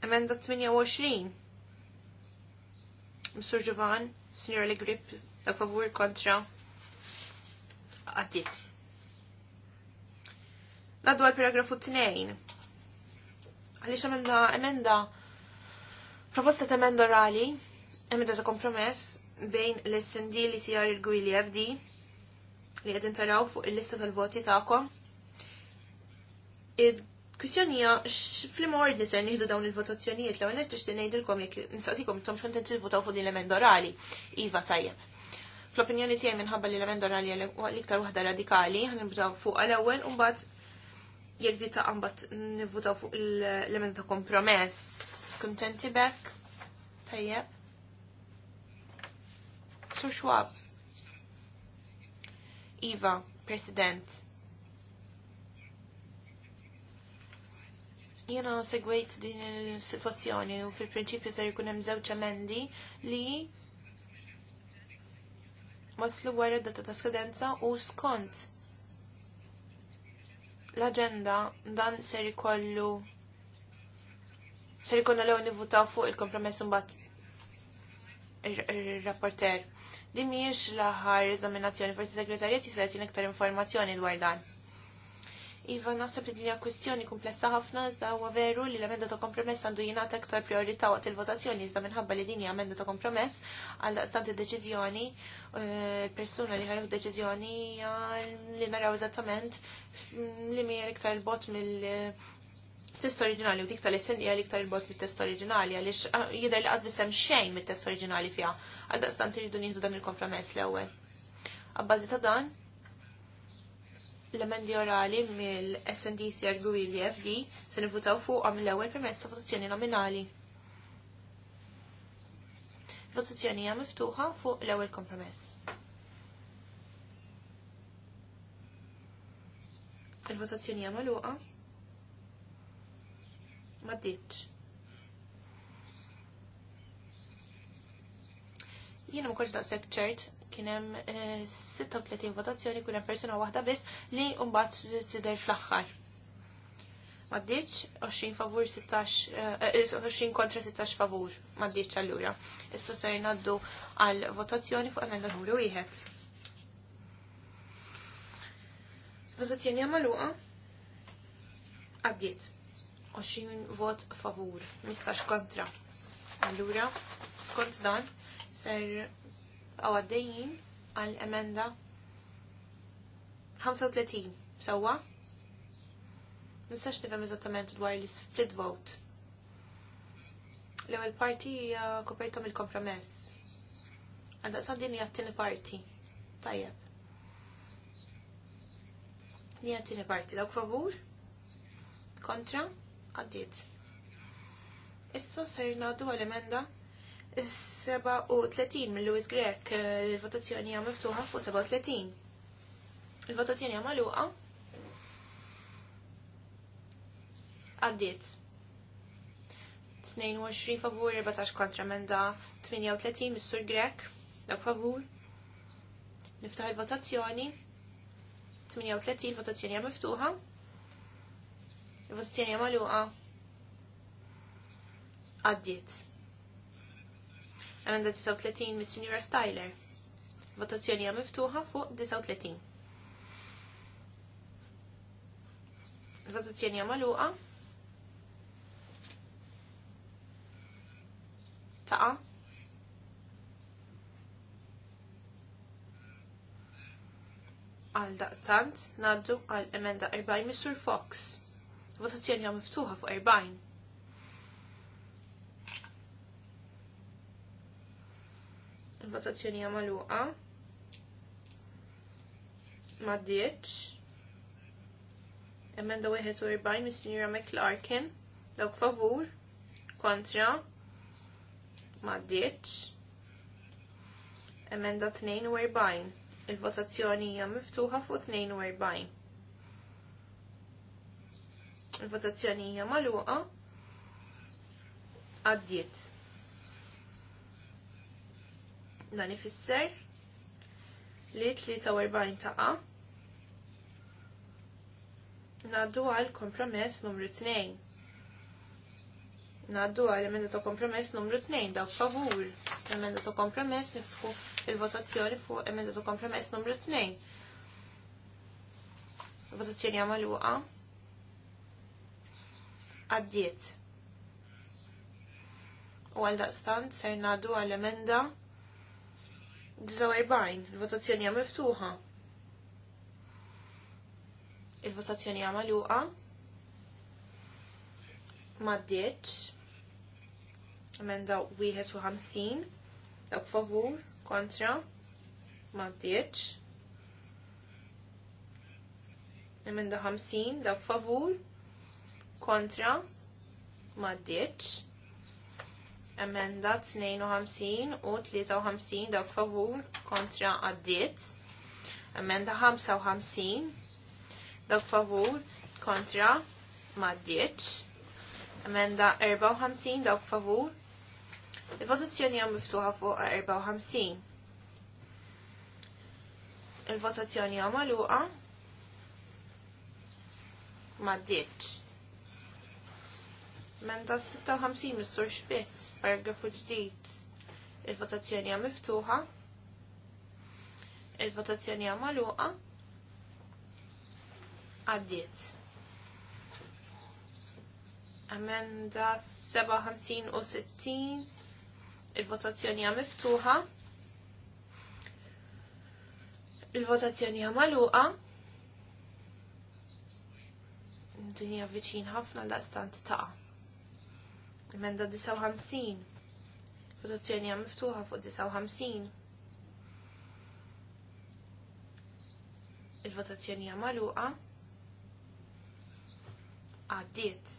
Emenda 28. Msur Ġuvan, Sinjor Le Grip, dak favur kontra għaddit. Naddu għal paragrafu 2. Għalix emenda, emenda, proposta ta' emenda orali, emenda ta' kompromess bejn l-SND li sijar e il gwili e FD li għedin taraw fuq il-lista tal-voti ta'kom. Kwistjonija, fl-im ordni ser nieħdu dawn il-votazzjonijiet l-għu għanet t ngħidilkom jekk nistaqsikom tom xontent il-votaw fuq l-element orali. Iva tajjeb. Fl-opinjoni tiegħi minħabba l-element orali l-iktar waħda radikali, ħan nibżaw fuq għal-ewwel u mbagħad jekk di ta' mbagħad nivvutaw fuq l-element ta' kompromess. Kuntenti bekk? Tajjeb. Sur xwab. Iva, President, Jena segwejt din il-situazzjoni u fil-prinċipju ser jkun hemm żewġ emendi li waslu wara data ta' skadenza u skont l-agenda dan ser ikollu ser ikollu l nivuta fuq il-kompromess mbagħad ir-rapporter. Din mhijiex l-aħħar eżaminazzjoni, forsi segretarjet jista' jagħtina iktar informazzjoni dwar dan. Iva, naħseb li dinja kwistjoni komplessa ħafna, iżda huwa veru li l-emenda ta' kompromess għandu jingħata aktar priorità waqt il-votazzjoni, iżda minħabba li dinja emenda ta' kompromess għal daqstant id-deċiżjoni, eh, persuna li ħajħu deċiżjoni li naraw eżattament li mier iktar il-bot mill- test oriġinali u dik tal-essendi għal iktar il-bot mit-test oriġinali għaliex ah, jidher li qasdi sem xejn mit-test oriġinali fiha. Għal daqstant iridu nieħdu dan il-kompromess l-ewwel. Abbażi ta' dan, l-emendi orali mill-SND sergu li e FD se nivutaw fuq għam l-ewel permezz ta' votazzjoni nominali. Votazzjoni hija miftuħa fuq l-ewel kompromess. Il-votazzjoni hija magħluqa. Ma ditx. Jiena ma kontx daqshekk ċert kien hemm 36 eh, votazzjoni, kien hemm persuna waħda biss li mbagħad sider fl aħħar Maddiċ, 20 favur, 16, 20 eh, eh, kontra 16 favur, maddiċ għallura. Issa ser jnaddu għal votazzjoni fuq emenda numru 1. Votazzjoni għamaluqa, għaddiet, 20 vot favur, 15 kontra. Allura, skont dan, ser nibqaw għaddejjin għal emenda 35 sewwa. Nistax nifhem eżattament dwar l-split vote. L-ewwel parti hija kopertom il-kompromess. Għandaqsam din hija t-tieni parti. Tajjeb. Din hija t-tieni parti. Dawk favur? Kontra? Għaddiet. Issa ser ngħaddu għal emenda 37 mill-Lewis Grek eh, il-votazzjoni għam miftuħa fuq 37. Il-votazzjoni hija magħluqa. Għaddit. 22 favur, 14 kontra menda 38 mis-Sur Grek. Dak favur. Niftaħ il-votazzjoni. 38 il-votazzjoni għam miftuħa. Il-votazzjoni hija magħluqa. Għaddit. Emenda 39 mis Signora Styler. Votazzjoni għam miftuħa fuq 39. Votazzjoni għam magħluqa. Taqa. Għal daqstant naddu għal emenda 40 Mr. Fox. Votazzjoni għam miftuħa fuq 40. votazzjoni magħluqa. ma dieċ emenda 41 mis-sinjura McLarkin dawk favur kontra ma dieċ emenda 42 il-votazzjoni hija miftuħa fuq 42 il-votazzjoni hija magħluqa għaddiet dan ifisser li 43 A Naddu għal kompromess numru 2. Naddu għal emenda ta' kompromess numru 2, daw favur. Emenda ta' kompromess niftħu il-votazzjoni fuq emenda ta' kompromess numru 2. Votazzjoni għamaluqa. Għaddiet. U għal daqstant ser naddu għal emenda 49, il-votazzjoni għam miftuħa. Il-votazzjoni għam għaluqa. Maddiċ. u 51, dak favur, kontra. Maddiċ. Emenda 50, dak favur, kontra. Maddiċ emenda 52 u 53 dawk favur kontra għaddiet. Emenda 55 dawk favur kontra maddiet. Emenda 54 dawk favur. Il-votazzjoni għam miftuħa fuq 54. Il-votazzjoni hija magħluqa maddiet. Menda 56 mis-sur Spitz, paragrafu ġdid. Il-votazzjoni hija miftuħa. Il-votazzjoni hija maluqa, Għaddiet. Amenda 57 u 60. Il-votazzjoni hija miftuħa. Il-votazzjoni hija maluqa, Dinja viċin ħafna l-daqstant ta' Emenda 59. Votazzjoni għam miftuħa fuq 59. Il-votazzjoni hija magħluqa. Għaddiet.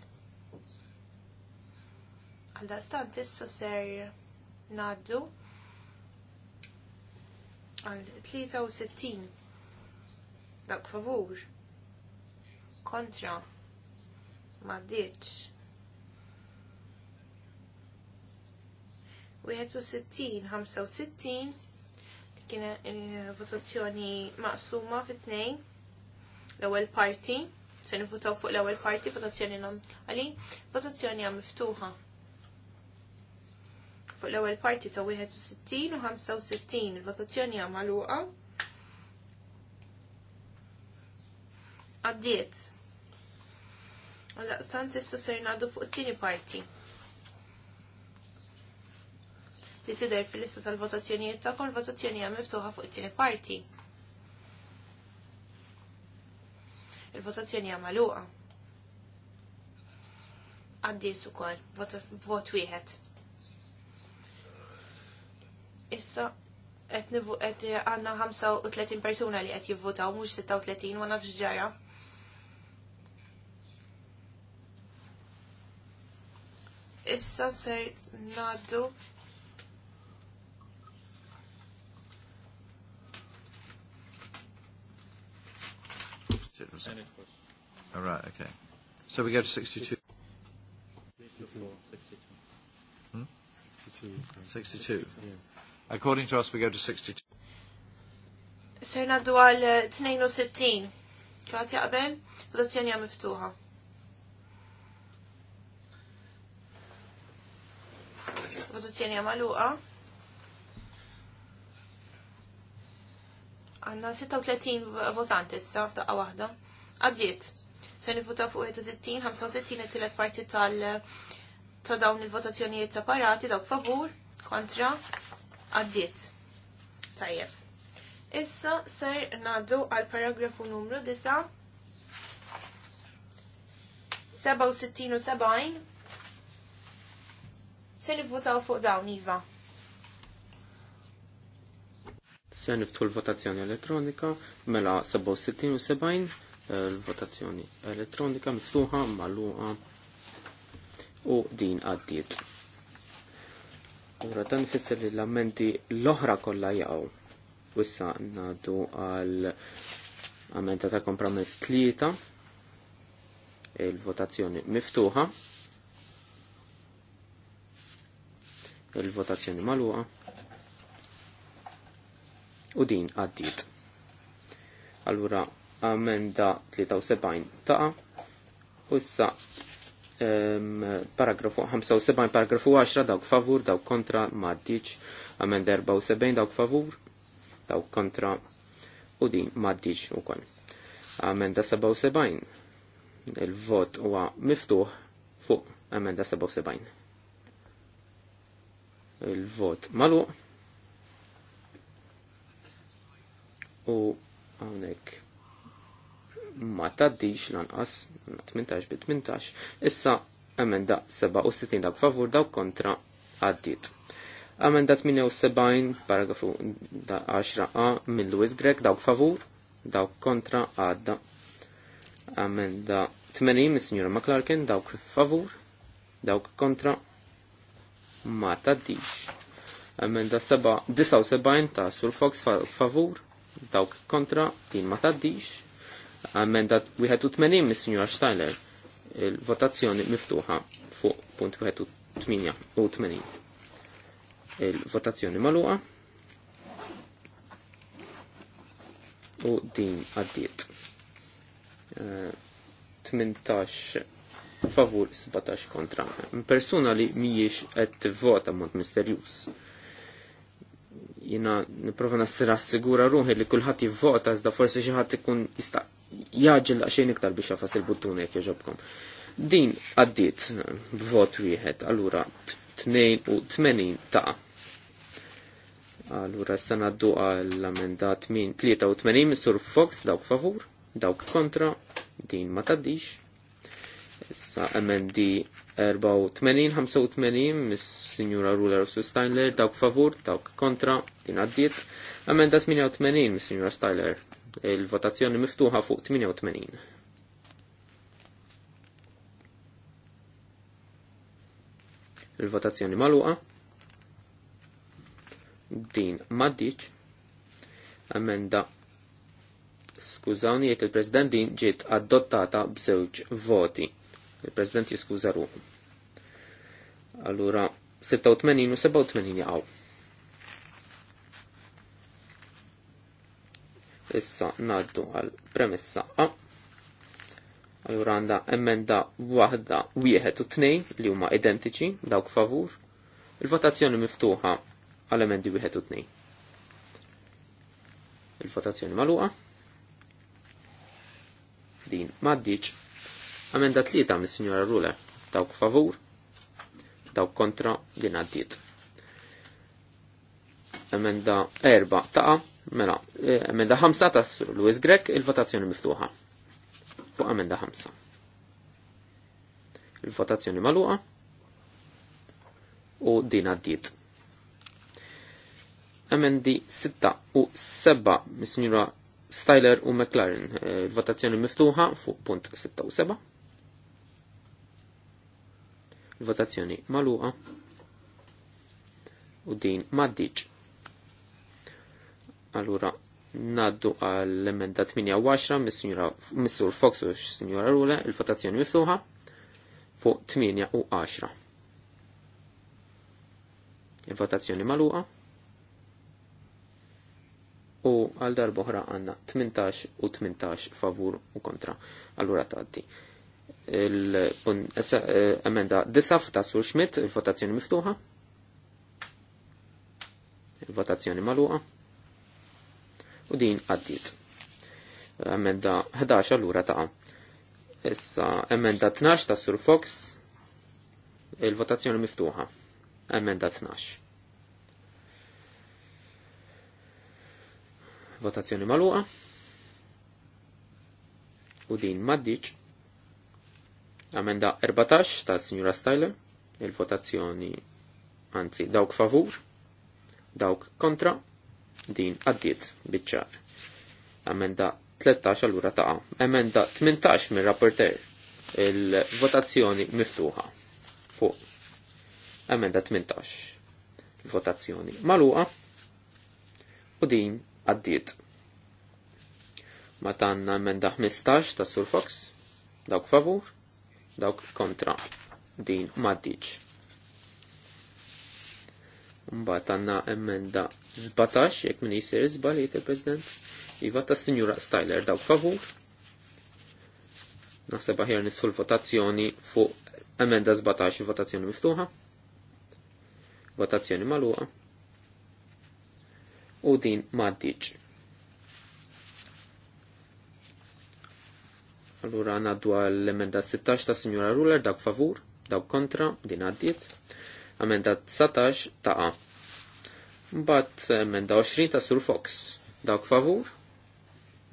Għal dastan tissa ser ngħaddu għal 63. Dak favur. Kontra. Ma' ditx 61, 65 kien eh, votazzjoni maqsuma fit-tnejn l-ewwel parti se nifutaw fuq l-ewwel parti votazzjoni nam għali votazzjoni hija miftuħa. Fuq l-ewwel parti ta' 61 u 65 il-votazzjoni hija magħluqa. Għaddiet. għal issa se ngħaddu fuq it-tieni parti li tidher fil-lista tal-votazzjonijiet ta' l votazzjoni hija miftuħa fuq it-tieni parti. Il-votazzjoni hija magħluqa. Għaddiet ukoll vot wieħed. Issa qed nivu qed għandna 35 persuna li qed jivvotaw mhux 36 ma nafx ġara. issa ser naddu All oh, right, okay. So we go to 62. 62. Hmm? According to us, we go to 62. Ser naddu għal 62. ċaħat jaqbel, votazzjoni għam miftuħa. Votazzjoni għam għaluqa. Għanna 36 votanti issa, f'daqqa wahda. Għaddiet. Se nivvota fuq 61, 65 il tielet parti tal ta' dawn il-votazzjonijiet separati dawk favur kontra għaddiet. Tajjeb. Issa ser naddu għal paragrafu numru 9 67 u 70 se nivvotaw fuq dawn iva. Se niftu l-votazzjoni elettronika mela 67 u 70 l-votazzjoni elettronika miftuħa magħluqa u din għaddiet. Ura dan fisser li l-ammendi l-oħra kollha jaw Wissa ngħadu għal ammenta ta' kompromess tlieta il-votazzjoni miftuħa il-votazzjoni maluqa. u din għaddiet. Allura amenda 73 taqa u issa paragrafu 75 paragrafu 10 dawk favur dawk kontra maddiċ amenda 74 dawk favur dawk kontra u din maddiċ u kon amenda 77 il-vot huwa miftuħ fuq amenda 77 il-vot malu u għonek ma taddix lanqas 18 bit 18 issa emenda 67 dak favur dak kontra għaddit. Amenda 78, paragrafu 10a minn Louis Grek, dawk favur, dawk kontra għadda. Amenda 80 minn Signora McClarkin, dawk favur, dawk kontra ma taddix. Amenda 79 ta' Sur Fox favur, dawk kontra din ma taddix. Amenda 81 mis-Sinjor Steiler. Il-votazzjoni miftuħa fuq punt 81. Il-votazzjoni maluqa. U din għaddiet. 18 eh, favur 17 kontra. Personali li miex qed tivvota mod misterjus jina niprofa nassira assigura ruħi li kullħat jivvota iżda forsi xi ħadd ikun jista' jaġil xejn iktar biex jafas il-buttun jekk jogħġobkom. Din għaddiet b'vot wieħed, allura 82 ta' Allura issa ngħaddu għall-amendat min 83 Sur Fox dawk favur, dawk kontra, din ma taddix. Issa MND 84-85 mis Signora Ruler of Steinler, dawk favur, dawk kontra, din għaddiet. Amenda 88 mis Signora Steinler, il-votazzjoni miftuħa fuq 88. Il-votazzjoni maluqa. Din maddiċ. Amenda skużawni jgħid il-President din ġiet adottata b'żewġ voti. Il-President jiskuża ruħu. Allura, 86 u 87 jaqaw. Issa naddu għal premessa A. Allura għanda emenda waħda wieħed u tnejn li huma identiċi dawk favur. Il-votazzjoni miftuħa għal emendi wieħed u tnejn. Il-votazzjoni maluqa. Din maddiċ Amenda tlieta mis-Sinjora Rule. Dawk favur, dawk kontra din għaddiet. Emenda erba taqa, mela, emenda ħamsa ta' Luis Grek, il-votazzjoni miftuħa. Fuq emenda ħamsa. Il-votazzjoni maluqa u din għaddit. Amendi 6 u 7 mis-Sinjora Styler u McLaren. E, il-votazzjoni miftuħa fuq punt 6 u 7 votazzjoni maluqa u din maddiċ. Allura, naddu għall-emenda 8 mis missur Fox u s-signora Rule, il-votazzjoni miftuħa fuq 8 u 10. Il-votazzjoni maluqa. U għal oħra għanna 18 u 18 favur u kontra. Allura taddi. Ta il-emenda eh, disaf ta' Sur Schmidt, il-votazzjoni miftuħa. Il-votazzjoni maluqa. U din għaddit. Emenda 11 l-ura ta' Issa, emenda 12 ta' Sur Fox, il-votazzjoni miftuħa. Emenda 12. Votazzjoni maluqa. U din maddiċ Amenda 14 ta' Signora Styler, il-votazzjoni anzi dawk favur, dawk kontra, din għaddiet bitċar. Amenda 13 allura ta' emenda 18 mir rapporter il-votazzjoni miftuħa fuq emenda 18 il-votazzjoni maluqa u din għaddiet. Matanna emenda 15 ta' Sur Fox, dawk favur, dawk kontra din maddiċ. Mbagħad għandna emenda 17 jekk min jisir zbali jgħid il-President. Iva ta' Sinjura Styler dawk favur. Naħseb aħjar nifsu l-votazzjoni fuq emenda 17 votazzjoni miftuħa. Votazzjoni magħluqa. U din maddiċ. Allura għanaddu għall-emenda 16 ta' Signora Ruler, dawk favur, dawk kontra, din għaddiet. Emenda 19 ta' A. Mbatt emenda 20 ta' Sur Fox, dawk favur,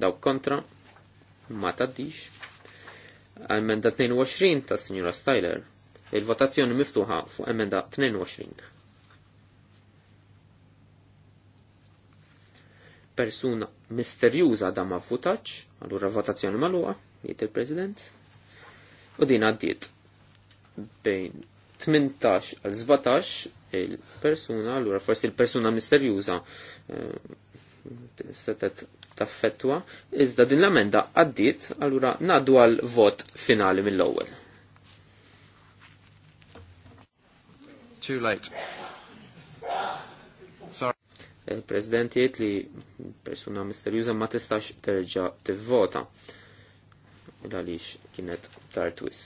dawk kontra, ma taddix. Emenda 22 ta' Signora Styler, il-votazzjoni miftuħa fuq emenda 22. persuna misterjuża da ma votaċ, allura votazzjoni maluqa jgħid il-President. U din għaddiet bejn 18 għal 17 il-persuna, allura forsi il-persuna misterjuża eh, setet taffetwa, iżda din l-amenda għaddiet, allura naddu għal vot finali mill-ewwel. Too late. Il-President jgħid li persuna misterjuża ma tistax terġa' tivvota. vota l-għalix kienet tar twis.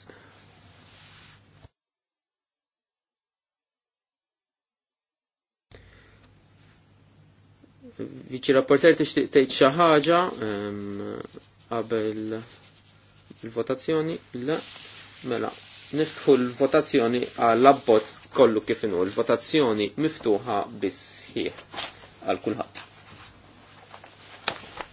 Viċi rapporter tixtieq tgħid xi ħaġa qabel il-votazzjoni? Le, mela, niftħu l-votazzjoni għall abbozz kollu kif inhu l-votazzjoni miftuħa bisħieħ għal kulħadd.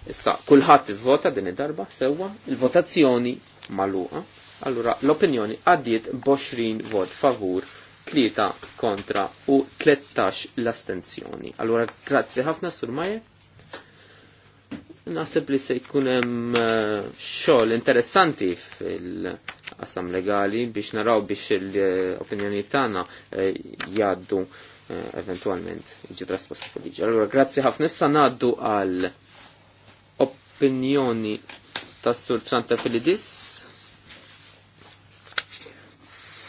Issa, kullħat vota din id-darba, sewa, il-votazzjoni maluqa. Allura, l-opinjoni għaddiet 20 vot favur, 3 kontra u 13 l-astenzjoni. Allura, grazzi ħafna, Sur Majer. Nasib li se jkun hemm eh, xogħol interessanti fil-qasam legali biex naraw biex l-opinjoni tagħna eh, jgħaddu eh, eventualment iġi trasposta fil-liġi. Allura, grazzi ħafna, issa ngħaddu għal l-opinjoni tas sur Tranta Filidis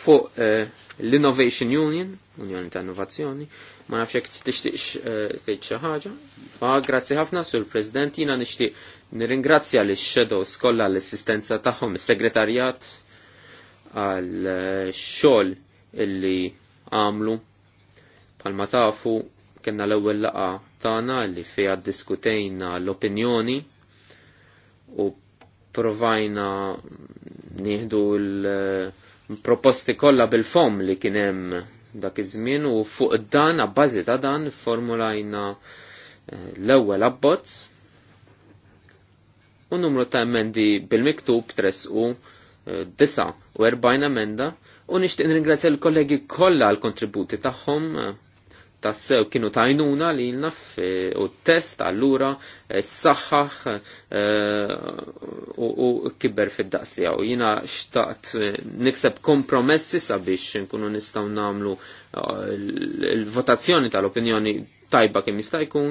fuq eh, l-Innovation Union, Unjoni ta' Innovazzjoni, ma nafx jekk tixtieq eh, tgħid xi ħaġa. Fa grazzi ħafna sur President jiena nixtieq nirringrazzja l shadows kollha l-assistenza tagħhom is-segretarjat għal eh, xogħol illi għamlu palma tafu kena l-ewwel laqgħa tagħna li fiha ddiskutejna l-opinjoni u provajna nieħdu l-proposti kollha bil-fom li kien hemm dak iż-żmien u fuq dan abbażi ta' dan formulajna eh, l-ewwel abbozz u numru ta' emendi bil-miktub u eh, disa u erbajna emenda u nixtieq nringrazzja l-kollegi kollha għall kontributi tagħhom eh, tassew kienu tajnuna li jilna u test allura eh, s-saxħax eh, u kibber fid-daqs u Jina xtaqt eh, nikseb kompromessi sabiex nkunu nistaw namlu l-votazzjoni tal-opinjoni tajba kemm jista' jkun,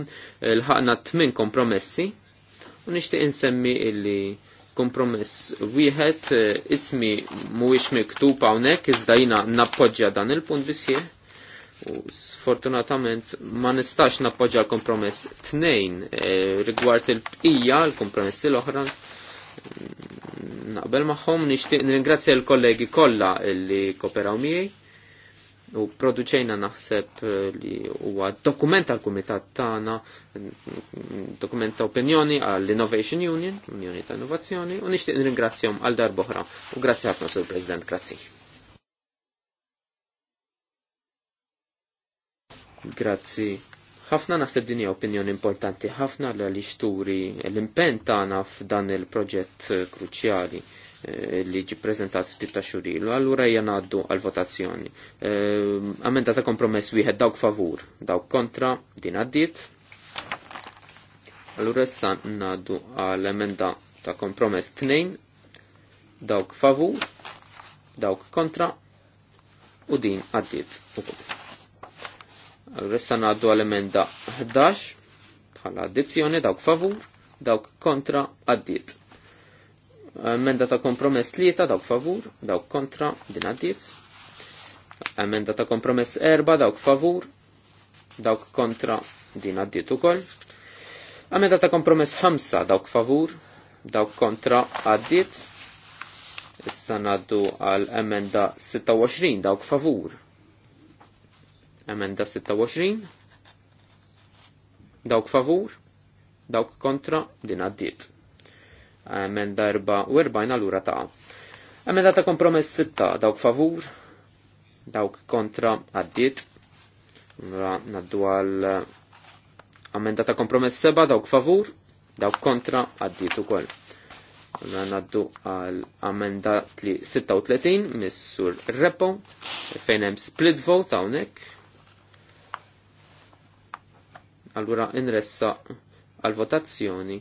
l-ħaqna tmin kompromessi u nixtieq insemmi illi kompromess wieħed ismi mhuwiex miktub hawnhekk iżda jiena nappoġġja dan il-punt bisħieħ U sfortunatament ma nistax nappoġġa l-kompromess tnejn e, rigward il-bqija l-kompromessi l-oħra naqbel magħhom nixtieq nirringrazzja l-kollegi kollha li koperaw miegħi u produċejna naħseb e, li huwa dokument għal kumitat tagħna dokument ta' opinjoni għall Innovation Union, Unjoni ta' Innovazzjoni, u nixtieq nirringrazzjahom għal darba U grazzi ħafna sur President, grazzi. Grazzi. Ħafna naħseb din hija opinjoni importanti ħafna l li xturi l-impenn tagħna f'dan il-proġett eh, kruċjali eh, li ġi prezentat ftit ta' xurilu, allura hija ngħaddu għal votazzjoni. Eh, amenda ta' kompromess wieħed dawk favur, dawk kontra, din għaddiet. Allura issa ngħaddu għall emenda ta' kompromess tnejn, dawk favur, dawk kontra, u din għaddiet ukoll. Issa ngħaddu għal-emenda 11 bħala addizzjoni dawk favur, dawk kontra addit. Emenda ta' kompromess tlieta dawk favur, dawk kontra din addit. Emenda ta' kompromess erba dawk favur, dawk kontra din u ukoll. Emenda ta' kompromess ħamsa dawk favur, dawk kontra addit. Issa ngħaddu għal emenda 26 dawk favur, Emenda 26. Dawk favur, dawk kontra, din għaddit. Emenda 44 għallura ta' Emenda ta' kompromess 6, dawk favur, dawk kontra, għaddit. Mra naddu għal eh, emenda ta' kompromess 7, dawk favur, dawk kontra, u ukoll. Għanna naddu għal amenda 36 missur repo fejn hemm split vote hawnhekk Allura inressa għal votazzjoni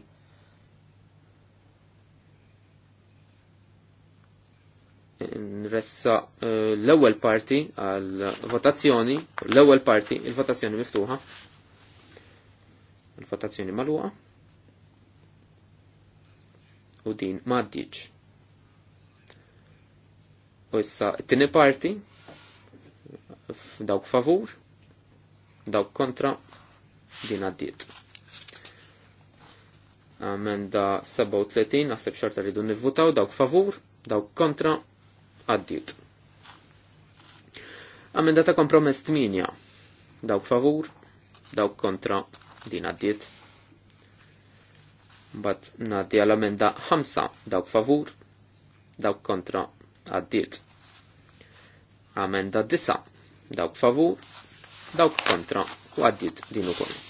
Inressa eh, l-ewwel parti għal votazzjoni, l-ewwel parti il-votazzjoni miftuħa. Il-votazzjoni magħluqa. U din m'għaddiġ. U issa t-tieni parti dawk favur, dawk kontra, din għaddiet. Amenda 37, naħseb xorta rridu nivvutaw, dawk favur, dawk kontra, għaddiet. Amenda ta' kompromess 8, dawk favur, dawk kontra, din għaddiet. Bat naddi għal-amenda 5, dawk favur, dawk kontra, għaddiet. Amenda 9, dawk favur, dawk kontra, għaddiet din ukoll.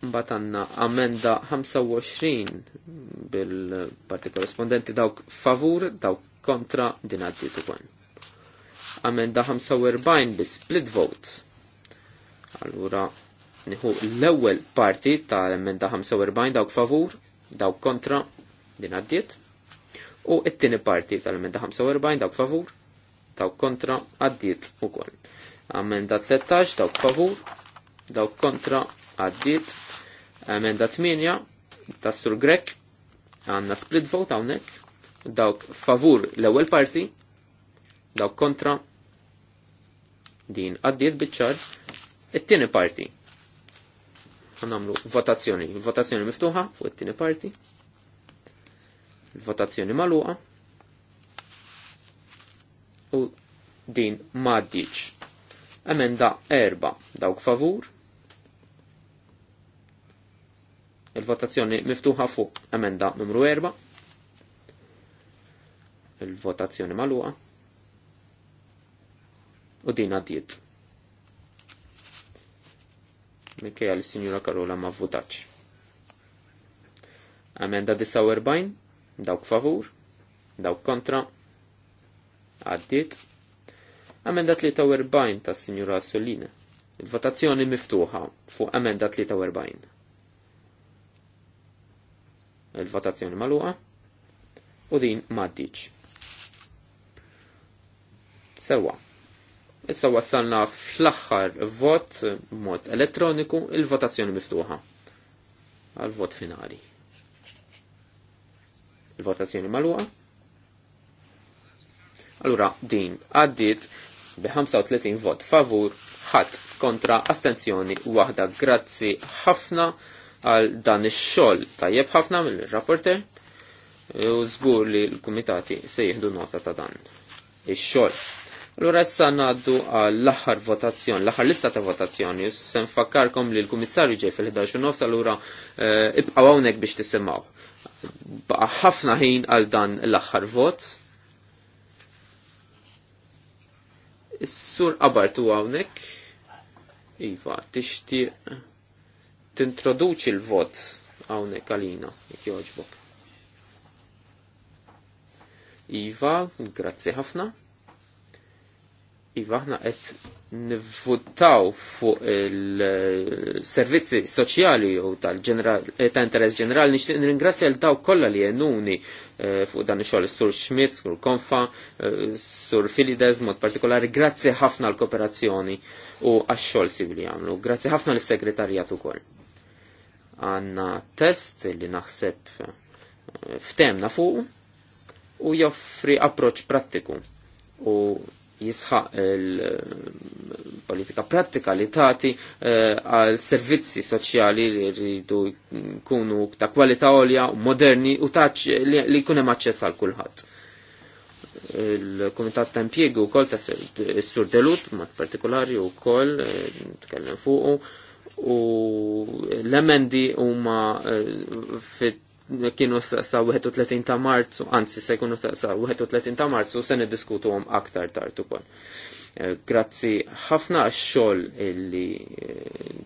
Mbagħad għandna amenda 25 bil-parti korrespondenti dawk favur, dawk kontra din għaddi ukoll. Amenda 45 bi split vote. Allura nieħu l-ewwel parti ta' emenda 45 dawk favur, dawk kontra din għaddiet. U it-tieni parti tal-emenda 45 dawk favur, dawk kontra għaddiet ukoll. Amenda 13 dawk favur, dawk kontra għaddiet Emenda 8 ta' sur grek għanna split vote hawnhekk dawk favur l-ewwel parti dawk kontra din għaddiet bitċar it-tieni parti. Għanamlu votazzjoni, votazzjoni miftuħa fuq it-tieni parti. Votazzjoni maluqa. U din maddiċ. Emenda erba dawk favur, Il-votazzjoni miftuħa fuq emenda numru 4. Il-votazzjoni maluqa. U din għaddiet. Mikkejja l-Sinjura Karola ma votaċ. Amenda 49, dawk favur, dawk kontra, għaddiet. Amenda 43 tas Sinjura Assolina. Il-votazzjoni miftuħa fuq amenda 43 il-votazzjoni maluqa u din maddiċ. Sewa. Issa wassalna fl-axħar vot mod elettroniku il-votazzjoni miftuħa għal vot finali. Il-votazzjoni maluqa. Allura din għaddit bi 35 vot favur, ħadd kontra astenzjoni waħda. Grazzi ħafna għal dan ix-xogħol tajjeb ħafna mill-rapporter e, u żgur li l-kumitati se jieħdu nota ta' dan ix-xogħol. Allura issa ngħaddu għall aħħar votazzjoni, l-aħħar lista ta' votazzjoni, se nfakkarkom li l-kummissarju ġej fil-11 nofs allura e, ibqgħu hawnhekk biex tisimgħu. Baqa' ħafna ħin għal dan l-aħħar vot. Is-sur qabartu tu hawnhekk. Iva, tixtieq tintroduċi l-vot hawnhekk għalina jek joġbok. Iva, grazzi ħafna. Iva, ħna qed nivvuttaw fuq il-servizzi soċjali u eh, ta' interess ġenerali, nixtieq ringrazzja l daw kollha li jenuni eh, fuq dan ix-xogħol sur Schmidt, sur Konfa, eh, sur Filides, mod partikolari, grazzi ħafna l-kooperazzjoni u għax-xogħol sib li Grazzi ħafna l-segretarjat ukoll. Għanna test li naħseb ftemna fuq u joffri approċ prattiku u jisħaq il-politika pratika li tati eh, għal servizzi soċjali li rridu kunu ta' kwalità olja, moderni u taċ li kunem aċċess għal kulħadd. Il-Komitat ta' impjegu u kol ta' Sur Delut, mat partikolari u kol, eh, tkellem fuqu, u l-emendi huma eh, fit kienu sa' 31 ta' marzu, anzi se jkunu sa' 31 ta' marzu se niddiskutu għom aktar tard ukoll. Eh, grazzi ħafna għax-xogħol illi eh,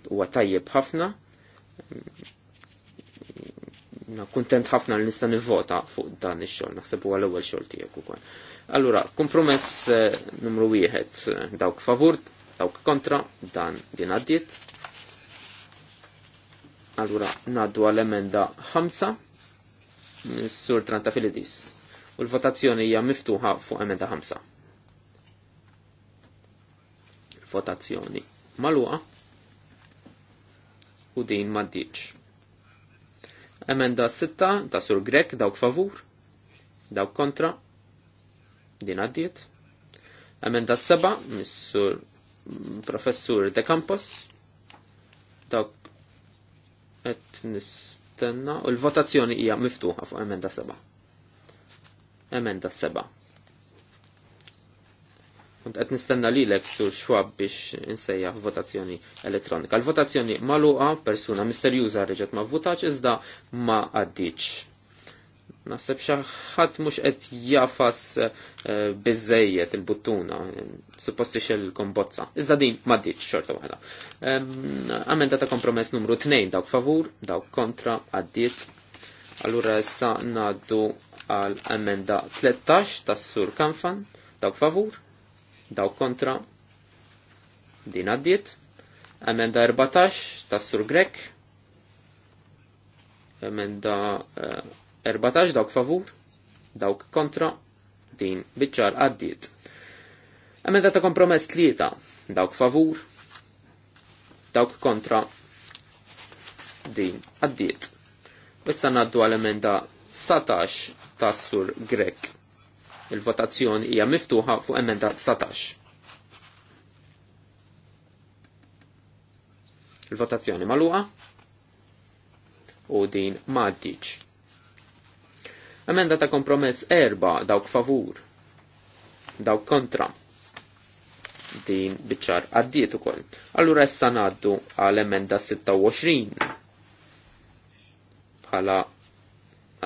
huwa tajjeb ħafna. Mm, kuntent ħafna li nista' nivvota fuq dan ix-xogħol, naħseb huwa l-ewwel xogħol tiegħek ukoll. Allura, kompromess eh, numru wieħed dawk favur, dawk kontra, dan din għaddiet. Allura, naddu għal-emenda Sur Tranta Filidis. U l-votazzjoni hija miftuħa fuq emenda 5. Votazzjoni maluqa u din maddiċ. Emenda 6 ta' Sur Grek dawk favur, dawk kontra, din għaddiet. Emenda 7 mis-Sur Professur De Campos, dawk et nis astenna u l-votazzjoni hija miftuħa fuq emenda seba. Emenda seba. Kont qed nistenna lilek sur xwab biex insejjaħ votazzjoni elettronika. L-votazzjoni magħluqa persuna misterjuża reġgħet ma vvutax iżda ma għaddiċ. Naħseb xaħat mux qed jafas eh, bizzejiet il-buttuna, supposti il-kombozza. Iżda din maddiċ xorta waħda. Amenda ta' kompromess numru 2, dawk favur, dawk kontra, għaddiet. Allura issa naddu għal amenda 13 tas sur kanfan, dawk favur, dawk kontra, din għaddiet. Amenda 14 tas sur grek, Amenda uh, 14 dawk favur, dawk kontra, din biċċar għaddiet. Emenda ta' kompromess tlieta, dawk favur, dawk kontra, din għaddiet. Issa naddu għal-emenda 19 ta' sur grek. Il-votazzjoni hija miftuħa fuq emenda 19. Il-votazzjoni maluqa u din ma' għaddiċ. Emenda ta' kompromess erba dawk favur, dawk kontra. Din biċċar għaddiet ukoll. Allura issa ngħaddu għal emenda 26 bħala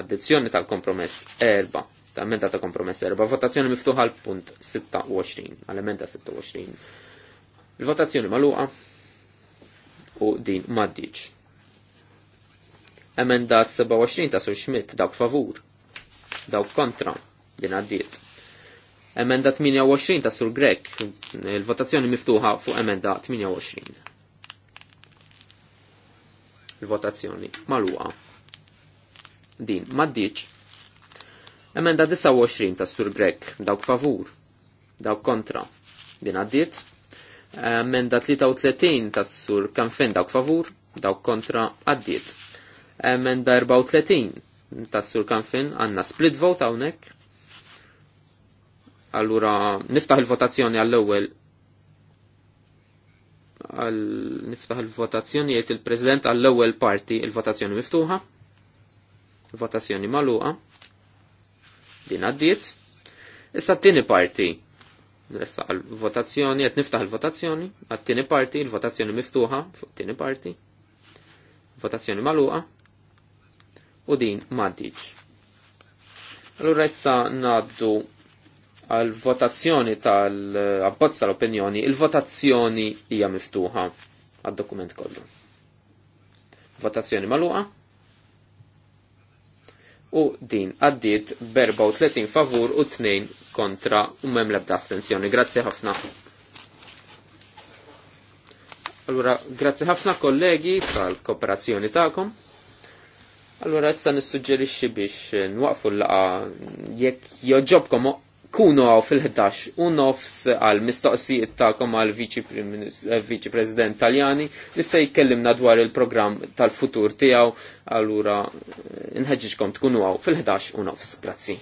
addizzjoni tal-kompromess erba ta' emenda ta' kompromess erba. Votazzjoni miftuħa għal punt 26, għal emenda 26. Il-votazzjoni maluqa u din maddiċ. Emenda 27 ta' Sur Schmidt dawk favur dawk kontra din għaddiet. Emenda 28 ta' sur Grek, il-votazzjoni miftuħa fuq emenda 28. Il-votazzjoni maluqa. Din, maddiċ. Emenda 29 ta' sur Grek, dawk favur, dawk kontra. Din għaddiet. Emenda 33 ta' sur Kanfen, dawk favur, dawk kontra għaddiet. Emenda 34 ta' sur kanfin għanna split vote hawnhekk. Allura niftaħ il-votazzjoni għall-ewwel għal niftaħ il-votazzjoni jgħid il-President għall-ewwel parti il-votazzjoni miftuħa. Votazzjoni magħluqa. Din għaddiet. Issa t-tieni parti. Nressa għal-votazzjoni, qed niftaħ il-votazzjoni, għat-tieni parti, il-votazzjoni miftuħa fuq tieni parti. Votazzjoni magħluqa u din maddiċ. Allura issa naddu għal votazzjoni tal abbozza tal-opinjoni, il-votazzjoni hija miftuħa għad-dokument kollu. Votazzjoni maluqa? U din għaddiet berba' tletin favur u tnejn kontra u mem lebda astenzjoni. Grazzi ħafna. Allora, grazzi ħafna kollegi tal-kooperazzjoni ta'kom. Allora issa nissuġġerixxi biex eh, nwaqfu l-laqa jekk joġobkom kunu għaw fil-11 u nofs għal mistoqsijiet kom għal viċi President Taljani li se jkellimna dwar il-programm tal-futur tiegħu allura eh, nħedġiġkom tkunu għaw fil-11 u nofs. Grazzi.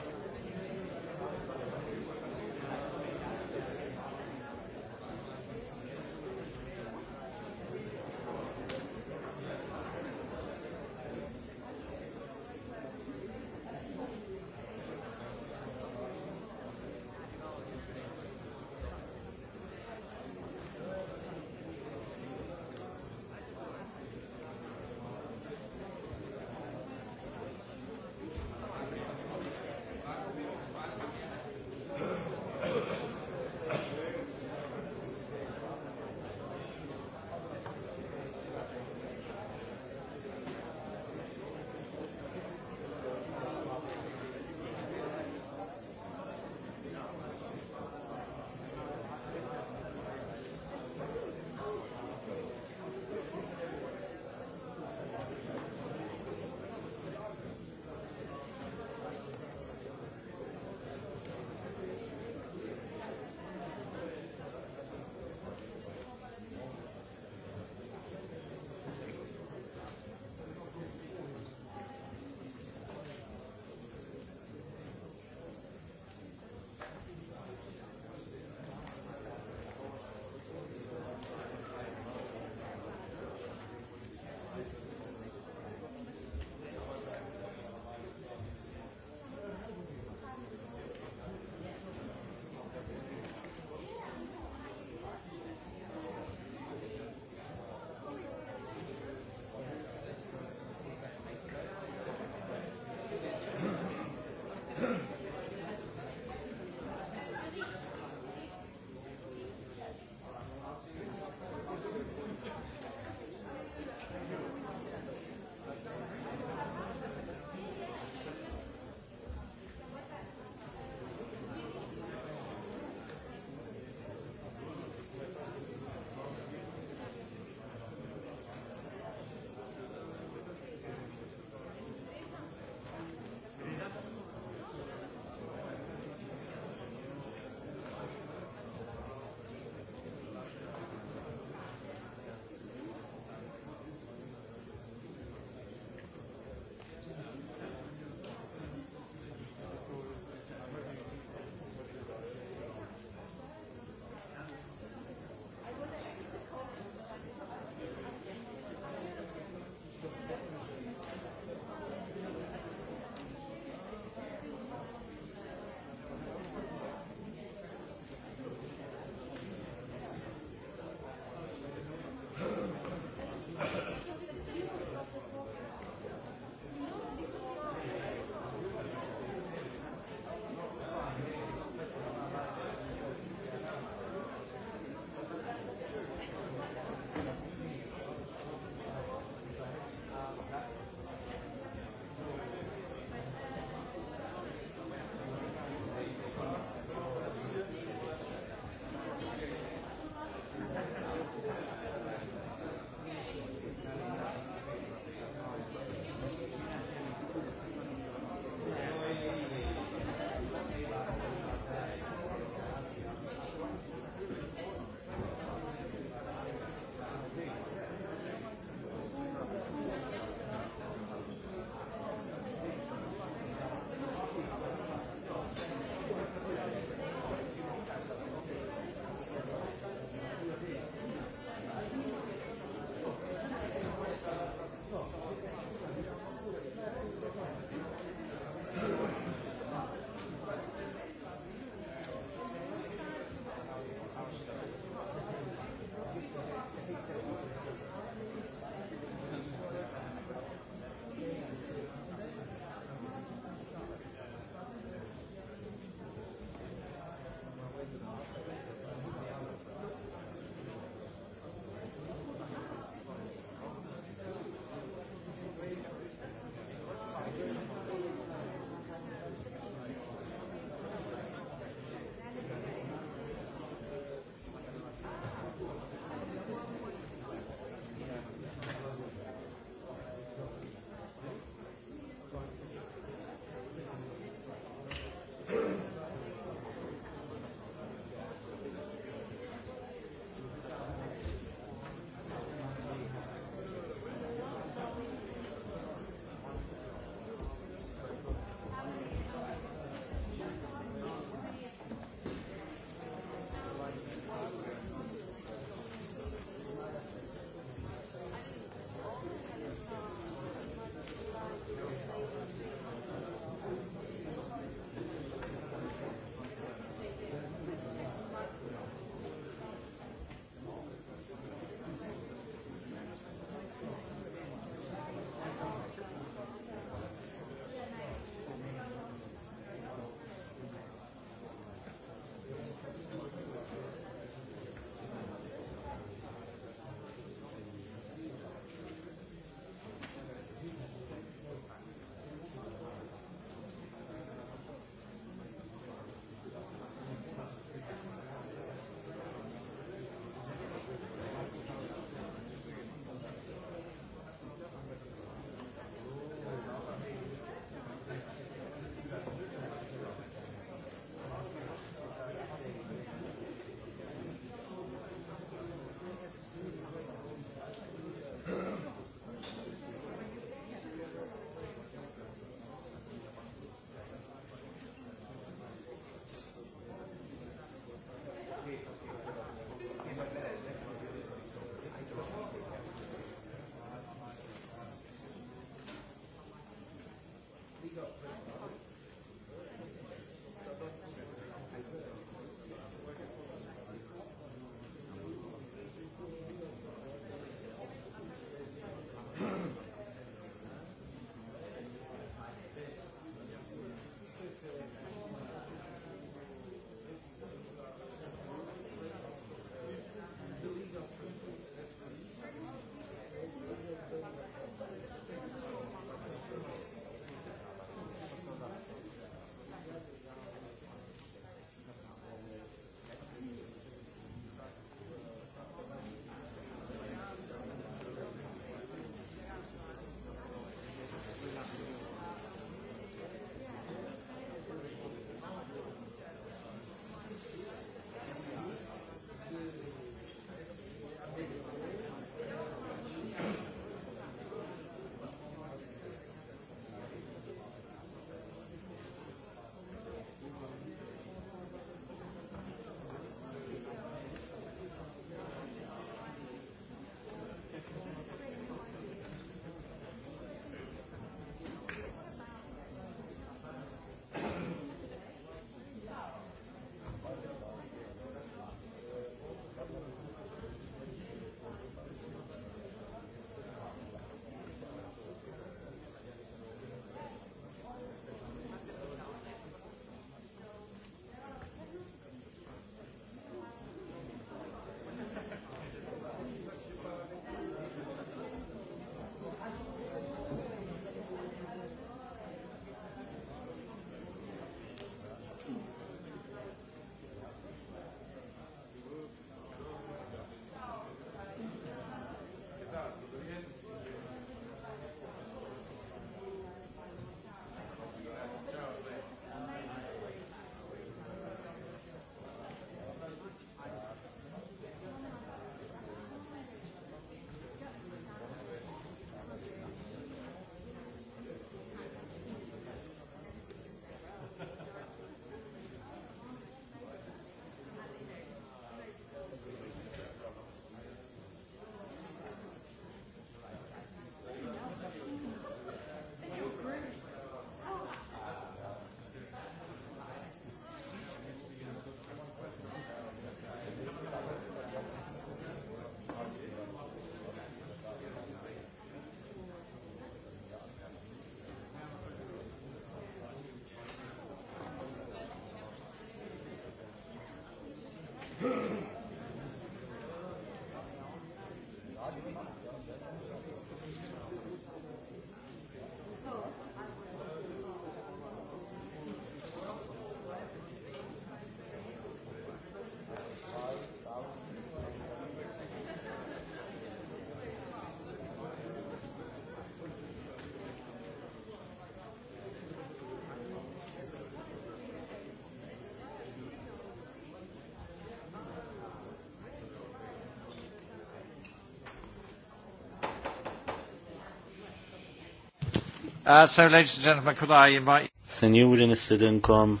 Uh, so, ladies and gentlemen, could I invite... Senjuri nistidinkom.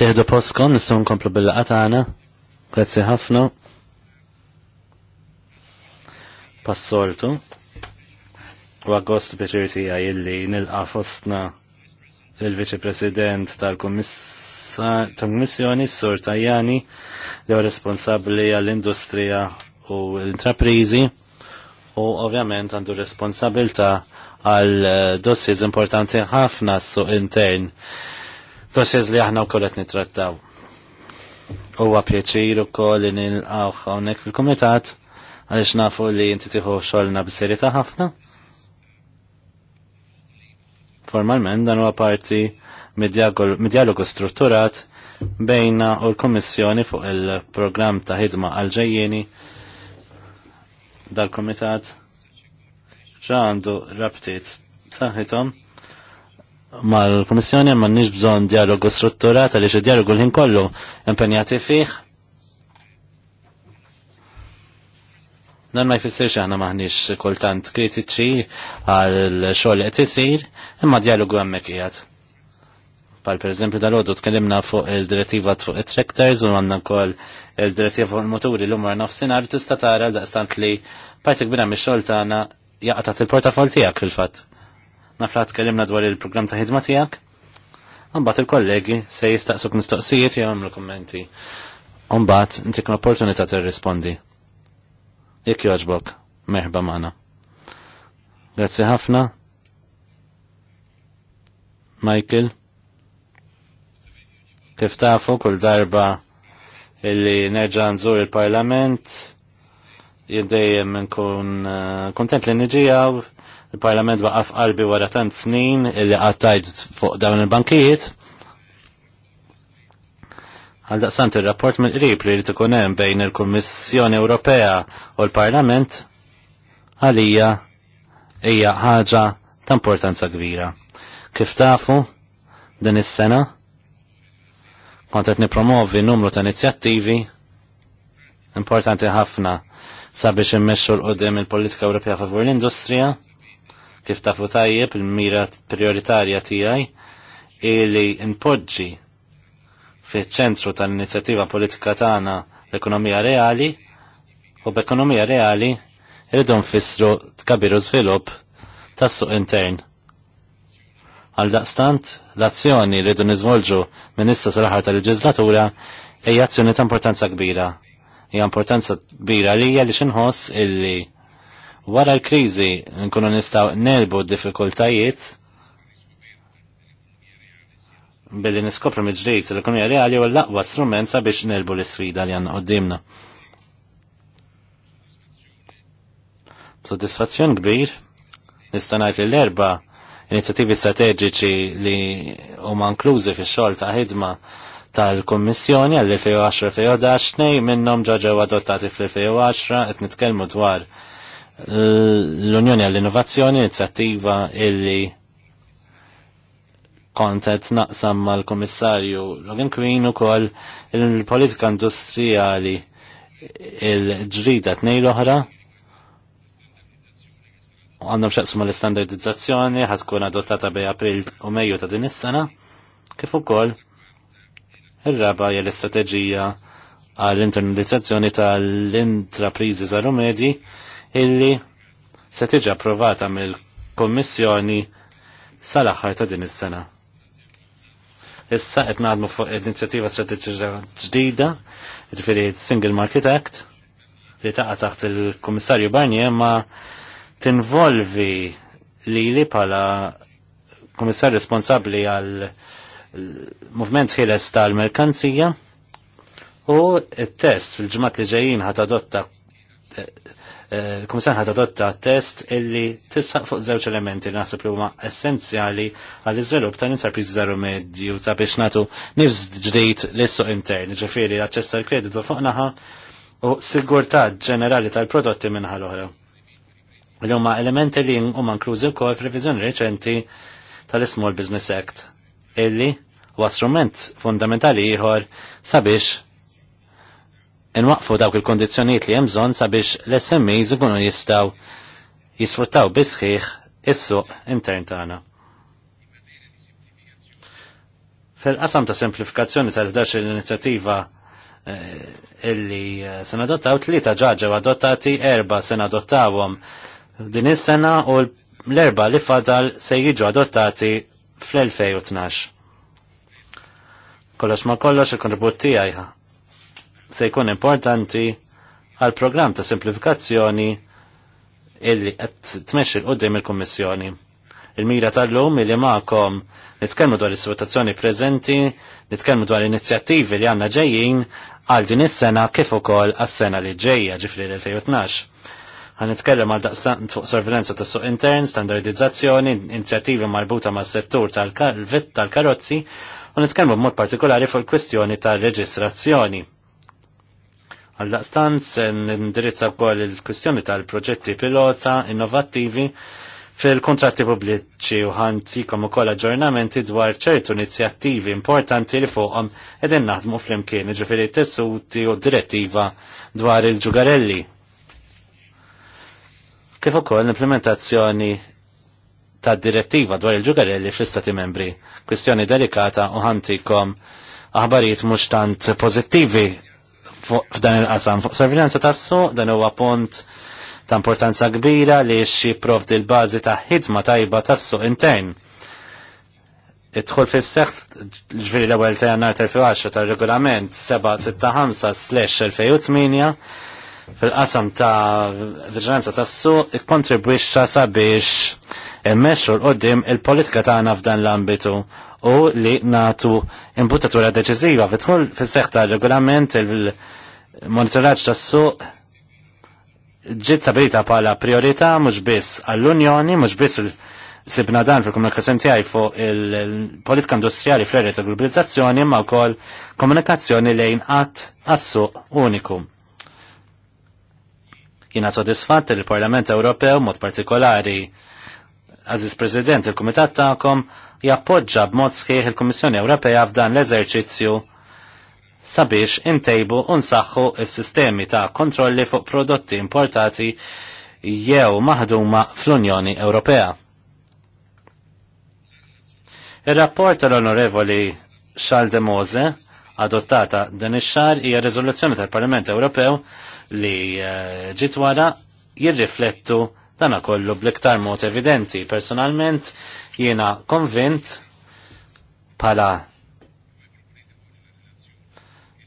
Teħdu Poskom nistaw nkomplu bil-qatana. Grazzi ħafna. Passoltu. U għagost bieċirti tija illi nilqa fostna il-Viċi President tal-Kommissjoni, Sur Tajani, li għu responsabli għall-industrija u l-intraprizi u ovvjament għandu responsabilta għal eh, dossiers importanti ħafna su suq intern, dossiers li aħna u kollet nitrattaw. Huwa pjaċir u koll li nil-għaw hawnhekk fil-kumitat għaliex nafu li inti tieħu xogħolna serita ħafna. Formalment dan huwa parti mid-dialogu strutturat bejna u l komissjoni fuq il-programm ta' ħidma għal-ġejjeni dal-komitat ġa għandu rabtiet saħħithom mal-Komissjoni ma nix bżon dialogu strutturat għaliex id-dialogu l-ħin kollu impenjati fih. Dan ma jfissirx aħna maħniex kultant kritiċi għal xogħol qed isir, imma dialogu hemmhekk qiegħed. Pal per eżempju dal-għodu tkellimna fuq il-direttiva fuq il-tractors u għanna kol il-direttiva fuq il-moturi l-umar nafsinar tista tara l-daqstant li partik kbira miċxol xol tagħna jaqatat il-portafol tiegħek il-fatt. Nafra tkellimna dwar il-programm ta' ħidma tiegħek. Mbagħad il-kollegi se jistaqsuk mistoqsijiet jew jagħmlu kummenti. Mbagħad intik l-opportunità tirrispondi. Jekk jogħġbok, meħba magħna. Grazzi ħafna. Michael. Kif tafu kull darba illi nerġa' nżur il-Parlament, jiddejjem nkun eh, kontent li niġijaw, il-Parlament baqaf qalbi wara tant snin illi għattajt fuq dawn il-bankijiet. Għal daqsant il-rapport mill qrib li rrit ikun hemm bejn il-Kummissjoni Ewropea u l-Parlament għalija hija ħaġa ta' importanza kbira. Kif tafu din is-sena kont qed nipromovi numru ta' inizjattivi importanti ħafna sabiex immexxu l qudiem il-politika Ewropea favur l-industrija kif tafu tajjeb il-mira prioritarja tiegħi li npoġġi fiċ-ċentru tal-inizjattiva politika tagħna l-ekonomija reali u b'ekonomija reali irridu nfissru tkabiru żvilupp tas-suq intern. Għal daqstant, l-azzjoni li dun niżvolġu minnista issa sal-ħar tal-leġislatura hija azzjoni ta' importanza kbira. Hija importanza kbira li hija li xinħoss illi wara l-kriżi nkunu nistgħu nelbu d-diffikultajiet billi niskopru miġdejt l-ekonomija reali u l-laqwa strument sabiex nelbu l-sfida li għanna qoddimna. Soddisfazzjon kbir, nistanajt ngħid l-erba inizjattivi strateġiċi li huma inklużi fix-xogħol ta' ħidma tal-Kommissjoni għall-2010-2011 minnhom minnom ġew adottati fl-2010 qed nitkellmu dwar l-Unjoni għall-Innovazzjoni inizjattiva illi kontet naqsam mal kummissarju Logan Queen u koll il-politika industrijali il-ġrida t l-oħra għandhom xaqsuma l-standardizzazzjoni ħatkun adottata bej april u Mejju ta' din is-sena, kif ukoll ir-raba hija l-istrateġija għall-internalizzazzjoni tal-intrapriżi żaru medji illi se tiġi approvata mill-Kommissjoni sal-aħħar ta' din is-sena. Issa qed naħdmu fuq inizjattiva strateġija ġdida, jiġifieri Single Market Act, li taqa' taħt il-Kummissarju Barnier ma' tinvolvi li li pala komissar responsabli għal movement ħiles tal-merkanzija u il-test fil ġmat li ġejjin ħat adotta eh, eh, komissar ħat adotta test illi tisħaq fuq żewġ elementi li naħseb li huma essenzjali għall iżvilupp tal-interpriżi żaru medju ta' biex nagħtu nifs ġdid l suq intern, ġifiri l-aċċess għall kreditu fuq naħa u sigurtà ġenerali tal-prodotti minnħal oħra li huma elementi li huma inklużi wkoll f'reviżjoni reċenti tal-Small Business Act illi huwa strument fundamentali ieħor sabiex inwaqfu dawk il-kondizzjonijiet li hemm bżonn sabiex l-SMEs ikunu jistgħu jisfruttaw bisħiħ is-suq intern tagħna. Fil-qasam ta' semplifikazzjoni tal-11 l-inizjattiva eh, illi eh, sena adottaw tlieta ġaġew adottati erba sena adottawhom din is-sena u l-erba li fadal se jiġu adottati fl-2012. Kollox ma kollox il-kontribut tiegħi se jkun importanti għal programm ta' simplifikazzjoni illi qed tmexxi il qudiem il-Kummissjoni. Il-mira tal-lum illi magħkom nitkellmu dwar is-situazzjoni preżenti, nitkellmu dwar l inizjattivi li għandna ġejjin għal din is-sena kif ukoll għas-sena li ġejja ġifri l-2012. Għan nitkellem għal daqstant fuq sorvilenza tas suq intern, standardizzazzjoni, inizjativi marbuta ma' settur tal-vitt tal-karozzi, u nitkellmu b'mod partikolari fuq il-kwistjoni tal-reġistrazzjoni. Għal daqstant nindirizza wkoll il-kwistjoni tal-proġetti pilota innovattivi fil-kontratti pubbliċi u ħantikom ukoll aġġornamenti dwar ċertu inizjattivi importanti li fuqhom qegħdin naħdmu flimkien, iġifieri tessuti u direttiva dwar il-ġugarelli kif ukoll l-implementazzjoni ta' direttiva dwar il-ġugarelli fl-istati membri. Kwistjoni delikata u ħantikom aħbarijiet mhux tant pożittivi f'dan il-qasam. Fuq tas tassu dan huwa punt ta' importanza kbira li xi provdi l-bażi ta' ħidma tajba tassu intern. Idħol fis seħħ ġifieri l-ewwel ta' jannar 2010 tar-regolament 765/2008 fil-qasam ta' vigilanza ta' su kontribwixxa sabiex immexxu l-qoddim il-politika tagħna f'dan l-ambitu u li natu imputatura deċiżiva fitħul fis seħ ta' regolament il monitoraċ ta' suq ġiet stabilita bħala priorità mhux biss għall-Unjoni, mhux biss sibna dan fil-komunikazzjoni tiegħi fuq il-politika industrijali fl-erja ta' globalizzazzjoni imma wkoll komunikazzjoni lejn qatt għas-suq uniku. Jina sodisfatt li l-Parlament Ewropew mod partikolari Aziz President, il-Kumitat ta'kom jappoġġa b'mod sħiħ il-Kummissjoni Ewropea f'dan l-eżerċizzju sabiex intejbu unsaħħu s-sistemi ta' kontrolli fuq prodotti importati jew maħduma fl-Unjoni Ewropea. Ir-rapport tal-Onorevoli Charles de Mose adottata dan ix-xar hija riżoluzzjoni tal-Parlament Ewropew li eh, ġit wara jirriflettu dana kollu bliktar mod evidenti. Personalment jiena konvint pala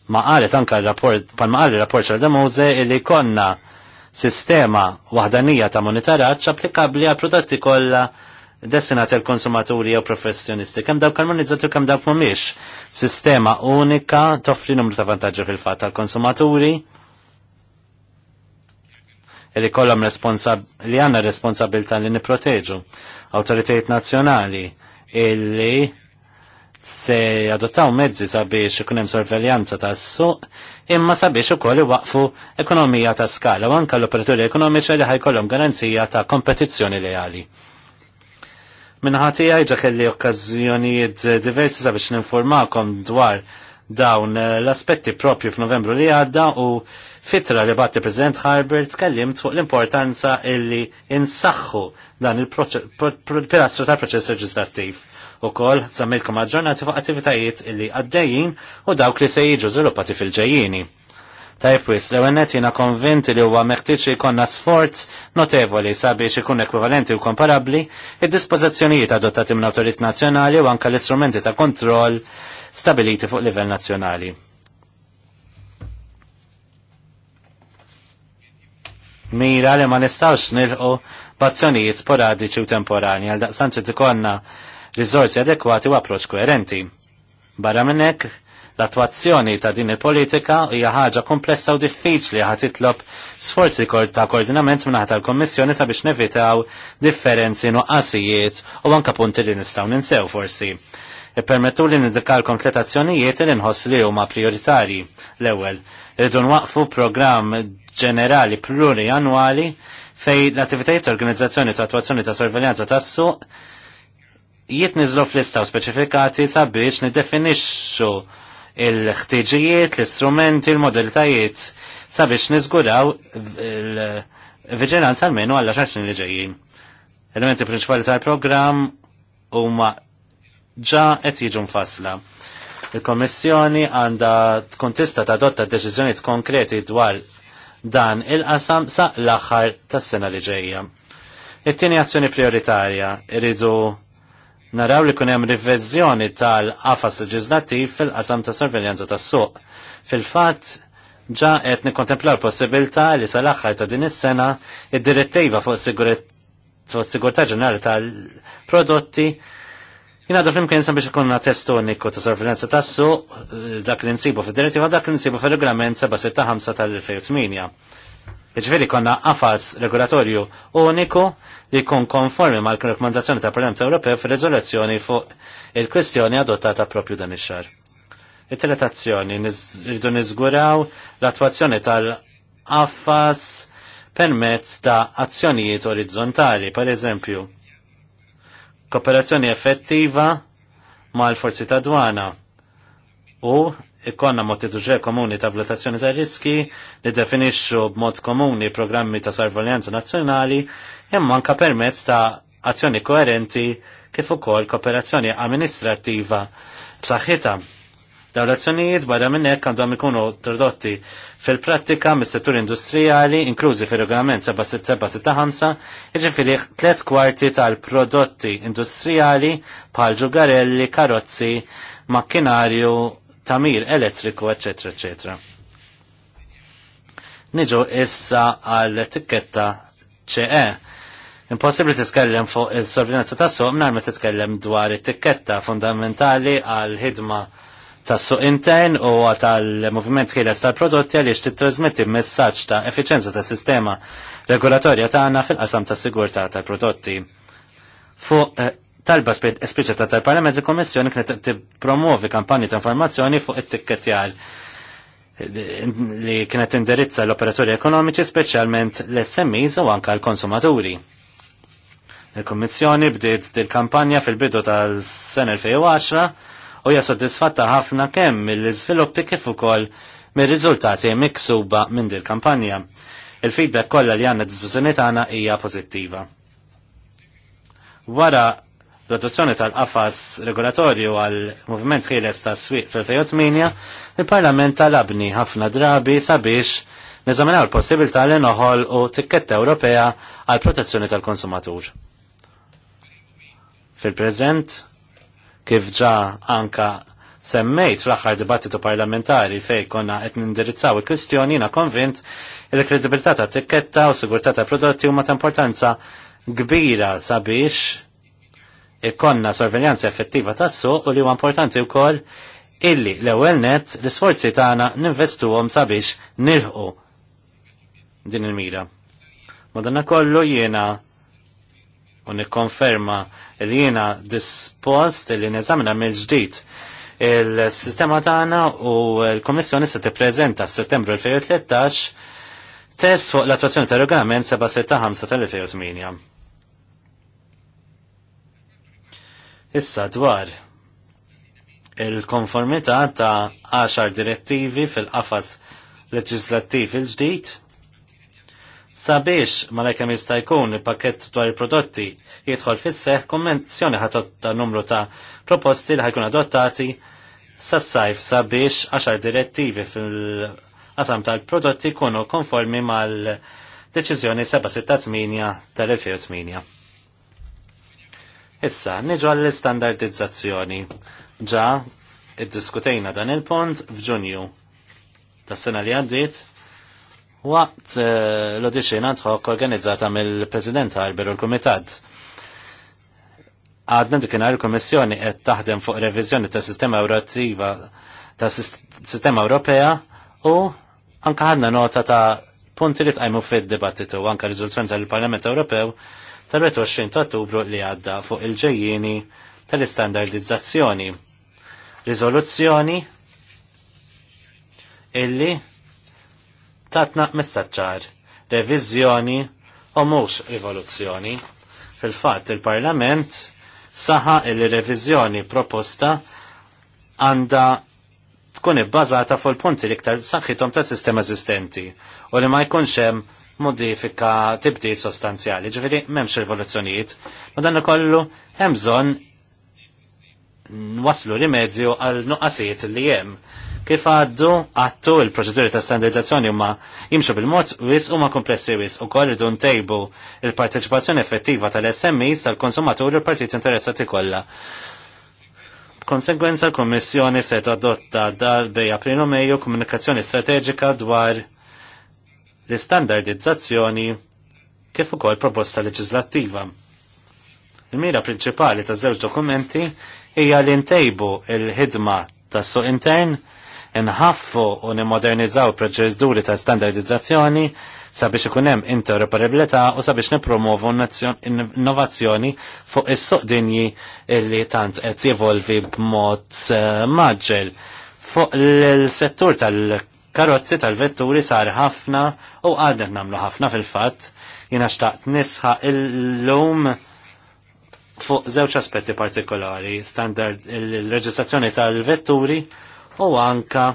ma qalet anka rapport pal ma qal rapport xar Mose li konna sistema wahdanija ta' monitoraġġ applikabbli għal prodotti kollha destinati għal konsumaturi jew professjonisti. Kemm dawk armonizzati u kemm dawk mhumiex. Sistema unika toffri numru ta' vantaġġi fil-fatt għal konsumaturi li kollom li għanna responsabilta li niproteġu. Autoritet nazjonali illi se adottaw mezzi sabiex ikun hemm sorveljanza tas-suq imma sabiex ukoll iwaqfu ekonomija ta' skala u anke l-operaturi ekonomiċi li ħajkollhom garanzija ta' kompetizzjoni leali. Minħat tiegħi kelli okkażjonijiet diversi sabiex ninformakom dwar dawn l-aspetti propju f'Novembru li għadda u Fitra li batti President Harber tkellimt fuq l-importanza illi insaxħu dan il-pilastru tal-proċess leġislattiv. U kol, sammilkom aġġornati fuq attivitajiet illi għaddejjin u dawk li se jiġu zilupati fil-ġejjini. Tajpwis, l għennet jina konvinti li huwa meħtieġ li jkollna sforz notevoli sabiex ikun ekwivalenti u komparabli id-dispożizzjonijiet adottati minn awtorit nazzjonali u anke l-istrumenti ta' kontroll stabiliti fuq livell nazzjonali. mira li ma nistawx nilħu bazzjonijiet sporadiċi u temporani għal daqsan trid ikollna rizorsi adekwati u approċċ koerenti. Barra minnek, l-attwazzjoni ta' din il-politika hija ħaġa komplessa u diffiċli ħad titlob sforzi ta' koordinament minn tal-Kommissjoni sabiex nevitaw differenzi nuqqasijiet u anka punti li nistgħu ninsew forsi. Ippermettu li nindikalkom tliet azzjonijiet li nħoss li huma prioritarji. L-ewwel, irridu nwaqfu programm ġenerali pluri annuali fej l-attivitajiet ta' organizzazzjoni ta' attuazzjoni ta' sorveljanza ta' suq jitnizlu fl-istaw speċifikati ta' biex nidefinixxu il-ħtiġijiet, l-istrumenti, l-modalitajiet sabiex nizguraw il-vigilanza għal-menu għalla xarxin li ġejjin. Elementi prinċipali tal-program huma ġa qed jiġu mfassla. Il-Kommissjoni għandha tkun tista' tadotta deċiżjonijiet konkreti dwar dan il-qasam sa l-axar tas sena li ġejja. It-tieni azzjoni prioritarja irridu naraw li kunem revizjoni tal-qafas leġislattiv fil-qasam ta' sorveljanza tas-suq. Fil-fatt, ġa qed nikkontemplaw possibilità li sal-aħħar ta' din is-sena id-direttiva fuq sigurtà ġenerali tal-prodotti Jina għadu flimkien sam biex ikunna test uniku ta' sorfinanza tassu eh, dak li nsibu fil-direttiva dak li nsibu fil-regolament 765 tal-2008. Iġveri konna għafas regolatorju uniku li kun konformi mal rekomendazzjoni ta' Parlament Ewropew fil-rezoluzzjoni fuq il-kwestjoni adottata propju dan ix-xar. It-teletazzjoni rridu niżguraw l-attwazzjoni tal-affas permezz ta' azzjonijiet orizzontali, per eżempju, kooperazzjoni effettiva mal-forzi ta' dwana u ikkonna motituġe komuni ta' valutazzjoni ta' riski li definixxu b'mod komuni programmi ta' sorveljanza nazzjonali imma anka permezz ta' azzjoni koerenti kif ukoll kooperazzjoni amministrattiva b'saħħitha. Daw l-azzjonijiet barra minn hekk għandhom ikunu tradotti fil-prattika mis-settur industrijali, inklużi fil-regolament 7765, jiġifieri tliet kwarti tal-prodotti industrijali bħal ġugarelli, karozzi, makkinarju, tamir elettriku, eċetera, eċetera. Niġu issa għal tikketta ċeqe. Impossibli titkellem fuq il-sorvenanza tas soq minn ma titkellem dwar it-tikketta fundamentali għal ħidma tas-suq intern u tal-moviment ħieles tal-prodotti għaliex titrasmetti messaġġ ta' effiċenza ta' sistema regolatorja tagħna fil-qasam ta' sigurtà tal-prodotti. Fuq eh, talba espliċita tal-Parlament il-Kommissjoni kienet tippromovi kampanji ta' informazzjoni fuq it-tikketjar li kienet indirizza l-operaturi ekonomiċi speċjalment l-SMEs u anka l-konsumaturi. Il-Kommissjoni bdiet dil-kampanja fil-bidu tal-sena 2010 u hija soddisfatta ħafna kemm mill-iżviluppi kif ukoll mir-riżultati miksuba minn dil kampanja. Il-feedback kollha li għandna dispożizzjoni tagħna hija pożittiva. Wara l-adozzjoni tal-qafas regolatorju għal moviment ħieles ta' swieq fil-2008, il-Parlament talabni ħafna drabi sabiex neżaminaw l-possibilità li noħol u tikketta Ewropea għal protezzjoni tal-konsumatur. Fil-preżent, kif ġa anka semmejt fl-axar dibattitu parlamentari fej konna qed nindirizzaw il-kwistjoni jiena konvint il-kredibilità ta' tikketta u sigurtà ta' prodotti huma ta' importanza kbira sabiex ikkonna sorveljanza effettiva tas-suq u li huwa importanti wkoll illi l-ewwel net l-isforzi tagħna ninvestuhom sabiex nilħqu din il-mira. Madonna kollu jiena u nikkonferma li jiena dispost li nizamina mill-ġdid il-sistema tagħna u l komissjoni se tippreżenta f'Settembru 2013 test fuq l-attuazzjoni ta' regolament 765 tal-2008. Issa dwar il-konformità ta' 10 direttivi fil-qafas leġislattiv il-ġdid Sabiex ma lekem jista' jkun il-pakket dwar il-prodotti jidħol fis-seħ, konvenzjoni ħatotta numru ta' proposti li ħajkun adottati sas-sajf sabiex għaxar direttivi fil-qasam tal-prodotti jkunu konformi mal-deċiżjoni 768 tal-2008. Issa, niġu għall-standardizzazzjoni. Ġa, id-diskutejna dan il-pont f'Ġunju. Tas-sena li għaddiet, waqt eh, l-audition għadħok organizzata mill-President Harber u l-Kumitat. Għadna dikinar għal kommissjoni qed taħdem fuq reviżjoni ta' sistema Ewrotiva ta' sistema Ewropea u anka għadna nota ta' punti li tqajmu fid-dibattitu anka riżoluzzjoni tal-Parlament Ewropew tal-21 ta' Ottubru li għadda fuq il ġejjini tal-istandardizzazzjoni. Riżoluzzjoni illi tatna messaċċar, reviżjoni u mhux rivoluzzjoni. Fil-fatt il-Parlament saħa il-reviżjoni proposta għanda tkun ibbażata fuq il-punti li iktar saħħithom ta' sistema eżistenti u li ma jkunx hemm modifika tibdil sostanzjali, ġifieri m'hemmx rivoluzzjonijiet, ma dan ikollu hemm bżonn waslu rimedju għal nuqqasijiet li hemm Kif għaddu għattu il-proċeduri ta' standardizzazzjoni huma jimxu bil-mod wis huma komplessi wis u koll irdu ntejbu il-parteċipazzjoni effettiva tal-SMEs tal-konsumaturi u l partiti interessati kollha. Konsegwenza l-Kommissjoni se adotta dal-bej April Mejju komunikazzjoni strateġika dwar l-istandardizzazzjoni kif ukoll proposta leġislattiva. Il-mira prinċipali ta' żewġ dokumenti hija li ntejbu il-ħidma tas suq intern nħaffu u nimmodernizzaw proċeduri ta' standardizzazzjoni sabiex ikun hemm interoperabilità u sabiex nippromovu innovazzjoni fuq is-suq dinji li tant qed jevolvi b'mod eh, maġġel. Fuq l-settur tal-karozzi tal-vetturi sar ħafna u għadna nagħmlu ħafna fil-fatt jiena xtaqt nisħa illum fuq żewġ aspetti partikolari, standard il-reġistrazzjoni tal-vetturi u anka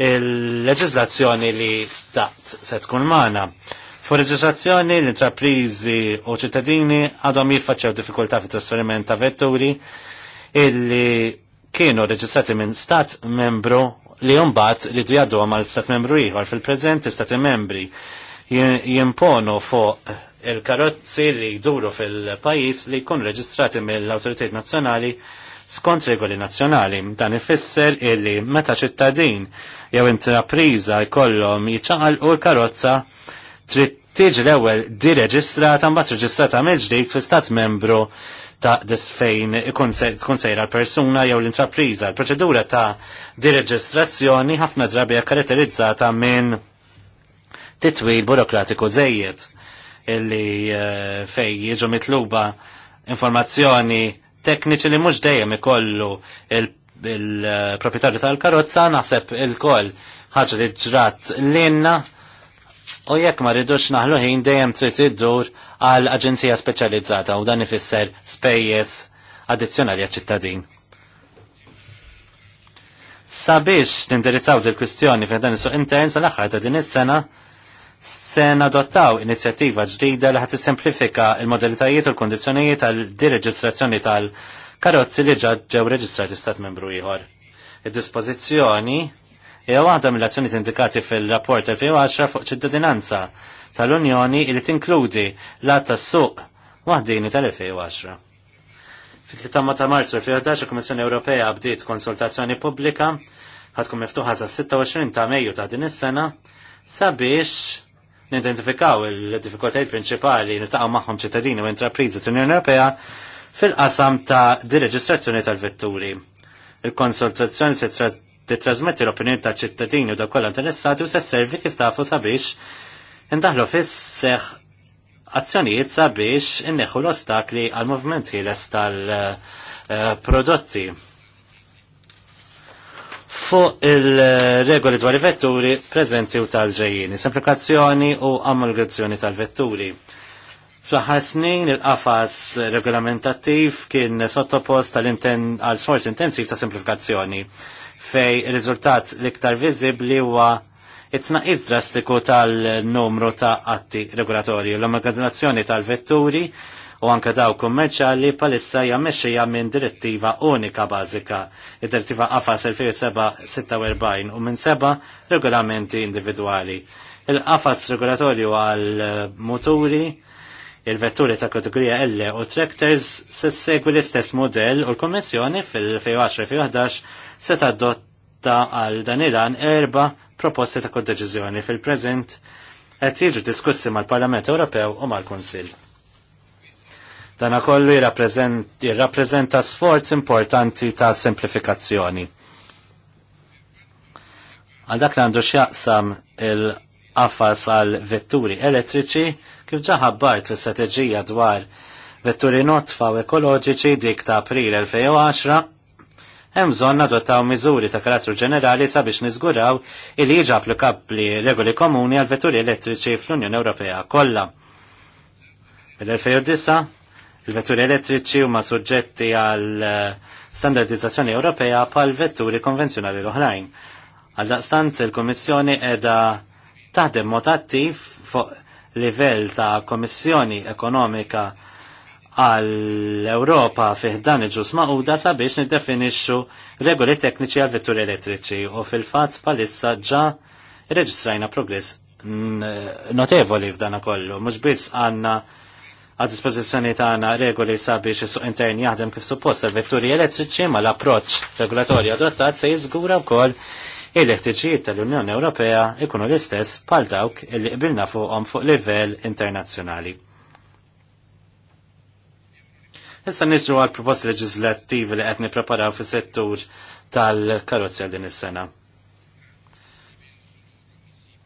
il-leġislazzjoni li taqt se tkun magħna. Fu reġistrazzjoni l-intraprizi u ċittadini għadhom jiffaċċew diffikultà fit trasferiment ta' vetturi illi kienu reġistrati minn stat membru li jumbat li du jaddu għal stat membru ieħor fil-preżenti stati membri jimponu fuq il-karozzi li jduru fil-pajis li jkunu reġistrati mill-autoritet nazzjonali skont regoli nazzjonali. Dan ifisser illi meta ċittadin jew intrapriża jkollhom u l-karozza trid tiġi l-ewwel direġistrata mbagħad reġistrata mill-ġdid fl-istat membru ta' desfejn tkun sejra l-persuna jew l-intrapriża. L-proċedura ta' direġistrazzjoni ħafna drabi karatterizzata minn titwil burokratiku zejjed illi eh, fej jiġu mitluba informazzjoni tekniċi li mhux dejjem ikollu il-proprjetarju tal-karozza naħseb il-koll ħaġa li ġrat l-inna u jekk ma rridux naħlu ħin dejjem trid iddur għal aġenzija speċjalizzata u dan ifisser spejjeż addizzjonali għaċ-ċittadin. Sabiex nindirizzaw dil kwistjoni fejn dan is-suq intern sal-aħħar ta' din is-sena, se nadottaw inizjattiva ġdida li ħat simplifika il-modalitajiet u l-kondizjonijiet tal-direġistrazzjoni tal-karozzi li ġad ġew reġistrati stat membru ieħor. Id-dispożizzjoni jew waħda mill-azzjonijiet indikati fil-rapport 2010 fuq ċittadinanza tal-Unjoni li tinkludi l-att tas-suq waħdini tal-2010. Fit-3 ta' Marzu 2011 il-Kummissjoni Ewropea bdiet konsultazzjoni pubblika ħadkun miftuħa sa' 26 ta' Mejju ta' din is-sena sabiex nidentifikaw il-diffikultajiet prinċipali nitaqgħu magħhom ċittadini u intrapriżi tal-Unjoni Ewropea fil-qasam ta' direġistrazzjoni tal-vetturi. Il-konsultazzjoni se titrasmetti l-opinjoni ta' ċittadini u da' kollha interessati u se servi kif tafu sabiex indaħlu fis-seħ azzjonijiet sabiex inneħu l-ostakli għal moviment ħieles tal-prodotti. Eh, fuq il-regoli dwar i-vetturi prezenti u tal-ġejjini, semplikazzjoni u amalgazzjoni tal-vetturi. Fl-aħħar snin il-qafas regolamentattiv kien sottopost għal sforz intensiv ta' semplifikazzjoni fej riżultat l-iktar viżibli huwa it-tnaqqis drastiku tal-numru ta' atti regolatorji l-amalgazzazzjoni tal-vetturi u anke daw kummerċali palissa jammexxija minn direttiva unika bażika, id-direttiva qafas 2007-46 u minn seba regolamenti individwali. Il-qafas regolatorju għal eh, muturi il-vetturi ta' kategorija L u tractors se segwi l-istess modell u l-Kommissjoni fil-2010-2011 se dotta għal dan il-għan erba proposti ta' kod fil-prezent qed jiġu diskussi mal-Parlament Ewropew u mal-Kunsill. Dana kollu jirrapprezenta sforz importanti ta' semplifikazzjoni. Għal dak li x'jaqsam il-qafas għal vetturi elettriċi kif ġaħabbart l strategija dwar vetturi notfa u ekoloġiċi dik ta' april 2010 hemm bżonn adottaw miżuri ta' karattru ġenerali sabiex niżguraw il jiġi applikabbli regoli komuni għal vetturi elettriċi fl-Unjoni Ewropea kollha. mill 2009 Il-vetturi elettriċi huma suġġetti għal eh, standardizzazzjoni Ewropea pal vetturi konvenzjonali l-oħrajn. Għal daqstant il-Kommissjoni edha taħdem mod attiv fuq livell ta' Kommissjoni Ekonomika għall ewropa fih dan il-ġus maquda sabiex niddefinixxu regoli tekniċi għal vetturi elettriċi u fil-fatt palissa ġa reġistrajna progress notevoli f'dan kollu, mhux biss għandna għad dispożizzjoni tagħna regoli sabiex is-suq intern jaħdem kif suppost vetturi elettriċi ma l-approċċ regolatorju adottat se jiżgura wkoll il-ħtiġijiet tal-Unjoni Ewropea ikunu l-istess bħal dawk li qbilna fuqhom fuq livell internazzjonali. Issa niġru għal propost leġislattivi li qed nippreparaw fis-settur tal-karozzja din is-sena.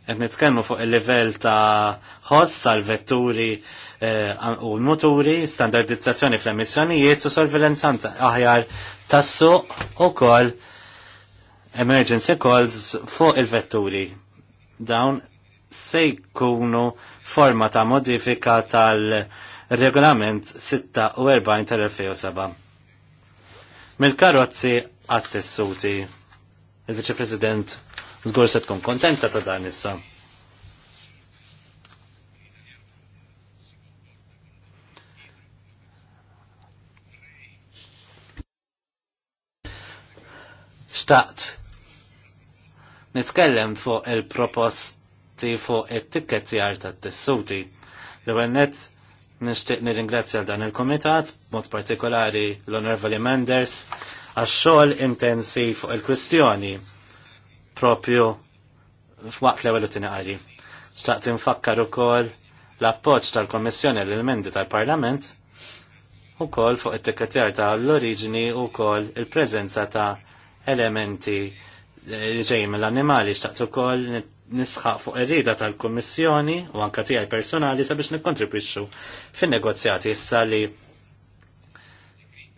Qed nitkellmu fuq il-livell ta' ħoss għal vetturi Eh, u l-muturi, standardizzazzjoni fl-emissjonijiet u sorvilenza aħjar tassu u kol emergency calls fuq il-vetturi. Dawn se jkunu forma ta' modifika tal-regolament 46 tal-2007. Mil-karozzi għat-tessuti. Il-Viċe-President, zgur se tkun kontenta ta' dan issa. Xtaqt nitkellem fuq il-proposti fuq it-tikketti għar ta' tessuti. L-għennet nishtiq nir-ingrazzja dan il-komitat, mod partikolari l onorvali Menders, għax-xogħol intensiv fuq il-kwistjoni propju f'waqt l-ewwel qari. Xtaqt infakkar ukoll l-appoġġ tal-Kommissjoni l-Mendi tal-Parlament ukoll fuq it-tikketjar ta' l-oriġini u kol il-preżenza ta' elementi li ġej mill-annimali xtaqt ukoll nisħaq fuq ir-rida tal-Kummissjoni u anka tiegħi personali sabiex nikkontribwixxu fin-negozjati issa li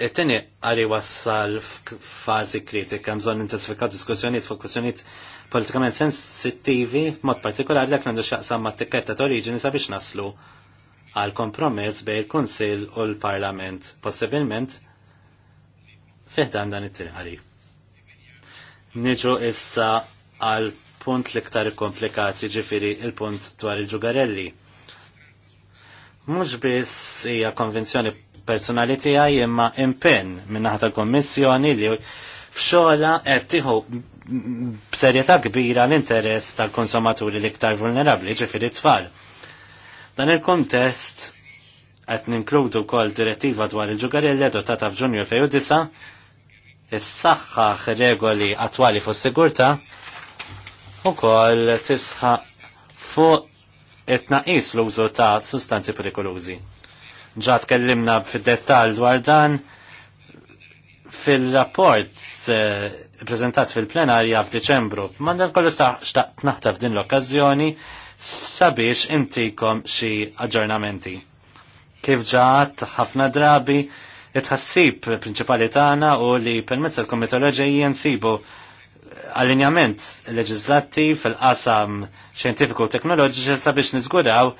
it-tieni għali wassal f'fażi kritika bżonn intensifikaw diskussjonijiet fuq kwistjonijiet politikament sensittivi b'mod partikolari dak għandu x'jaqsam mat-tikketta ta' oriġini sabiex naslu għal kompromess bejn il-Kunsill u l-Parlament, possibilment fiħdan dan it għalik. Niġu issa għal punt liktar komplikati ġifiri il-punt dwar il-ġugarelli. Mux biss hija konvenzjoni personali tiegħi imma impenn minnaħa tal-Kommissjoni li f'xogħla qed tieħu b'serjetà kbira l-interess tal-konsumaturi l-iktar vulnerabbli ġifieri tfal. Dan il-kontest qed ninkludu wkoll direttiva dwar il-ġugarelli adottata f'Ġunju 2009 is-saħħaħ regoli attwali fuq sigurta u koll tisħa fuq it-naqis l-użu ta' sustanzi perikolużi. Ġa tkellimna fid-dettall dwar dan fil-rapport eh, prezentat fil-plenarja f'Diċembru. Mandan kollu xtaqt naħtaf din l-okkazjoni sabiex intikom xi aġġornamenti. Kif ġaħat ħafna drabi it-ħassib prinċipali tagħna u li permezz il-komitoloġija nsibu allinjament leġislattiv fil-qasam xjentifiku u teknoloġiċi sabiex niżguraw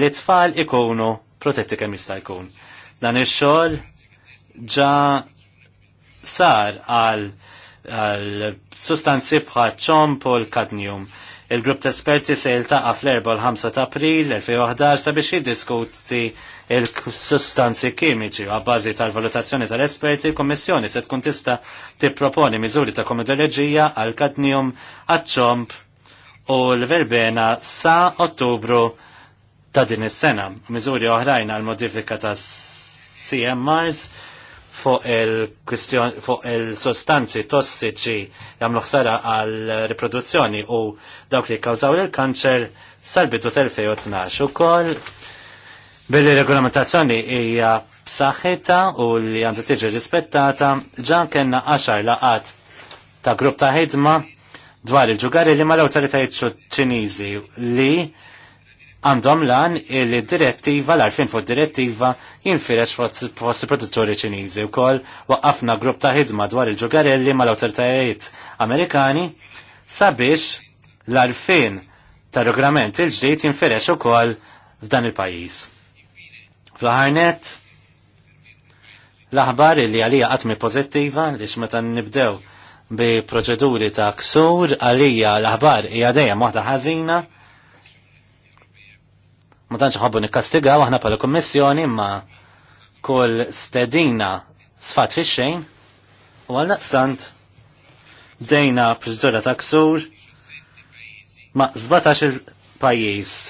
li tfal ikunu protetti kemm jista' jkun. Dan ix-xogħol ġa sar għal sustanzi bħal ċomp u l kadnjum Il-grupp ta' esperti se jiltaqa fl-4 l-5 ta' april 2011 sabiex jiddiskuti il-sustanzi kimiċi u għabbażi tal-valutazzjoni tal-esperti, il-Kommissjoni se tkun tista' tipproponi miżuri ta' komedoloġija għal kadnium għadċomp u l-verbena sa' Ottubru ta' din is-sena. Miżuri oħrajn għal modifika ta' CMRs fuq il-sostanzi il tossiċi jagħmlu ħsara għal riproduzzjoni u dawk li kkawżaw il-kanċer sal-bidu tal-2012 ukoll Billi regolamentazzjoni hija b'saħħitha u li għandha tiġi rispettata, ġa kellna għaxar laqat ta' grupp ta' ħidma dwar il-ġugari li mal-awtoritajiet ċiniżi li għandhom lan il-direttiva, l-arfin fuq direttiva jinfirex fost produttori ċiniżi u kol waqqafna grupp ta' ħidma dwar il-ġugarelli mal awtoritajiet Amerikani sabiex l-arfin ta' regolament il-ġdid jinfirex u f'dan il-pajis. Fl-ħarnet, l-aħbar li għalija għatmi pozittiva li meta nibdew bi proċeduri ta' ksur għalija l-aħbar hija dejjem waħda ħażina. Ma tantx ħobbu nikkastigaw aħna bħala kummissjoni imma kull stedina sfat fix-xejn u għal naqstant bdejna proċedura ta' ksur ma' 17 il-pajjiż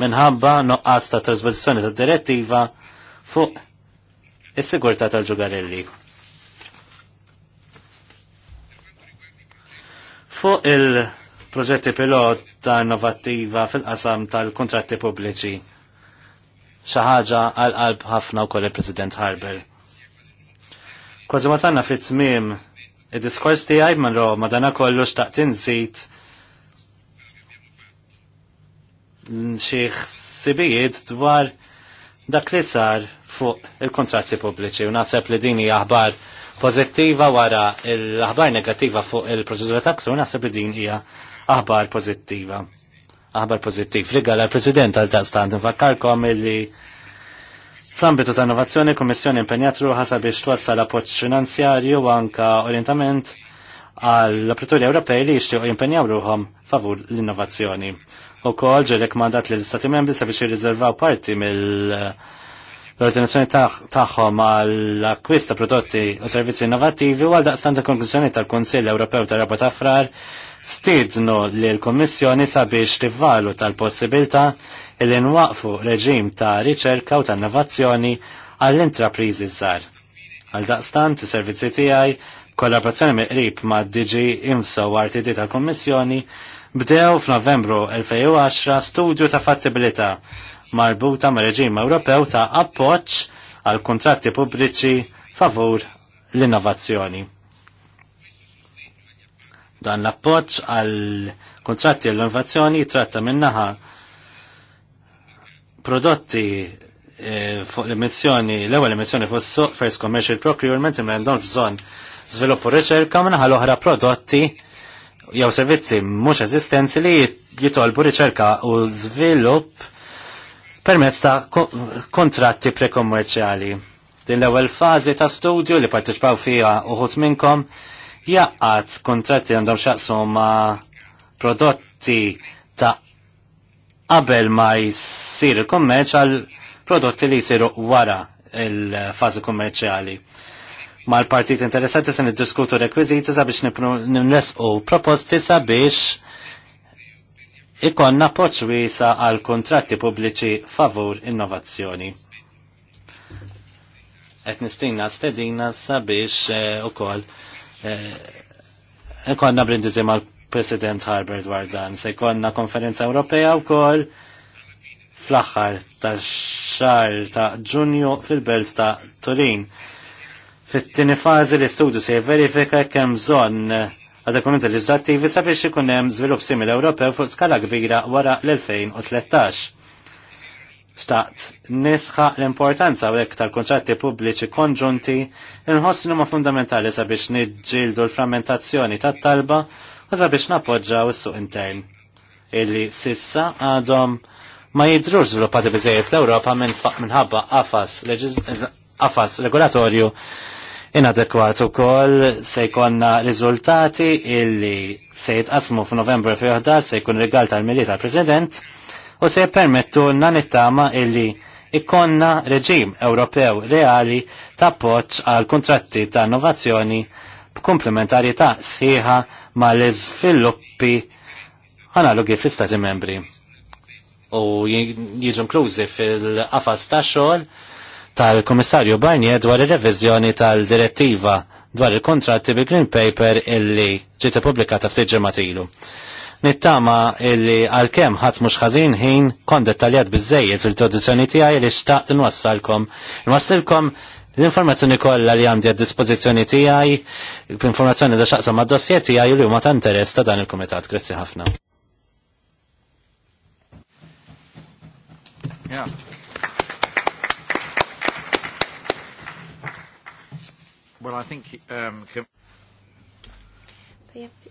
minħabba noqqas ta' trasposizzjoni ta' direttiva fuq is-sigurtà tal-ġugarelli. Fuq il-proġetti pilota innovattiva fil-qasam tal-kontratti pubbliċi xi ħaġa għal qalb ħafna wkoll il-President Harber. Kważi ma sanna fit-tmiem id-diskors tiegħi ma madana kollu xtaqt inżid xi ħsibijiet dwar dak li sar fuq il-kontratti pubbliċi u naħseb li din hija aħbar pożittiva wara l-aħbar negattiva fuq il-proċedura ta' ksu naħseb li din hija aħbar pożittiva. Aħbar pożittiv. Riga l-President għal taqstant nfakkarkom illi Fl-ambitu ta' innovazzjoni, il-Kummissjoni impenjat ruħa sabiex twassal appoġġ finanzjarju u anka orientament għall operatori Ewropej li jixtiequ jimpenjaw ruħom favur l-innovazzjoni u kol ġerek mandat l-Stati membri sabiex jirriżervaw parti mill-ordinazzjoni tagħhom għall akwista prodotti u servizzi innovativi u għal daqstan ta' konklużjoni tal-Kunsill Ewropew ta' Rabot Afrar stidnu li l-Kommissjoni sabiex tivvalu tal possibilta li nwaqfu reġim ta' riċerka u ta' innovazzjoni għall-intrapriżi żgħar. Għal daqstan servizzi tiegħi kollaborazzjoni miqrib ma' DG Imso u RTD tal-Kommissjoni bdew f'Novembru 2010 studju ta' fattibilità marbuta ma' reġim Ewropew ta' appoġġ għal kontratti pubbliċi favur l-innovazzjoni. Dan l-appoġġ għal kontratti l-innovazzjoni tratta minnaħa prodotti eh, fuq l-emissjoni, l-ewwel emissjoni fuq suq first commercial procurement imma għandhom bżonn żviluppu riċerka l oħra prodotti jew servizzi mhux eżistenzi li jitolbu riċerka u żvilupp permezz ta' kontratti prekommerċjali. Din l-ewwel fażi ta' studju li parteċipaw fiha uħut minnkom jaqqat kontratti għandhom xaqsu ma' prodotti ta' qabel ma jsir il-kommerċ għal prodotti li jsiru wara il-fazi kummerċjali mal-partit interessati se niddiskutu rekwiziti sabiex nresqu proposti sabiex ikonna poċ wiesa għal kontratti pubbliċi favur innovazzjoni. Et nistina stedina sabiex eh, u kol eh, ikonna brindizi mal-President Harbert dwar dan. Se ikonna konferenza Ewropea u kol fl-axħar ta' xar ta' ġunju fil-belt ta' Turin Fit-tieni fażi li istudju se kem kemm bżonn għadakunent leġislattivi sabiex ikun hemm żvilupp simil Ewropew fuq skala kbira wara l-2013. Staqt, nisħa l-importanza għek tal-kontratti pubbliċi konġunti inħossinu ma fundamentali sabiex nidġildu l-frammentazzjoni tat talba u sabiex napoġġaw is-suq intern. Illi sissa għadhom ma jidrux żviluppati biżejjed fl-Ewropa minħabba qafas regolatorju inadekwat ukoll se jkollna riżultati illi se jitqasmu f'Novembru fi se jkun regal tal-Milli tal-President u se jpermettu nittama illi ikonna reġim Ewropew reali ta' poċ għal kontratti ta' innovazzjoni b'komplementarjetà sħiħa ma' l-iżviluppi analogi fl-Istati membri. U jiġu inklużi fil-qafas ta' xogħol tal-Komissarju Barnier dwar ir-reviżjoni tal-direttiva dwar il-kontratti bi Green Paper illi ġiet ippubblikata ftit ġematilu. Nittama illi għal-kem ħadd mhux ħażin ħin kon dettaljat biżejjed fil-tradizzjoni tiegħi li xtaqt nwassalkom. nwassilkom l-informazzjoni kollha li għandi għad-dispożizzjoni tiegħi, l-informazzjoni da xaqsa mad-dossier tiegħi li huma ta' interess ta' dan il-kumitat. Grazzi ħafna. Yeah. Well, I think... Um, can...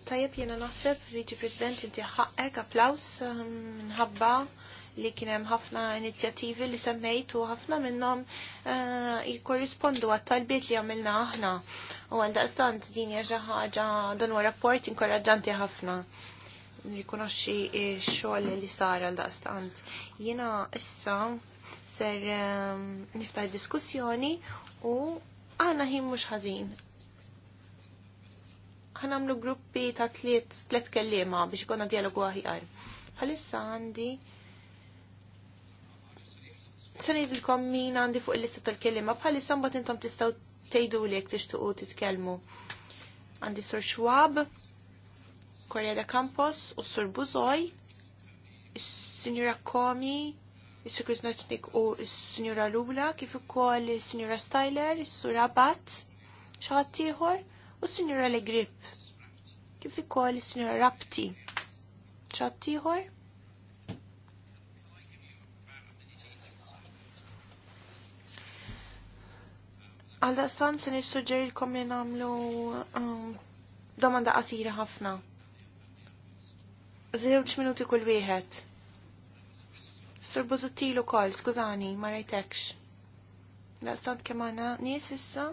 Tajab jena naħseb, Riġi President, inti ħaqek applaus um, minħabba li kienem ħafna inizjativi li semmejt u ħafna minnom uh, jikorrispondu għat-talbiet li għamilna aħna. U għal-daqstant din jaġa ħaġa dan u rapport inkorraġanti ħafna nirrikonoxxi x-xogħol li sar għal daqstant. Jiena issa ser um, niftaħ diskussjoni u Għana ħin mux ħazin. Għanamlu gruppi ta' tliet, tliet kellima biex konna dialogu għahjar. Għalissa għandi Sanid il-kom min għandi fuq il-lista tal-kellima bħalissa mbagħad intom tistaw tejdu li jekk tixtuqu titkellmu. Għandi Sur Schwab, Korea da Campos u Sur Buzoj, is-Sinjura Komi, is-Sikriz u s-Sinjura Lula, kif ukoll is-Sinjura Styler, is-Sur Abbat, xaħat ieħor u s-Sinjura Legrip, kif ukoll is-Sinjura Rapti, xaħat ieħor. Għal-daqstan se kom li nagħmlu um, domanda qasira ħafna. Zewċ minuti kull wieħed. Sur Bozuttilu kol, skużani, ma rajtekx. Daqstant kemana, għandna nies issa?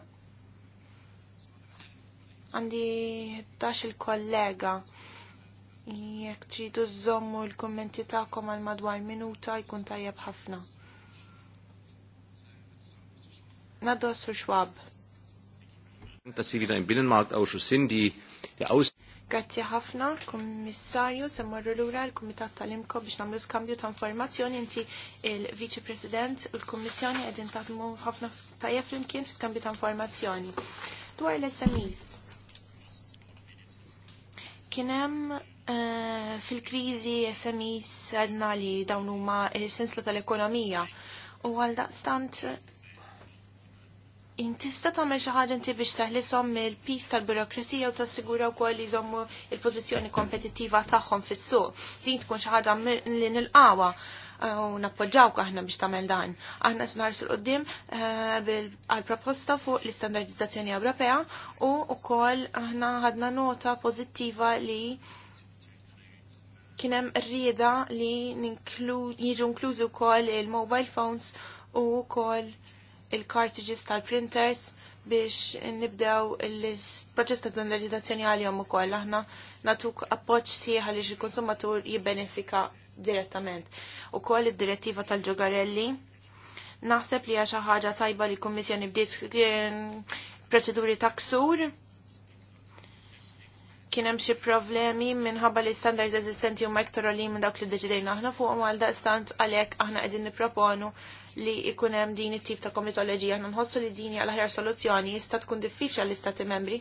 Għandi tax il-kollega. Jek ċidu z-zommu l kommenti taqom għal madwar minuta jkun tajab ħafna. Naddu Sur Schwab. Dass Sie wieder im Binnenmarkt ausschuss sind, die Grazzi ħafna, kummissarju, semmarru l lura l-Kumitat tal-Imko biex nagħmlu skambju ta' informazzjoni inti il-Viċi President u l-Kummissjoni qegħdin mu ħafna tajjeb flimkien fi skambju ta' informazzjoni. Dwar l-SMEs. Kien hemm eh, fil-kriżi SMEs għedna li dawn huma il-sensla tal-ekonomija u għal daqstant Intista tagħmel xi ħaġa inti biex taħlisom mill-pis tal-birokrasija u tassigura wkoll li jżommu l-pożizzjoni kompetittiva tagħhom fis-suq. Din tkun xi ħaġa nil-qawa eh, u nappoġġaw aħna biex tagħmel dan. Aħna s naħarsu l qoddim eh, għall-proposta fuq l standardizzazzjoni Ewropea u koll aħna ħadna nota pożittiva li kien hemm li jiġu inklużu wkoll il-mobile phones u wkoll il-cartridges tal-printers biex nibdew il-proċess ta' standardizzazzjoni għalihom ukoll aħna natuk appoċ siħa għaliex il-konsumatur jibbenefika direttament. koll id-direttiva tal-ġogarelli naħseb li xi ħaġa tajba li kummissjoni bdiet proċeduri ta' ksur kien hemm xi problemi minħabba li standards eżistenti huma iktar għolim minn dawk li deċidejna aħna fuqhom għal daqstant għalhekk aħna qegħdin nipproponu li ikunem hemm din it-tip ta' komitoloġija nħossu li din hija l-aħjar soluzzjoni jista' tkun diffiċa l-istati membri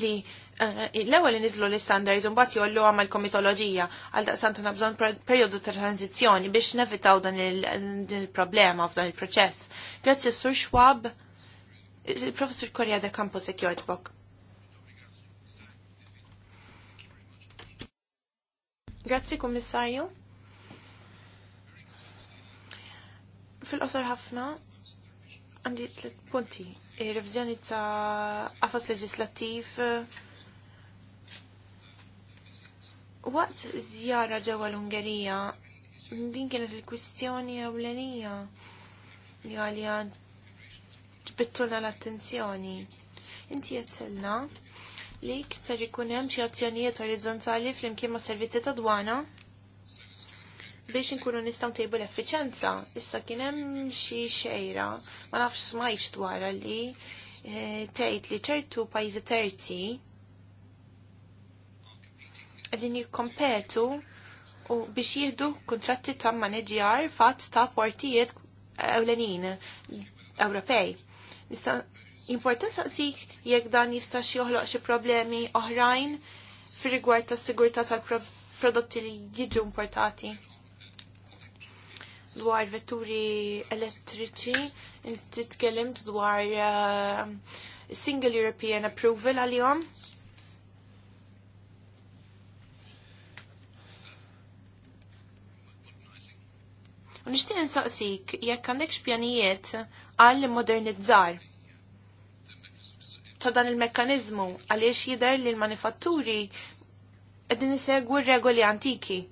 li eh, l-ewwel nizlu l standards un bat jollu l komitoloġija għal daqsant għandna bżonn perjodu ta' tranzizzjoni biex nevitaw dan il-problema f'dan il-proċess. Grazzi Sur Schwab, il-Professur Korea de Campo Sekjoġbok. Grazzi Kummissarju. Fil-qosor ħafna għandi tlet punti. Ir-revizjoni ta' qafas leġislattiv eh, waqt żjara ġewwa l-Ungerija din kienet il-kwistjoni ewlenija li għalija ġbittulna l-attenzjoni. Inti jettilna li ktar ikun hemm xi azzjonijiet orizzontali flimkien ma' servizzi ta' dwana biex inkunu nistgħu tejbu l-effiċenza. Issa kien hemm xi xejra ma nafx smajx dwarha li eh, tgħid li ċertu pajjiżi terzi qegħdin jikkompetu u biex jieħdu kuntratti ta' maneġjar fatt ta' portijiet ewlenin Ewropej. Nista' important saqsik jekk dan jista' xi joħloq xi problemi oħrajn fir-rigward tas-sigurtà tal-prodotti li jiġu importati dwar vetturi elettriċi, inti tkellimt dwar uh, Single European Approval għal-jom. U nixtieq insaqsik jekk għandek x'pjanijiet għal modernizzar ta' dan il-mekkaniżmu għaliex jidher li l-manifatturi qegħdin segwu regoli antiki.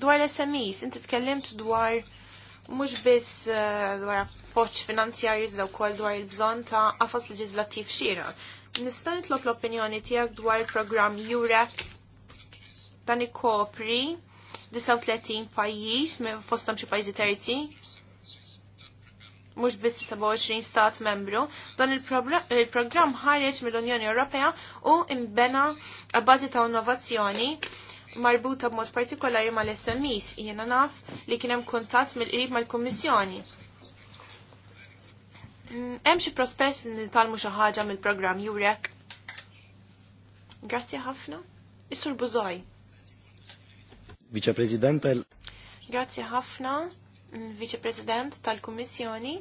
Dwar l-SMEs, inti tkellimt dwar mhux biss eh, dwar appoġġ finanzjarji iżda kol dwar il-bżonn ta' għafas leġislattiv xira. Nista' nitlob l-opinjoni tiegħek dwar il program Jurek dan ikopri 39 pajjiż me fosthom xi pajzi terzi mux biss 27 stat membru, dan il-programm ħareġ mill-Unjoni Ewropea u imbena għabbażi ta' innovazzjoni marbuta b'mod partikolari mal-SMEs, jiena naf li kien hemm kuntatt mill-qrib mal-Kummissjoni. Hemm xi prospess li nitalmu xi ħaġa mill-programm Jurek. Grazzi ħafna. Is-Sur Bużoj. Viċe President tal Grazzi ħafna, Viċe President tal-Kummissjoni.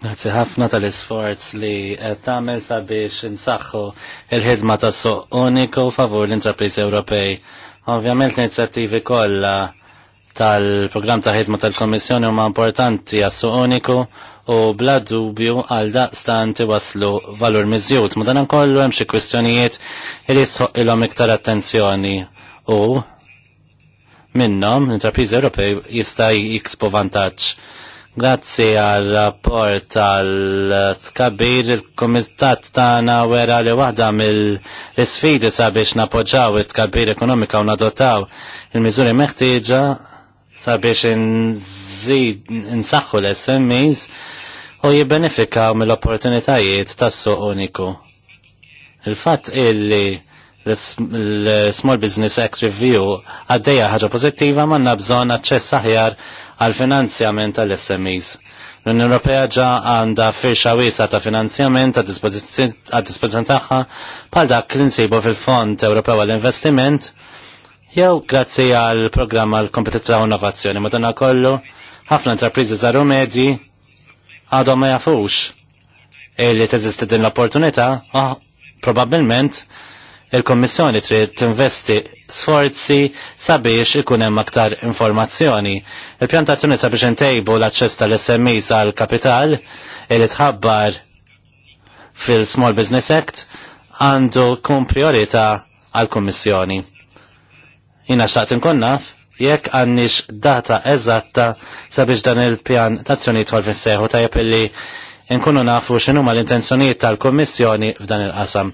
Grazzi ħafna tal-isforz li qed tagħmel sabiex insaħħu il-ħidma ta' suq uniku favur l-intrapriż Ewropej. Ovvjament l-inizjattivi kollha tal-programm ta' ħidma tal-Kommissjoni huma importanti għas-suq uniku u bla dubju għal daqstant waslu valur miżjud. Ma dan ankollu hemm xi kwistjonijiet li jisħoq ilhom iktar attenzjoni u minnhom l-intrapriż Ewropej jista' jikspu vantaġġ Grazzi għal rapport tal-tkabir il-komitat tana wera li waħda mill-sfidi sabiex napoġġaw it-tkabir ekonomika u nadotaw il-miżuri meħtieġa sabiex nsaħħu l-SMEs u jibbenefikaw mill-opportunitajiet tas-suq uniku. Il-fatt illi l-Small Business Act Review għaddeja ħaġa pozittiva manna bżon aċċess aħjar għal finanzjament tal-SMEs. L-Unjoni Ewropea ġa għandha firxa wiesa ta' finanzjament għad dispożizzjoni tagħha bħal dak li nsibu fil-Fond Ewropew għall-Investiment jew grazzi għal programm għal kompetitività u innovazzjoni. Madonna kollu, ħafna intrapriżi żaru medji għadhom ma jafux li teżisti din l-opportunità, ah, probabilment Il-Kommissjoni trid tinvesti sforzi sabiex ikun hemm aktar informazzjoni. Il-pjantazzjoni sabiex intejbu l-aċċess tal-SMEs għal kapital li tħabbar fil-Small Business Act għandu kun priorità għal-Kommissjoni. Jina xaqt inkun naf jekk għannix data eżatta sabiex dan il-pjan tazzjoni tħol fil seħu tajab illi nkunu nafu x'inhuma l-intenzjonijiet tal-Kommissjoni f'dan il-qasam.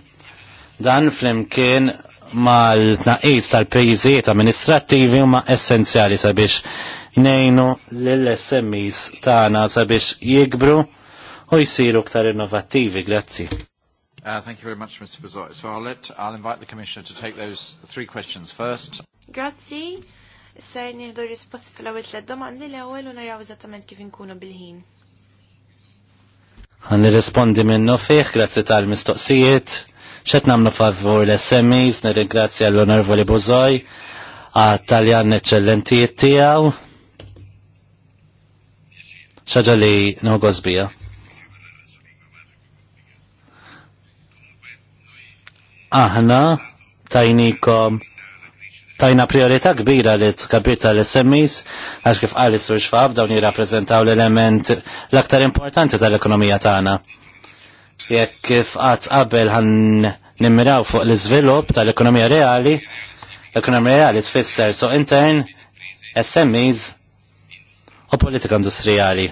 Dan flimkien mal-tnaqis tal pejiziet amministrattivi huma essenzjali sabiex nejnu lill-SMEs tagħna sabiex jikbru u jsiru ktar innovattivi. Grazzi. Uh, thank you very much, Mr. Bezoy. So I'll, let, I'll invite the Commissioner to take those three questions first. Grazzi. Issa nieħdu risposti tal-ewwel tliet domandi l-ewwel u naraw eżattament kif inkunu bil-ħin. Għan nirrispondi minnu fih, grazzi tal-mistoqsijiet xet namlu favur l-SMEs, nirringrazzja l-Onorvoli Buzoj, għat-Taljan eccellentijiet tijaw, xaġa li nħogos bija. Aħna tajnikom tajna priorita kbira li tkabirta tal-SMEs, għax kif għalli s xfab dawn jirrappreżentaw l-element l-aktar importanti tal-ekonomija tagħna jekk kif qatt qabel ħan nimmiraw fuq l-iżvilupp tal-ekonomija reali, l-ekonomija reali tfisser so intern, SMEs u politika industrijali.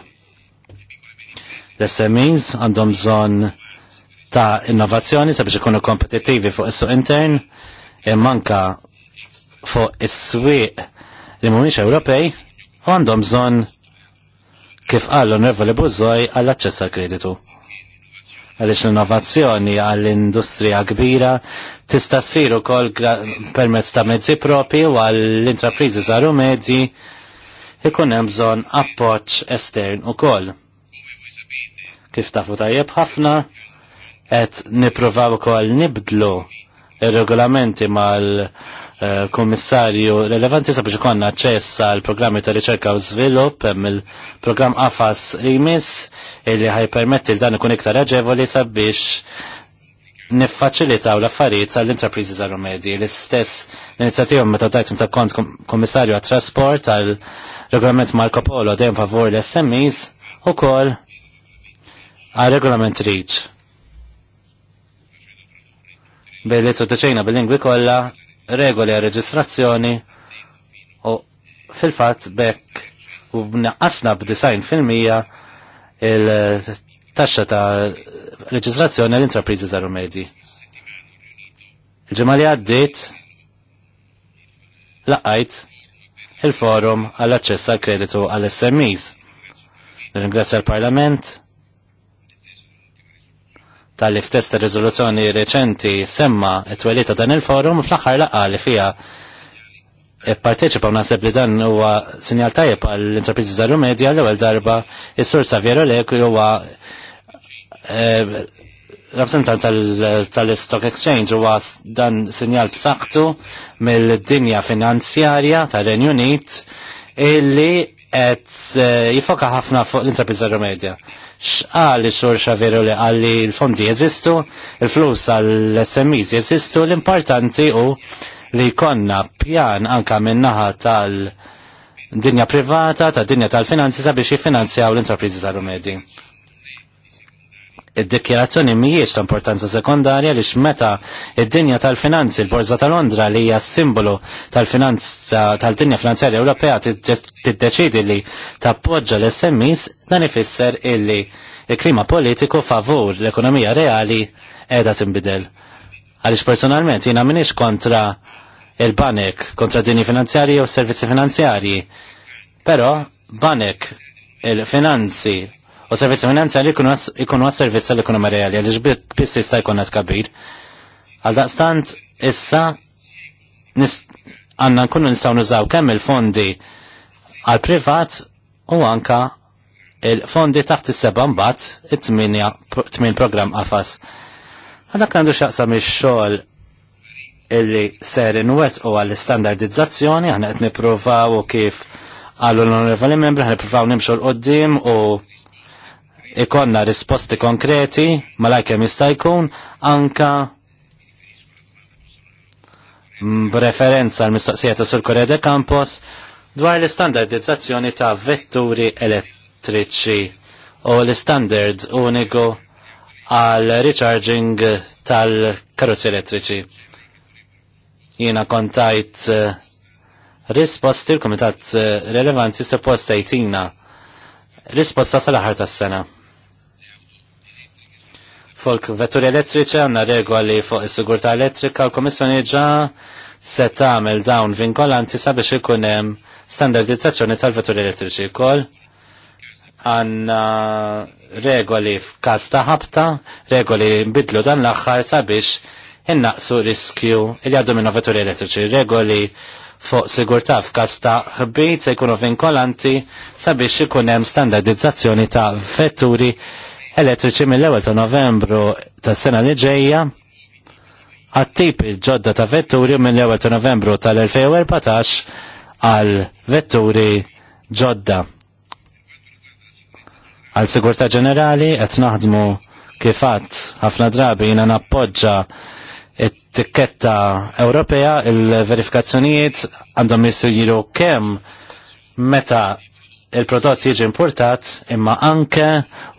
L-SMEs għandhom bżonn ta' innovazzjoni sabiex ikunu kompetittivi fuq is-suq intern manka fuq is-swieq li mhumiex Ewropej u għandhom bżonn kif qal l-onorevoli Buzzoj għall-aċċess għal kreditu għalix l-innovazzjoni għall-industrija kbira tista' ssir ukoll permezz ta' mezzi propri u għall-intrapriżi żaru mezzi, ikun hemm bżonn appoġġ estern ukoll. Kif tafu tajjeb ħafna qed nippruvaw ukoll nibdlu ir-regolamenti mal- Eh, kommissarju relevanti sabiex ikonna ċess għal programmi ta' riċerka u żvilupp hemm il-programm AFAS jmiss illi ħajpermetti l dan ikun iktar aġevoli sabiex niffaċilitaw l-affarijiet tal-intrapriżi tal medji L-istess l-inizjattiva meta tajtim ta' kont kommissarju għat-trasport għal regolament Marco Polo dejjem favur l-SMEs u kol għal regolament REACH. Billi t-tuċejna bil-lingwi kolla regoli għal reġistrazzjoni u fil-fat bekk u b'naqqasna b fil-mija il-taxxa ta' reġistrazzjoni għall-intrapriżi żaru medji. Ġemali għaddit laqajt il-forum għall-aċċess għal kreditu għall-SMEs. Ringrazzja l-Parlament tal iftest f'test riżoluzzjoni reċenti semma it-twelita dan il-forum fl-aħħar laqqa li fija parteċipa naħseb li dan huwa sinjal tajjeb għall interpriżi tal-medja l-ewwel darba is-sur Saviero Lek huwa eh, rappresentant tal-Stock Exchange huwa dan sinjal b'saqtu mill-dinja finanzjarja tar-Renju Unit illi qed eh, jifoka ħafna fuq l-intrapriża medja. X'qal xur veru li għalli l-fondi jeżistu, il-flus għall smis jeżistu, l-importanti u li konna pjan anka minnaħa tal- dinja privata, tal dinja tal-finanzi sabiex jiffinanzjaw l-intrapriżi tal id-dikjerazzjoni mhijiex ta' importanza sekondarja li meta id-dinja tal-finanzi l-Borza tal Londra li hija simbolu tal-finanza tal-dinja finanzjarja Ewropea tiddeċidi li tappoġġa l-SMEs dan ifisser illi il-klima politiku favur l-ekonomija reali qiegħda tinbidel. Għaliex personalment jiena m'iniex kontra il-banek, kontra dini finanzjarji u s servizzi finanzjarji. Però banek il-finanzi U servizzi minanza finanzjari ikunu għas servizzi li ekonomija reali, għal ġbik biss jista' jkun għad kabir. Għal daqstant, issa għanna nkunu nistaw nużaw kemm il-fondi għal-privat u anka il-fondi taħt is-seba' mbagħad it-tmien programm qafas. Għadak għandu xaqsam ix-xogħol illi ser inwet u għall-standardizzazzjoni għana qed nippruvaw u kif għallu l-onorevoli membri għan nippruvaw nimxu l-qoddim u ikonna risposti konkreti ma jista' jkun anka b'referenza l mistoqsija ta' Sur Korea de Campos dwar l-istandardizzazzjoni ta' vetturi elettriċi u l-standard uniku għal recharging tal-karozzi elettriċi. Jiena kontajt eh, risposti l-komitat eh, relevanti se postajtina risposta sal-ħar tas-sena. Folk vetturi elettriċi għanna regoli fuq is-sigurtà elettrika l-Komissjoni ġa se tagħmel dawn vinkolanti sabiex ikun hemm standardizzazzjoni tal-vetturi elettriċi wkoll għanna regoli f'kas ta' ħabta, regoli bidlu dan l-axħar sabiex innaqsu riskju il għaddu minn vetturi elettriċi, regoli fuq sigurta f'kas ta' ħbit se jkunu vinkolanti sabiex ikun hemm standardizzazzjoni ta' vetturi elettriċi mill-ewwel ta' Novembru tas-sena li ġejja għattip il ġodda ta' vetturi mill-ewwel ta' Novembru tal-2014 għal vetturi ġodda. Għal sigurta ġenerali qed naħdmu kifat ħafna drabi jina nappoġġa it-tikketta Ewropea il-verifikazzjonijiet għandhom jiru kemm meta il-prodott jiġi importat imma anke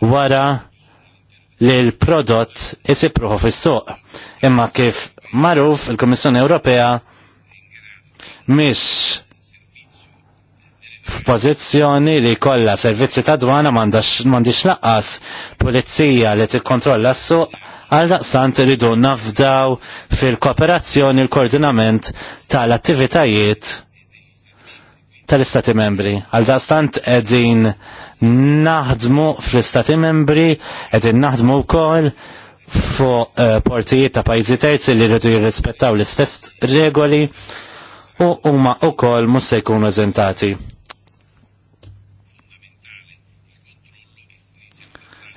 wara li l-prodott jisipruħu fis-suq. Imma kif maruf il-Kommissjoni Ewropea mhix f'pożizzjoni li kollha servizzi ta' dwana m'għandix laqqas pulizija li tikkontrolla s-suq għal daqstant iridu nafdaw fil-kooperazzjoni l-koordinament tal-attivitajiet tal-Istati membri. Għal dastant edin naħdmu fl-Istati membri, edin naħdmu wkoll fuq uh, portijiet ta' pajzi terzi li rridu jirrispettaw l-istess regoli u huma wkoll mhux se jkunu eżentati.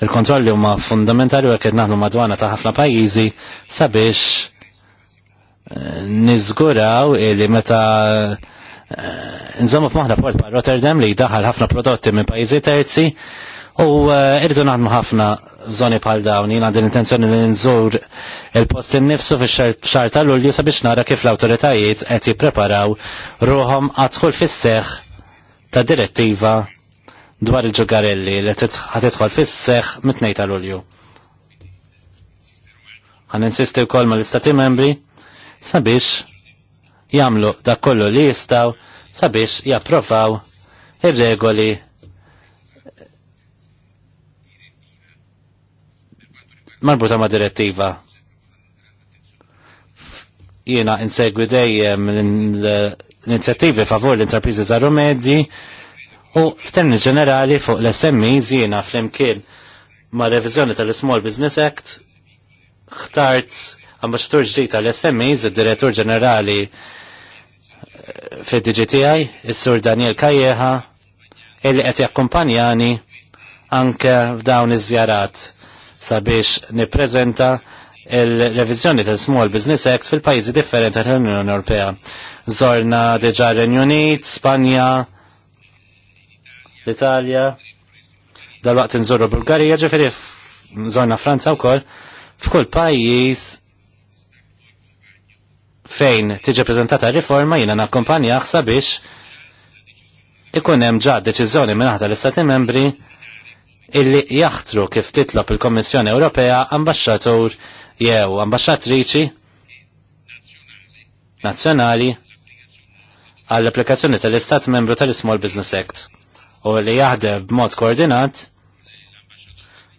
Il-kontrolli huma fundamentali u qed naħdmu madwana ta' ħafna pajjiżi sabiex eh, niżguraw li meta uh, Eh, nżommu f'maħna port ma' Rotterdam li daħal ħafna prodotti minn pajjiżi terzi u eh, irridu naħdmu ħafna zoni pal dawn jien għandi l-intenzjoni li nżur il-post innifsu fix-xar tal-Lulju sabiex nara kif l-awtoritajiet qed jippreparaw ruhom għadħul fis seħ ta' direttiva dwar il-ġugarelli li ħatidħol fis-seħ mit-2 ta' Lulju. Għan insisti wkoll mal istati membri sabiex Jamlu dak kollu li jistgħu sabiex japprovaw ir-regoli marbuta ma' direttiva. Jiena insegwi dejjem l-inizjattivi favur l-intrapriżi żaru medji u f'termini ġenerali fuq l-SMEs jiena flimkien ma' reviżjoni tal-Small Business Act ħtart ambasċatur ġdid tal smi id-direttur ġenerali fid-DGTI, il-Sur Daniel Kajjeħa, illi qed jakkumpanjani anke f'dawn iż-żjarat sabiex nippreżenta il-revizjoni tal-Small Business Act fil-pajjiżi differenti tal-Unjoni Ewropea. Zorna diġà Renju Unit, Spanja, l-Italja, dal-waqt nżorru Bulgarija, ġifieri zorna Franza wkoll, f'kull pajjiż fejn tiġi prezentata riforma jina nakkompanjaħ sabiex ikun hemm ġa deċiżjoni mingħata l-Istati membri illi jaħtru kif titlob il-Kommissjoni Ewropea ambasċatur jew ambasċatriċi nazzjonali għall-applikazzjoni tal-Istat membru tal-Small Business Act u li jaħdem b'mod koordinat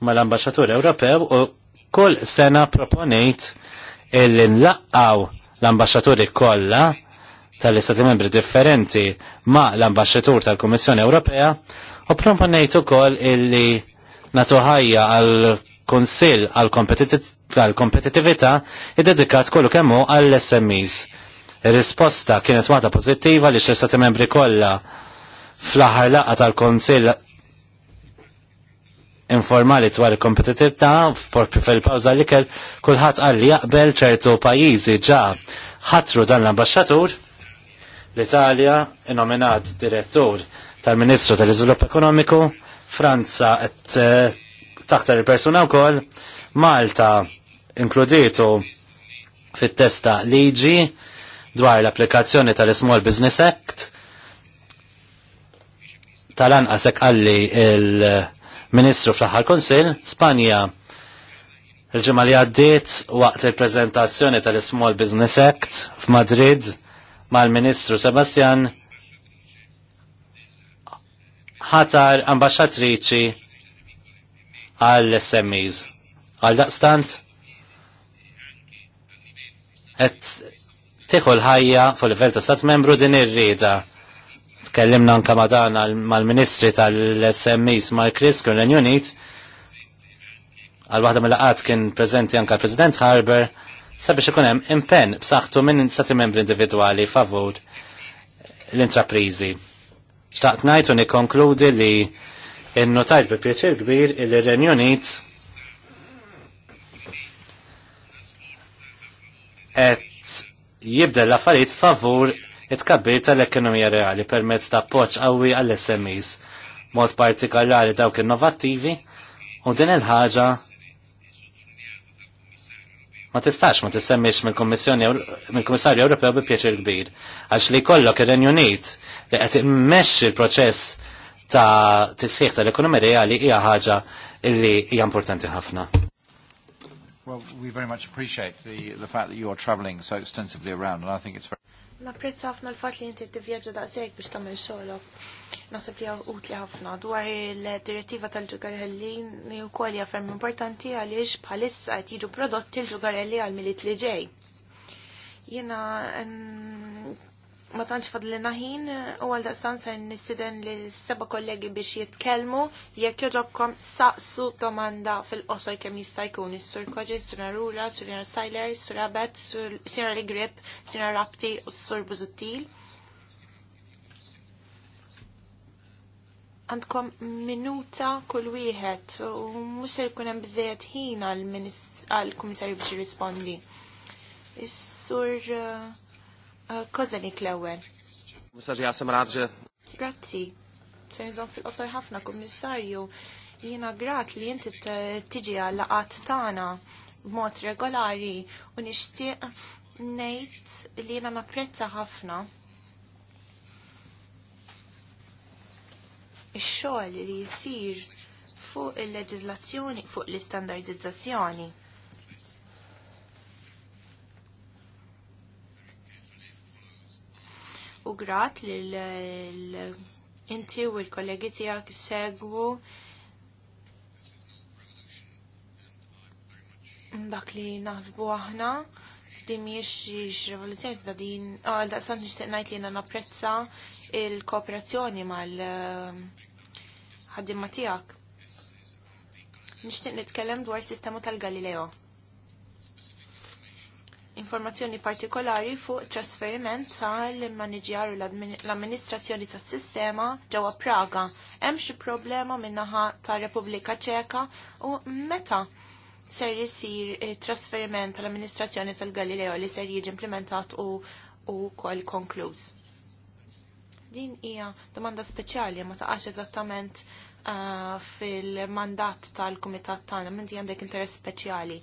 mal-ambasċatur Ewropew u kull sena proponejt illi nlaqqaw l-ambasċaturi kollha tal-istati membri differenti ma' l-ambasċatur tal-Kummissjoni Ewropea u proponejt ukoll illi natu ħajja għal konsil għal kompetitività id-dedikat kollu kemmu għall-SMEs. Risposta kienet mata pozittiva li xistati membri kollha fl-aħħar laqgħa tal konsil informali dwar il-kompetitività f'porpju fil-pawża li kell kulħadd qal li jaqbel ċertu pajjiżi ġa ħatru dan l-ambaxxatur l-Italja nominat direttur tal-Ministru tal-Iżvilupp Ekonomiku, Franza qed eh, taħtar il-persuna wkoll, Malta inkludietu fit-testa liġi dwar l-applikazzjoni tal-Small Business Act tal-anqasek għalli il- Ministru fl-aħħar Konsil, Spanja il-ġimgħa li għaddiet waqt il-preżentazzjoni tal-Small Business Act f'Madrid mal-Ministru Sebastian ħatar ambasċatriċi għall-SMEs. Għal daqstant, et tiħu l-ħajja fuq livell ta' stat membru din ir-rieda Tkellimna anka madana mal-Ministri tal-SMEs Mark Risk l-Unit għal waħda mill-laqat kien preżenti anka l-President Harber sabiex ikun hemm impenn b'saħħtu minn sati membri individwali favur l-intraprizi. Xtaqt ngħid u nikkonkludi li innotajt bi pjaċir kbir il-Renju Unit qed jibda l-affarijiet favur it-kabbir tal-ekonomija reali permezz ta' poċ qawwi għall-SMEs, mod partikolari dawk innovattivi u din il-ħaġa ma tistax ma tissemmix minn kummissarju Ewropew bi pjaċir kbir għax li kollok ir-Renju Unit li qed immexxi l-proċess ta' tisħiħ tal-ekonomija reali hija ħaġa illi hija importanti ħafna. Well, we very much appreciate the, the fact that you are travelling so extensively around, and I think it's very... Napprezz ħafna l-fatt li inti tivvjaġġa daqshekk biex tagħmel xogħolok. Naħseb li utli ħafna dwar il-direttiva tal-ġugarelli wkoll hija ferm importanti għaliex bħalissa qed jiġu prodotti l-ġugarelli għal milit li ġej. Jiena ma tantx fadlina ħin u għal daqstan ser nistiden li seba kollegi biex jitkellmu jekk joġobkom saqsu domanda fil-qosoj kemm jista' jkun is-sur Koġi, Sura Rura, Sura Sajler, Sur Abet, Sura Li Grip, Sura Rapti u Sur Buzuttil. Għandkom minuta kull wieħed u mhux se jkun hemm biżejjed ħin għall-Kummissarju biex jirrispondi. Is-sur uh, Eh, Kozanik l-ewel. Mustaġi għasem raġe. Grazzi. Serżon fil-qosor ħafna, kummissarju. Jina grat li jinti tiġi għal-laqat tana b'mod regolari u nixtieq ngħid li jiena napprezza ħafna ix-xogħol li jsir fuq il-leġiżlazzjoni fuq l-istandardizzazzjoni. u grat li l-inti u l-kollegi tijak segwu dak li naħsbu aħna dimiex miex rivoluzzjoni ta' din, għal ah, da' sant nishtiq najt li jena napprezza il-kooperazzjoni mal eh, ħaddimma tijak. Nishtiq nitkellem dwar sistema tal-Galileo informazzjoni partikolari fuq trasferiment tal-maniġjar u l-amministrazzjoni tas-sistema ġewwa Praga. Hemm xi problema min-naħa tar-Repubblika Ċeka u meta ser jisir eh, trasferiment tal-amministrazzjoni tal-Galileo li ser jiġi implementat u kol konkluż. Din hija domanda speċjali ma taqax eżattament eh, fil-mandat tal-Kumitat tagħna, minn għandek interess speċjali.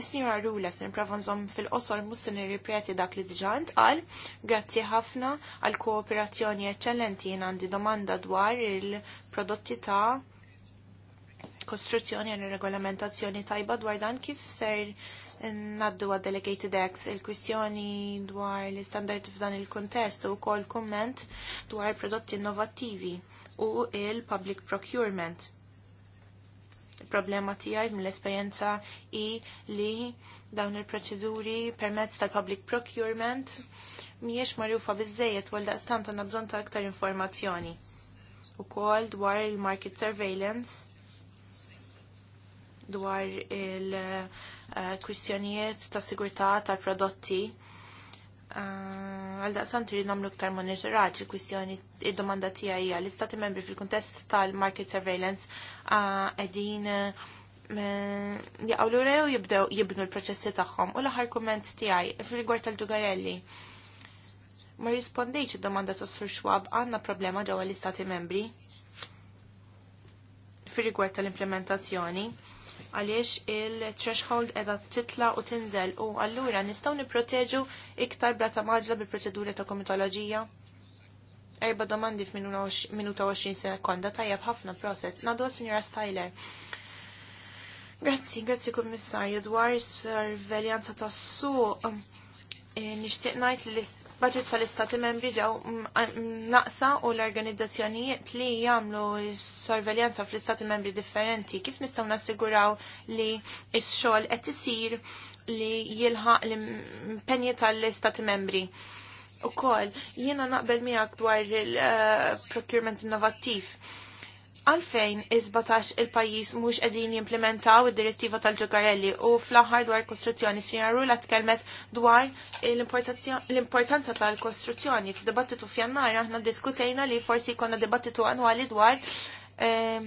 Is-Sinjora Rula se nipprova nżomm fil-qosor mussin se dak li diġà ntqal. Grazzi ħafna għal kooperazzjoni eċċellenti jien għandi domanda dwar il-prodotti ta' kostruzzjoni għal regolamentazzjoni tajba dwar dan kif ser naddu għad delegated acts il-kwistjoni dwar l-standard f'dan il-kontest u kol komment dwar prodotti innovativi u il-public procurement. Il-problema tiegħi mill-esperjenza i li dawn il-proċeduri permezz tal-public procurement mhijiex magħrufa bizzejet għal daqstant għandna bżonn ta' aktar informazzjoni. kol dwar il-market surveillance dwar il-kwistjonijiet eh, ta' sigurtà tal-prodotti għal daqsam trid nagħmlu iktar monitoraġġ il-kwistjoni id-domanda tiegħi hija l-istati membri fil-kuntest tal-market surveillance ah, qegħdin eh, jaqgħu rew jibdew jibnu l-proċessi tagħhom u l-aħħar kumment tiegħi fil-rigward tal-Ġugarelli. Ma rispondejx id-domanda ta' Sur Schwab għandna problema ġewwa l-istati membri fil-rigward tal-implementazzjoni għaliex il-threshold edha titla u tinżel u allura nistgħu nipproteġu iktar blata maġla bil-proċeduri ta' komitoloġija. Erba domandi f'minuta 20 sekonda tajjeb ħafna proċess. Nadu Signora Styler. Grazzi, grazzi kummissarju dwar sorveljanza tas suq Eh, nixtieq ngħid li l-budget tal-istati membri ġew naqsa u l-organizzazzjonijiet li jagħmlu sorveljanza fl-istati membri differenti kif nistgħu nasiguraw li s xogħol qed isir li jilħaq l-impenji tal-istati membri. U kol, jiena naqbel miegħek dwar il-procurement eh, innovattiv għalfejn iż il-pajis mux edin jimplementaw id-direttiva tal ġogarelli u fl-aħħar dwar kostruzzjoni sinjaru la tkelmet dwar l-importanza tal-kostruzzjoni. F'dibattitu f'jannar aħna diskutejna li forsi konna dibattitu annwali dwar ehm,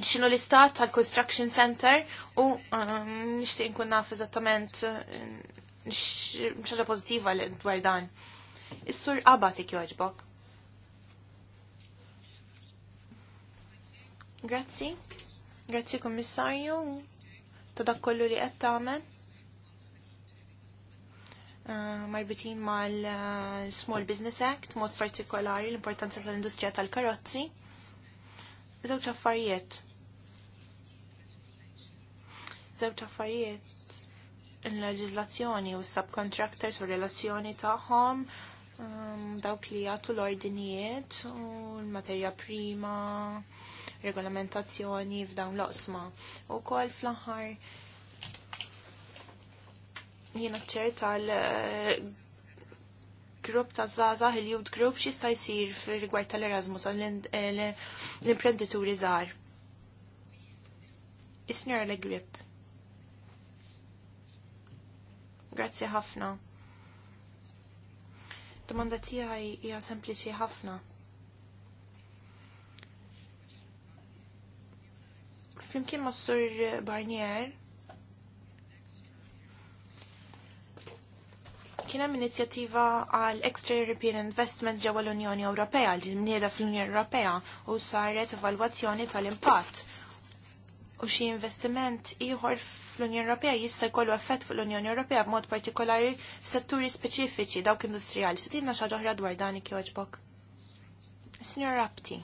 xinu l-istat tal-Construction Center u ehm, nishtiq nkun naf eżattament ehm, xaġa pozittiva dwar dan. Is-sur qabat jogħġbok. Grazzi. Grazzi Kommissarju ta' dak kollu li qed tagħmel. Ah, marbitin mal-Small Business Act, mod partikolari l-importanza tal-industrija tal-karozzi. Żewġ affarijiet. Żewġ affarijiet il-leġizlazzjoni u s-subcontractors u relazzjoni tagħhom um, dawk li jagħtu l-ordinijiet u l-materja prima regolamentazzjoni f'dawn l-osma. U kol fl-aħħar jiena ċerta l eh, grupp ta' zazah il-Youth Group, xista jisir fil-rigward tal-Erasmus eh, l imprenditur iżar. Isnir l grip. Grazzi ħafna. Domanda tiegħi hija sempliċi ħafna. flimkien ma' Sur Barnier kien hemm inizjattiva għal Extra European Investment ġewwa l-Unjoni Ewropea li mnieda fl-Unjoni Ewropea u saret evalwazzjoni tal-impatt. U xi investiment ieħor fl-Unjoni Ewropea jista' jkollu effett fuq l-Unjoni Ewropea b'mod partikolari f'setturi speċifiċi dawk industrijali. Se tinna xi ħaġa dwar dan ikjoġbok. Signor Rapti.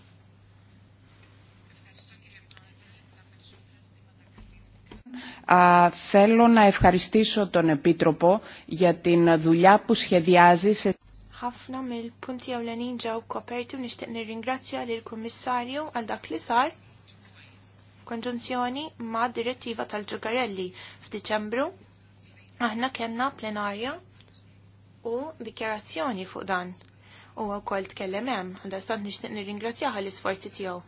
Α, θέλω να ευχαριστήσω τον Επίτροπο για την δουλειά που σχεδιάζει σε ħafna mill-punti ewlenin ġew koperti u nixtieq nirringrazzja lil kummissarju għal dak li sar konġunzjoni ma' direttiva tal-ġugarelli f'Diċembru. Aħna kellna plenarja u dikjarazzjoni fuq dan. U wkoll tkellem hemm, għal dastant nixtieq nirringrazzjah għall isforzi tiegħu.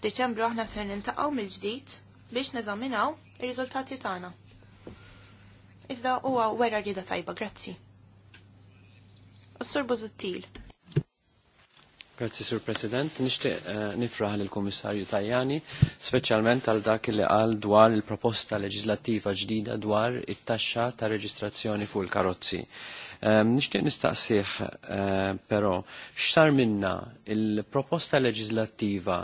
F'Diċembru aħna ser nintaqgħu mill-ġdid biex neżaminaw il riżultati tagħna. Iżda huwa wera rida tajba, grazzi. Sur Bozuttil. Grazzi, Sur President. Nishtiq eh, nifraħ lill-Kummissarju Tajani, speċjalment għal dak li qal dwar il-proposta leġislattiva ġdida dwar it-taxxa ta' reġistrazzjoni fuq il-karozzi. Ehm, nixtieq nistaqsih ehm, però x'sar minna il-proposta leġislattiva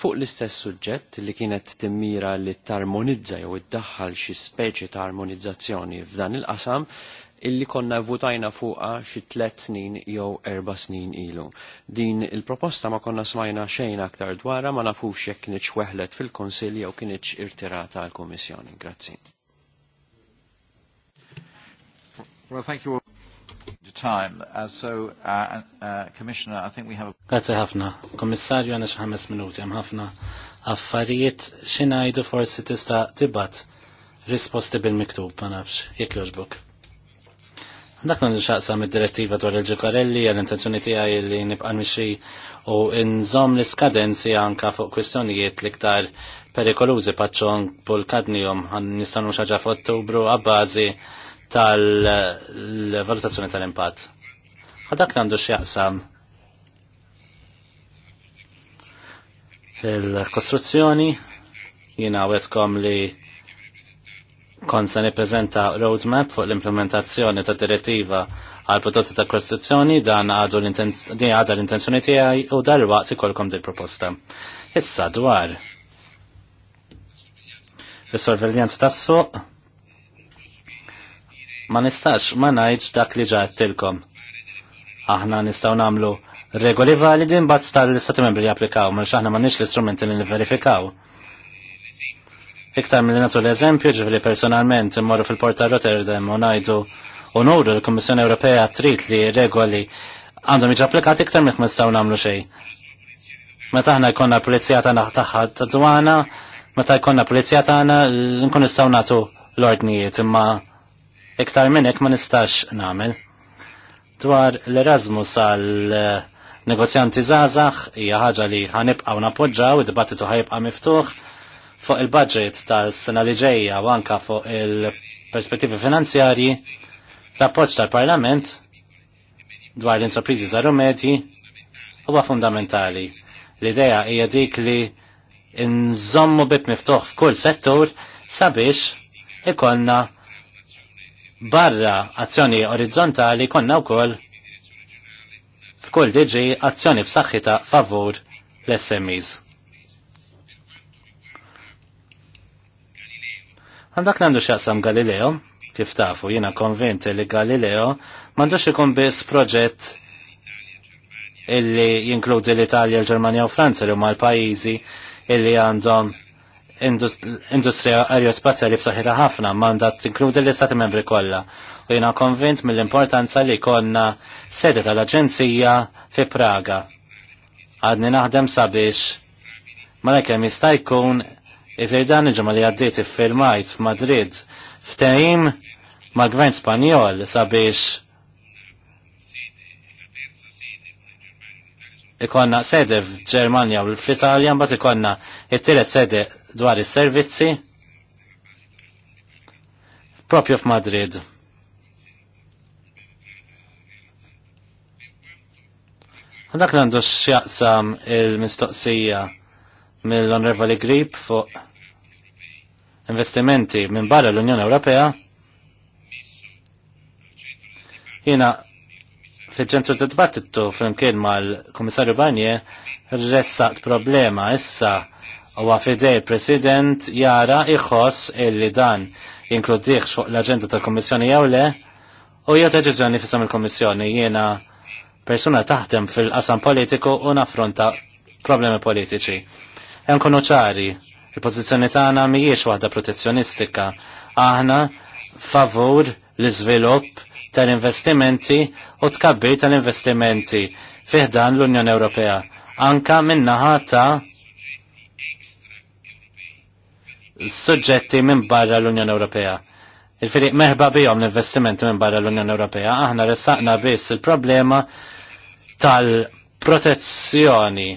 fuq l-istess suġġett li kienet timmira li tarmonizza jew iddaħħal xi speċi ta' armonizzazzjoni f'dan il-qasam illi konna votajna fuqa xi tlet snin jew erba' snin ilu. Din il-proposta ma konna smajna xejn aktar dwarha ma nafux jekk kienx weħlet fil kunsill jew kienx irtirata għall kummissjoni Grazzi. Well, thank you Uh, uh, uh, Grazie ħafna. Kommissarju għana xaħmes minuti, għam ħafna affarijiet xinajdu forsi tista tibat risposti bil-miktub, ma nafx, jek joġbuk. Dak non xaqsam mid direttiva dwar il-ġukarelli, għal-intenzjoni tijaj li nibqa' mixi u nżom l-iskadenzi anka fuq kwistjonijiet liktar perikolużi paċċon pol kadnijom għan nistanu xaġa f'ottubru għabbażi tal-valutazzjoni tal-impatt. Għadak għandu xjaqsam il-kostruzzjoni, jina għetkom li konsa niprezenta roadmap fuq l-implementazzjoni ta' direttiva għal prodotti ta' kostruzzjoni dan għadu l-intenzjoni tiegħi u dar waqt ikolkom di proposta. Issa dwar is-sorveljanza tas-suq ma nistax ma ngħidx dak li tilkom. Aħna nistgħu nagħmlu regoli validi mbazz tal-istati membri japplikaw, ma aħna nix l-istrumenti li nivverifikaw. Iktar mill natu l-eżempju ġivli personalment immorru fil porta Rotterdam u ngħidu u nuru l-Kummissjoni Ewropea trid li regoli għandhom jiġu applikati iktar minn mistaw nagħmlu xejn. Meta aħna jkollna l-pulizija tagħna taħħa dwana meta jkollna l-pulizija tagħna nkun nistgħu nagħtu l-ordnijiet imma Iktar minn hekk ma nistax nagħmel. Dwar l-Erasmus għal eh, negozjanti zazax, hija ħaġa li ħanibqgħu napoġġaw id-dibattitu ħajibqa' miftuħ fuq il-budget tas-sena li ġejja u anka fuq il-perspettivi finanzjarji l-appoġġ tal-Parlament dwar l-intrapriżi żaru medji huwa fundamentali. L-idea hija dik li nżommu bit miftuħ f'kull settur sabiex ikonna barra azzjoni orizzontali konna wkoll f'kull diġi azzjoni b'saxħita favur l-SMEs. Għandak nandu xaqsam Galileo, kif tafu, jina konvinti li Galileo mandu ikun biss proġett illi jinkludi l-Italja, l-Germania u Franza li huma l-pajjiżi illi għandhom industrija aerospazjali b'saħħitha ħafna mandat tinkludi l-istati membri kollha u jiena konvint mill-importanza li konna sede tal-Aġenzija fi Praga. Għadni naħdem sabiex malajkem jista' jkun iżir dan il-ġimgħa li għaddiet iffirmajt f'Madrid f'tejim mal-Gvern Spanjol sabiex ikonna sede f'Ġermanja u fl-Italja mbagħad ikonna it-tielet sede dwar is-servizzi propju f'Madrid. Dak għandu x'jaqsam il-mistoqsija mill-Onrevoli Grip fuq investimenti minn barra l-Unjoni Ewropea. Jiena fil-ċentru ta' dibattitu flimkien mal-Komissarju Barnier ressaqt problema issa u għafidej president jara iħoss illi dan inkludiħx fuq l-agenda tal komissjoni jew le u jew deċiżjoni fissam il komissjoni jiena persuna taħdem fil-qasam politiku u naffronta problemi politiċi. Hemm kunu ċari, il-pożizzjoni tagħna mhijiex waħda protezzjonistika. Aħna favur l-iżvilupp tal-investimenti u tkabbir tal-investimenti fiħdan l-Unjoni Ewropea. Anka minnaħa ta' soġġetti minn barra l-Unjoni Ewropea. Il-firiq meħba bijom l-investimenti minn barra l-Unjoni Ewropea, aħna ressaqna biss il-problema tal-protezzjoni.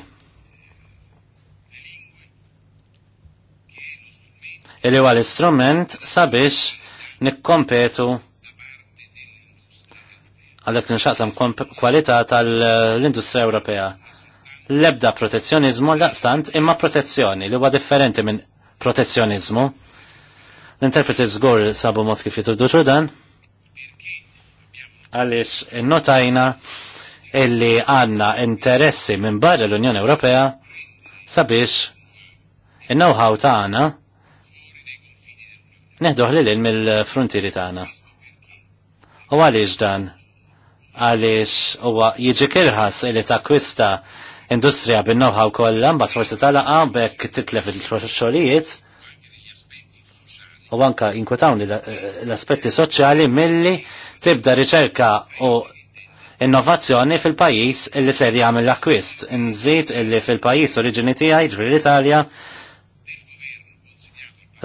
Il huwa l-istrument sabiex nikkompetu għalek nxaqsam kwalità tal-industrija Ewropea. L-ebda protezzjonizmu l-daqstant imma protezzjoni li huwa differenti minn protezzjonizmu. L-interpreti żgur sabu mod kif jitrodutru dan għaliex innotajna illi għanna interessi minn barra l-Unjoni Ewropea sabiex il-know-how tagħna neħduh lil mill ta' tagħna. U għaliex dan? għaliex huwa jiġi kirħas illi kwista industrija bin-know-how kollha mbagħad forsi talaqa bekk titlef il-xogħlijiet u anke inkwetawn l-aspetti soċjali milli tibda riċerka u innovazzjoni fil-pajis illi ser jagħmel l-akwist. Nżid illi fil-pajis oriġini tiegħi ġri l-Italja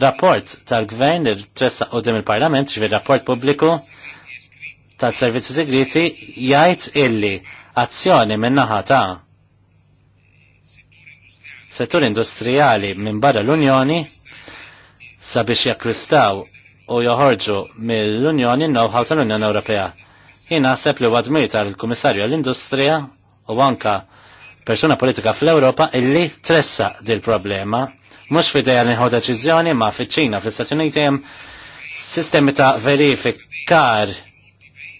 rapport tal-gvern li tressa qudiem il-Parlament, ġri rapport pubbliku tal-servizzi segreti jgħid illi azzjoni minnaħa ta' settur industrijali minn barra l-Unjoni sabiex jakkwistaw u joħorġu mill-Unjoni know-how tal-Unjoni Ewropea. Jien naħseb li għadmir tal-Kummissarju għall-Industrija u anka persuna politika fl-Ewropa illi tressa dil-problema mhux fideja li nħu deċiżjoni ma fiċ-Ċina fl-Istati Uniti hemm sistemi ta' verifikar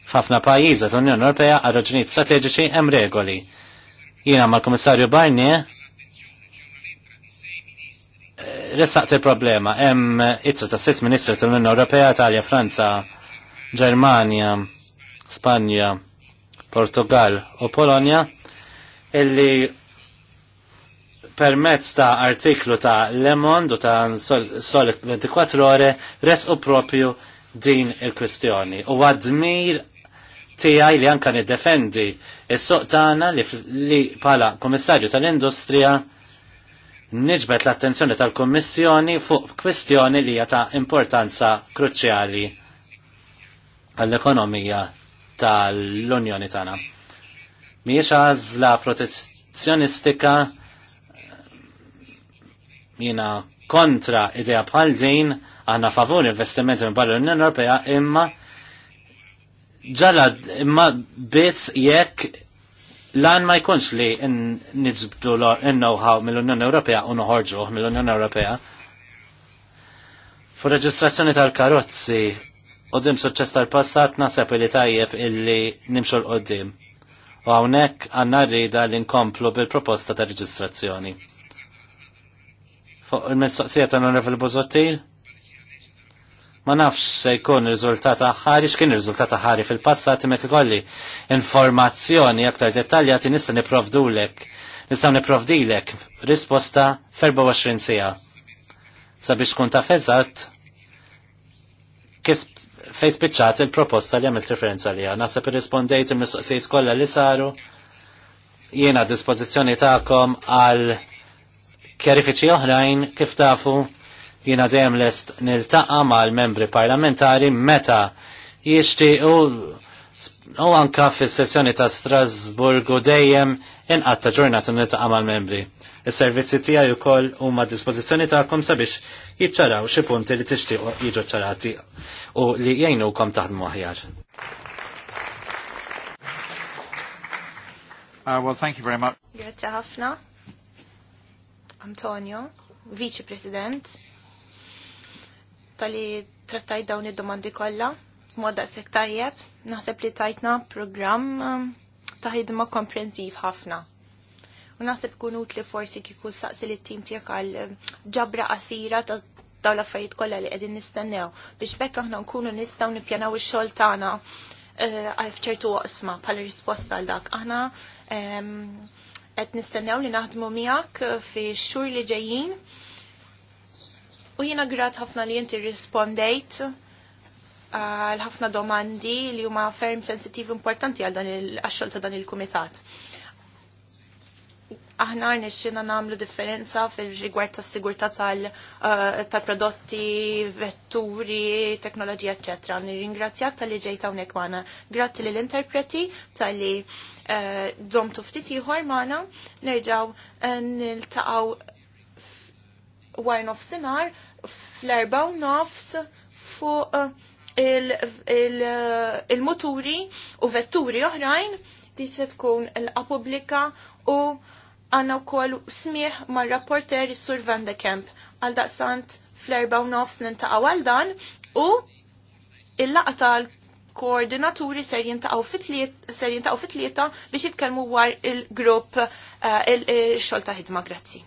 f'ħafna pajjiżi tal-Unjoni Ewropea għal raġunijiet strateġiċi hemm regoli. Jiena mal-Kummissarju Barnier Ressaqt il-problema, hemm ittra ta' sitt ministru tal-Unjoni Ewropea, Italja, Franza, Germania, Spanja, Portugal u Polonja illi permezz ta' artiklu ta' Lemond u ta' Sol, sol 24 ore res u propju din il-kwistjoni. U għadmir tijaj li anka niddefendi il-soqtana li, li pala komissarju tal-industrija niġbet l-attenzjoni tal-Kommissjoni fuq kwestjoni li hija ta' importanza kruċjali għall-ekonomija tal-Unjoni tagħna. Mhijiex għażla protezzjonistika jiena kontra idea bħal din għandna favur investimenti minn barra l-Unjoni Ewropea imma ġalad imma biss jekk lan ma jkunx li nizbdu l-know-how mill-Unjoni Ewropea u noħorġuh mill-Unjoni Ewropea. Fu reġistrazzjoni tal-karozzi u dim suċċess tal-passat naħseb li tajjeb illi nimxu l-qoddim. U hawnhekk għandna rrida li nkomplu bil-proposta ta' reġistrazzjoni. Fuq il-mistoqsija ta' Onorevoli Bozottil? Ma nafx se jkun riżultat aħħari, x'kien riżultat aħħari fil-passat imek ikolli informazzjoni aktar dettaljati nista' niprovdulek, nistgħu niprovdilek risposta 24 sija. Sabiex tkun taf eżatt kif fej spiċċat il-proposta li għamilt referenza li għana. per-respondejt il-mistoqsijiet kollha li saru jiena dispożizzjoni tagħkom għal kjarifiċi oħrajn kif tafu Jiena dejjem lest niltaqa' mal-membri parlamentari meta jixtiequ u anka fis sessjoni ta' Strasburgu dejjem inqatta ġurnata niltaqa' mal-membri. Is-servizzi tiegħi wkoll huma dispożizzjoni tagħkom sabiex jiċċaraw xi punti li tixtiequ jiġu ċarati u li jgħinukom taħdmu aħjar. Uh, well, thank you very much. Grazie ħafna. Antonio, Vice President Ta li trattajt dawn id-domandi kollha moda sek tajjeb, naħseb li tajtna program ta' ħidma komprensiv ħafna. U naħseb kun utli forsi kieku saqsi li t-tim tiegħek għal ġabra qasira ta' daw l-affarijiet kollha li qegħdin nistennew biex bekk aħna nkunu nistgħu nippjanaw ix-xogħol tagħna għal fċertu oqsma bħala risposta għal dak. Aħna qed nistennew li naħdmu miegħek fi x-xhur li ġejjin u jiena grat ħafna li inti rispondejt għal ħafna domandi li huma ferm sensitiv importanti għal dan il-axxol ta' dan il-kumitat. Aħna nixxina namlu differenza fil-rigward tas sigurtà eh, tal-prodotti, vetturi, teknoloġija, ecc. Nirringrazzjak tal-li ġejta unek maħna. Grazzi li l-interpreti tal-li eh, domtu ftit ieħor maħna. Nerġaw eh, niltaqgħu of sinar fl-erba u nofs fuq eh, eh, il-moturi u vetturi oħrajn di se tkun l-qa publika u għanna u koll smieħ ma' rapporter sur Van de Kemp għal daqsant fl-erba u nofs nintaqaw għal dan u il-laqa tal-koordinaturi ser jintaqaw fit-tlieta biex jitkellmu war il-grupp eh, il-xolta ħidma. Grazzi.